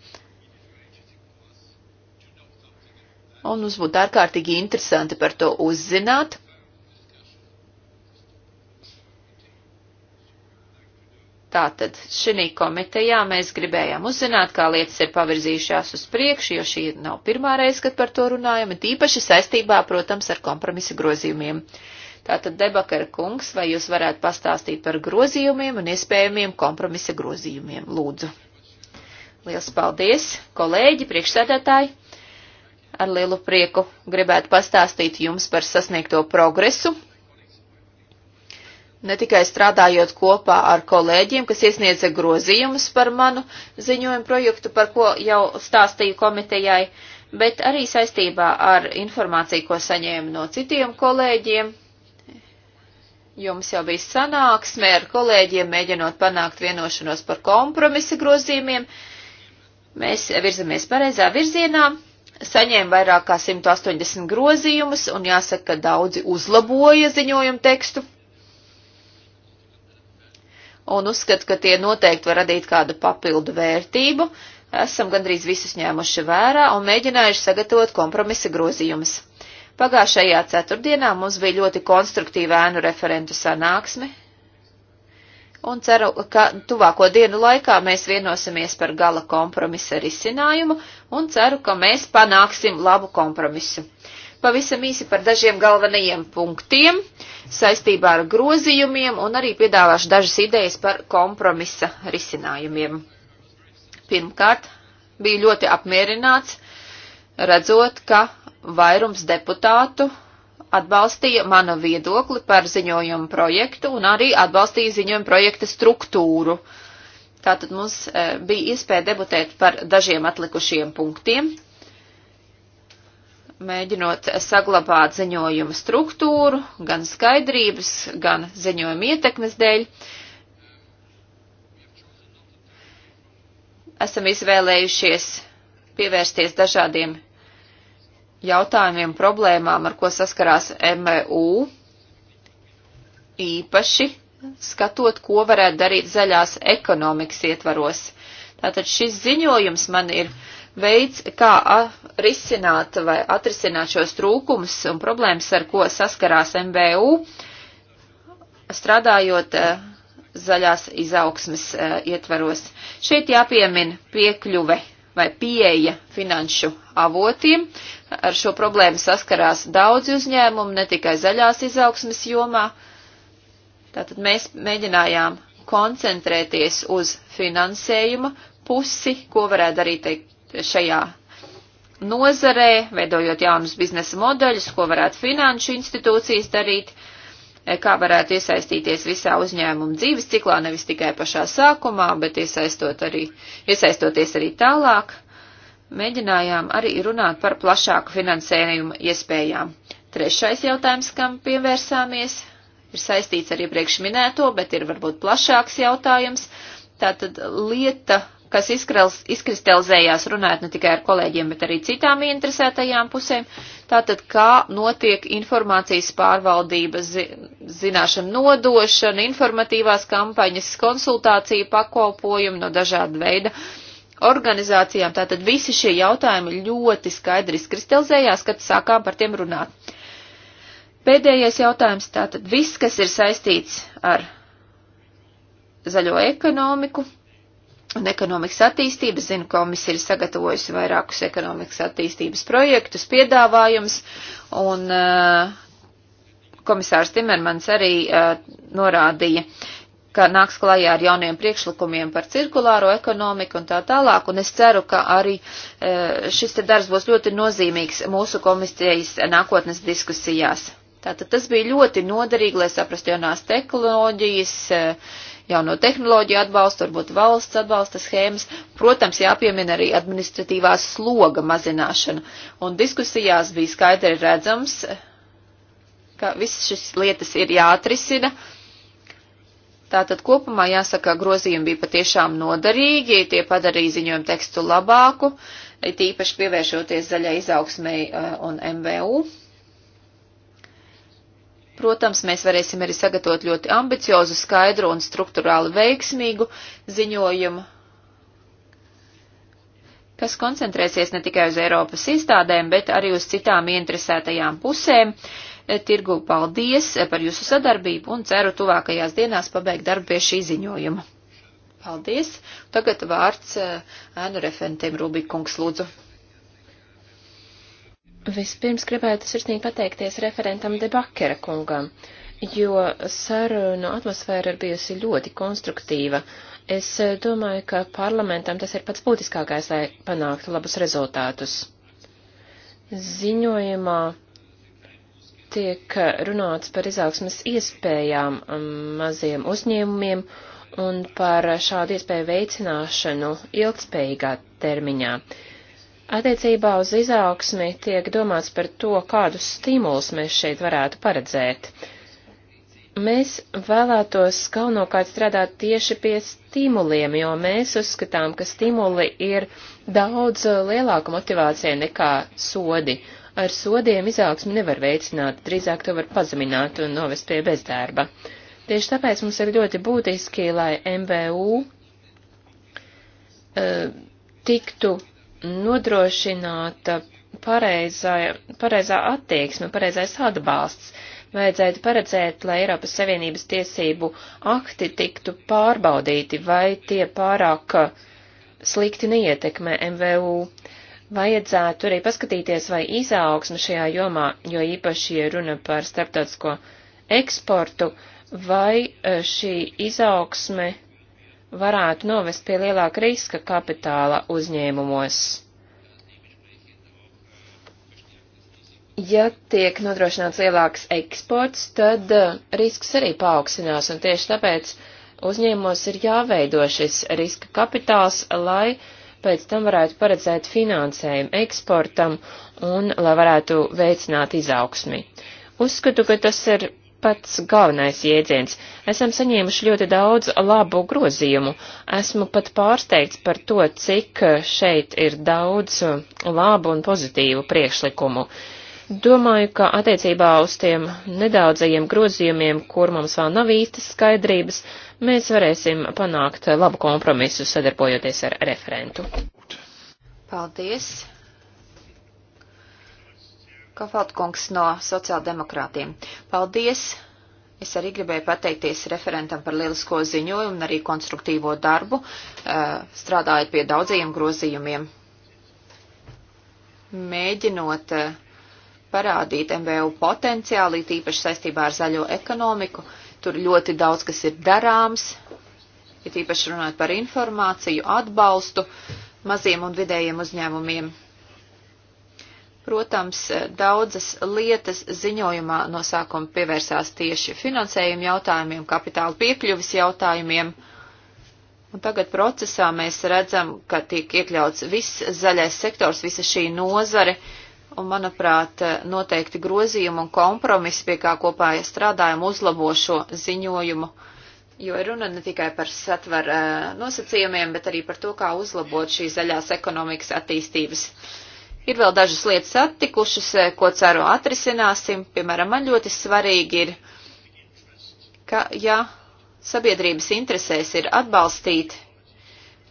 Un mums būtu ārkārtīgi interesanti par to uzzināt. Tātad šī komitejā mēs gribējām uzzināt, kā lietas ir pavirzījušās uz priekšu, jo šī nav pirmā reize, kad par to runājam, tīpaši saistībā, protams, ar kompromisa grozījumiem. Tātad, Debakar kungs, vai jūs varētu pastāstīt par grozījumiem un iespējamiem kompromisa grozījumiem? Lūdzu. Liels paldies, kolēģi, priekšsēdētāji! ar lielu prieku gribētu pastāstīt jums par sasniegto progresu. Ne tikai strādājot kopā ar kolēģiem, kas iesniedza grozījumus par manu ziņojumu projektu, par ko jau stāstīju komitejai, bet arī saistībā ar informāciju, ko saņēmu no citiem kolēģiem. Jums jau bija sanāksme ar kolēģiem, mēģinot panākt vienošanos par kompromisa grozījumiem. Mēs virzamies pareizā virzienā saņēma vairāk kā 180 grozījumus, un jāsaka, ka daudzi uzlaboja ziņojumu tekstu. Un uzskat, ka tie noteikti var radīt kādu papildu vērtību. Esam gandrīz visus ņēmuši vērā un mēģinājuši sagatavot kompromisa grozījumus. Pagājušajā ceturtdienā mums bija ļoti konstruktīva ēnu referentu sanāksme, un ceru, ka tuvāko dienu laikā mēs vienosimies par gala kompromisa risinājumu un ceru, ka mēs panāksim labu kompromisu. Pavisam īsi par dažiem galvenajiem punktiem saistībā ar grozījumiem un arī piedāvāšu dažas idejas par kompromisa risinājumiem. Pirmkārt, biju ļoti apmierināts redzot, ka vairums deputātu atbalstīja manu viedokli par ziņojumu projektu un arī atbalstīja ziņojumu projekta struktūru. Tātad mums e, bija iespēja debatēt par dažiem atlikušiem punktiem, mēģinot saglabāt ziņojuma struktūru gan skaidrības, gan ziņojuma ietekmes dēļ. Esam izvēlējušies pievērsties dažādiem jautājumiem, problēmām, ar ko saskarās MVU, e īpaši skatot, ko varētu darīt zaļās ekonomikas ietvaros. Tātad šis ziņojums man ir veids, kā risināt vai atrisināt šos trūkumus un problēmas, ar ko saskarās MBU, strādājot zaļās izaugsmes ietvaros. Šeit jāpiemina piekļuve vai pieeja finanšu avotiem, Ar šo problēmu saskarās daudzi uzņēmumi, ne tikai zaļās izaugsmes jomā. Tātad mēs mēģinājām koncentrēties uz finansējuma pusi, ko varētu darīt šajā nozarē, veidojot jaunus biznesa modeļus, ko varētu finanšu institūcijas darīt, e, kā varētu iesaistīties visā uzņēmuma dzīves ciklā, nevis tikai pašā sākumā, bet iesaistot arī, iesaistoties arī tālāk mēģinājām arī runāt par plašāku finansējumu iespējām. Trešais jautājums, kam pievērsāmies, ir saistīts ar iepriekš minēto, bet ir varbūt plašāks jautājums. Tātad lieta, kas izkrals, izkristalizējās runājot ne tikai ar kolēģiem, bet arī citām interesētajām pusēm. Tātad, kā notiek informācijas pārvaldība, zi, zināšana nodošana, informatīvās kampaņas, konsultācija, pakalpojumi no dažāda veida organizācijām. Tātad visi šie jautājumi ļoti skaidri izkristalizējās, kad sākām par tiem runāt. Pēdējais jautājums tātad viss, kas ir saistīts ar zaļo ekonomiku un ekonomikas attīstību. Zinu, komisija ir sagatavojusi vairākus ekonomikas attīstības projektus, piedāvājumus, un uh, komisārs Timermans arī uh, norādīja, ka nāks klajā ar jauniem priekšlikumiem par cirkulāro ekonomiku un tā tālāk, un es ceru, ka arī e, šis te darbs būs ļoti nozīmīgs mūsu komisijas nākotnes diskusijās. Tātad tas bija ļoti noderīgi, lai saprastu jaunās tehnoloģijas, e, jauno tehnoloģiju atbalstu, varbūt valsts atbalsta schēmas. Protams, jāpiemina arī administratīvā sloga mazināšana. Un diskusijās bija skaidri redzams, ka visas šīs lietas ir jāatrisina. Uh, Tātad kopumā jāsaka, grozījumi bija patiešām noderīgi, tie padarīja ziņojumu tekstu labāku, tīpaši pievēršoties zaļai izaugsmei uh, un MVU. Protams, mēs varēsim arī sagatavot ļoti ambiciozu, skaidru un struktūrāli veiksmīgu ziņojumu, kas koncentrēsies ne tikai uz Eiropas izstādēm, bet arī uz citām interesētajām pusēm. Uh, tirgu. Paldies par jūsu sadarbību un ceru tuvākajās dienās pabeigt darbu pie šī ziņojuma. Paldies. Tagad vārds eh, ēnu referentiem Rubikungs lūdzu. Vispirms gribētu sirsnīgi pateikties referentam Debakera kungam, jo sarunu atmosfēra ir bijusi ļoti konstruktīva. Es eh, domāju, ka parlamentam tas ir pats būtiskākais, lai panāktu labus rezultātus. Ziņojumā tiek eh, runāts par izaugsmas iespējām um, maziem uzņēmumiem un par šādu iespēju veicināšanu ilgspējīgā termiņā. Attiecībā uz izaugsmi tiek domāts par to, kādus stimulus mēs šeit varētu paredzēt. Mēs vēlētos galvenokārt strādāt tieši pie stimuliem, jo mēs uzskatām, ka stimuli ir daudz lielāka motivācija nekā sodi, Ar sodiem izaugsmi nevar veicināt, drīzāk to var pazemināt un novest pie bezdarba. Tieši tāpēc mums ir ļoti būtiski, lai MVU uh, eh, tiktu nodrošināta pareizā, pareizā attieksme, pareizais atbalsts. Vajadzētu paredzēt, lai Eiropas Savienības tiesību akti tiktu pārbaudīti, vai tie pārāk slikti neietekmē MVU. Uh, Vajadzētu arī paskatīties, vai izaugsme šajā jomā, jo īpaši, ja runa par starptautisko eksportu, vai e, šī izaugsme varētu novest pie lielāka riska kapitāla uzņēmumos. Ja tiek nodrošināts lielāks eksports, tad e, risks arī paaugstinās, un tieši tāpēc uzņēmumos ir jāveido šis riska kapitāls, lai uh, pēc tam varētu paredzēt finansējumu eksportam un lai varētu veicināt izaugsmi. Uzskatu, ka tas ir pats galvenais jēdziens. Esam saņēmuši ļoti daudz labu grozījumu. Esmu pat pārsteigts par to, cik šeit ir daudz labu un pozitīvu priekšlikumu. Uh, Domāju, ka attiecībā uz tiem nedaudzajiem grozījumiem, kur mums vēl nav īstas skaidrības, mēs varēsim panākt labu kompromisu sadarbojoties ar referentu. Paldies! Kafaltkungs no sociāldemokrātiem. Paldies! Es arī gribēju pateikties referentam par lielisko ziņojumu un arī konstruktīvo darbu, eh, strādājot pie daudzajiem grozījumiem. Mēģinot uh, parādīt MVU potenciāli, tīpaši saistībā ar zaļo ekonomiku. Tur ļoti daudz, kas ir darāms, ir tīpaši runāt par informāciju, atbalstu maziem un vidējiem uzņēmumiem. Protams, daudzas lietas ziņojumā no sākuma pievērsās tieši finansējuma jautājumiem, kapitāla piekļuvis jautājumiem. Un tagad procesā mēs redzam, ka tiek iekļauts viss zaļais sektors, visa šī nozare, uh, un, manuprāt, noteikti grozījumi un kompromiss, pie kā kopā strādājam, uzlabo šo ziņojumu, jo ir runa ne tikai par satver eh, nosacījumiem, bet arī par to, kā uzlabot šīs zaļās ekonomikas attīstības. Ir vēl dažas lietas attikušas, eh, ko ceru atrisināsim. Piemēram, man ļoti svarīgi ir, ka, ja sabiedrības interesēs ir atbalstīt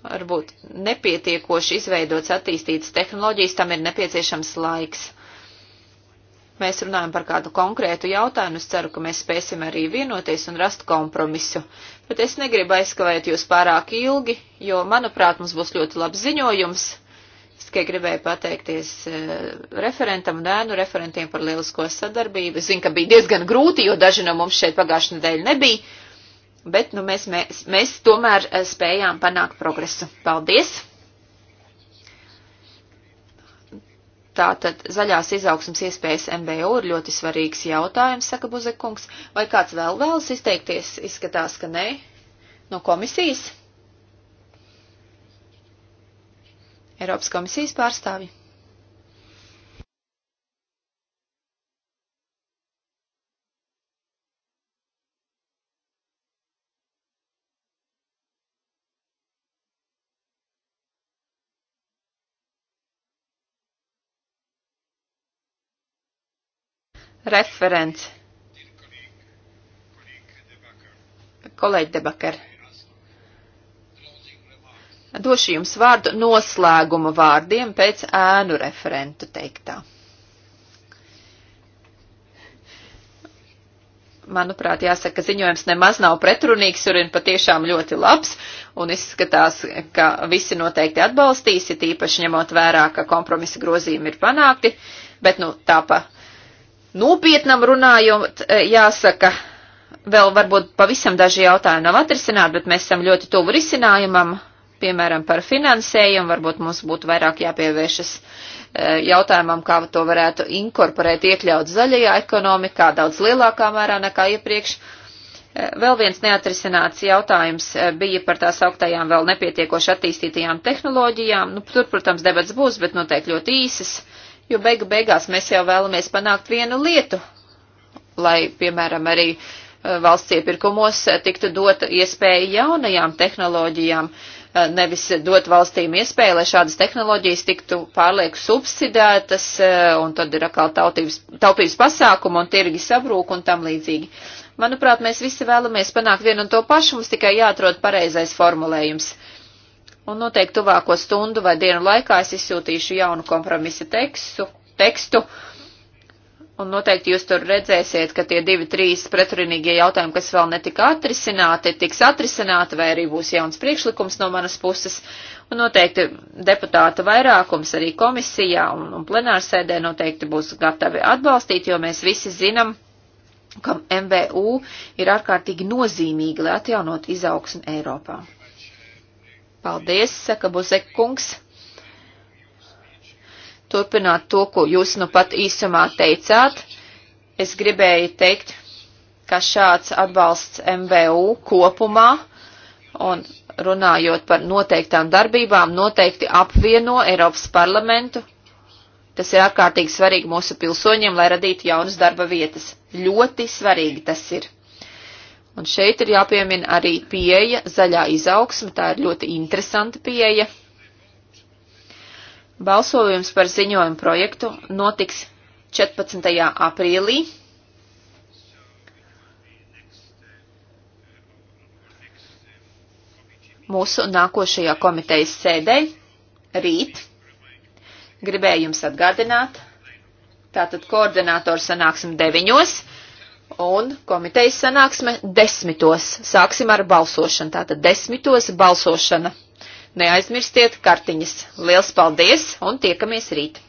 varbūt nepietiekoši izveidots attīstītas tehnoloģijas, tam ir nepieciešams laiks. Mēs runājam par kādu konkrētu jautājumu, es ceru, ka mēs spēsim arī vienoties un rast kompromisu. Bet es negribu aizskavēt jūs pārāk ilgi, jo, manuprāt, mums būs ļoti labs ziņojums. Es tikai gribēju pateikties eh, referentam un ēnu referentiem par lielisko sadarbību. Es zinu, ka bija diezgan grūti, jo daži no mums šeit pagājušajā nedēļā nebija bet nu, mēs, mēs, mēs tomēr eh, spējām panākt progresu. Paldies! Tātad zaļās izaugsmas iespējas MBO ir ļoti svarīgs jautājums, saka Buzekungs. Vai kāds vēl vēlas izteikties? Izskatās, ka nē. No komisijas? Eiropas komisijas pārstāvi. referents. Kolēģi Debakar. Došu jums vārdu noslēguma vārdiem pēc ēnu referentu teiktā. manuprāt, jāsaka, ziņojums nemaz nav pretrunīgs un ir patiešām ļoti labs, un izskatās, ka visi noteikti atbalstīs, it īpaši ņemot vērā, ka kompromisa grozījumi ir panākti, bet, nu, tāpa nopietnam runājot, e, jāsaka, vēl varbūt pavisam daži jautājumi nav atrisināti, bet mēs esam ļoti tuvu risinājumam, piemēram, par finansējumu. Varbūt mums būtu vairāk jāpievēršas e, jautājumam, kā to varētu inkorporēt, iekļaut zaļajā ekonomikā daudz lielākā mērā nekā iepriekš. E, vēl viens neatrisināts jautājums bija par tās augtajām vēl nepietiekoši attīstītajām tehnoloģijām. Nu, tur, protams, debats būs, bet noteikti ļoti īsas. Uh, jo beigu beigās mēs jau vēlamies panākt vienu lietu, lai, piemēram, arī eh, valsts iepirkumos eh, tiktu dota iespēja jaunajām tehnoloģijām, eh, nevis dot valstīm iespēju, lai šādas tehnoloģijas tiktu pārlieku subsidētas, un tad ir atkal tautības, taupības pasākumi, un tirgi sabrūk un tam līdzīgi. Manuprāt, mēs visi vēlamies panākt vienu un to pašu, mums tikai jāatrod pareizais formulējums. Uh, Un noteikti tuvāko stundu vai dienu laikā es izsūtīšu jaunu kompromisa tekstu, tekstu. Un noteikti jūs tur redzēsiet, ka tie divi, trīs pretrunīgie jautājumi, kas vēl netika atrisināti, tiks atrisināti vai arī būs jauns priekšlikums no manas puses. Un noteikti deputāta vairākums arī komisijā un, un plenārsēdē noteikti būs gatavi atbalstīt, jo mēs visi zinām, ka MVU ir ārkārtīgi nozīmīgi, lai atjaunot izaugsmu Eiropā. Paldies, saka Buzek kungs. Turpināt to, ko jūs nu pat īsumā teicāt, es gribēju teikt, ka šāds atbalsts MVU kopumā un runājot par noteiktām darbībām noteikti apvieno Eiropas parlamentu. Tas ir ārkārtīgi svarīgi mūsu pilsoņiem, lai radītu jaunas darba vietas. Ļoti svarīgi tas ir. Un šeit ir jāpiemina arī pieeja zaļā izaugsme, tā ir ļoti interesanta pieeja. Balsojums par ziņojumu projektu notiks 14. aprīlī. Mūsu nākošajā komitejas sēdē rīt gribēju jums atgādināt, tātad koordinātors sanāksim deviņos, un komitejas sanāksme desmitos. Sāksim ar balsošanu. Tātad desmitos balsošana. Neaizmirstiet kartiņas. Liels paldies un tiekamies rīt!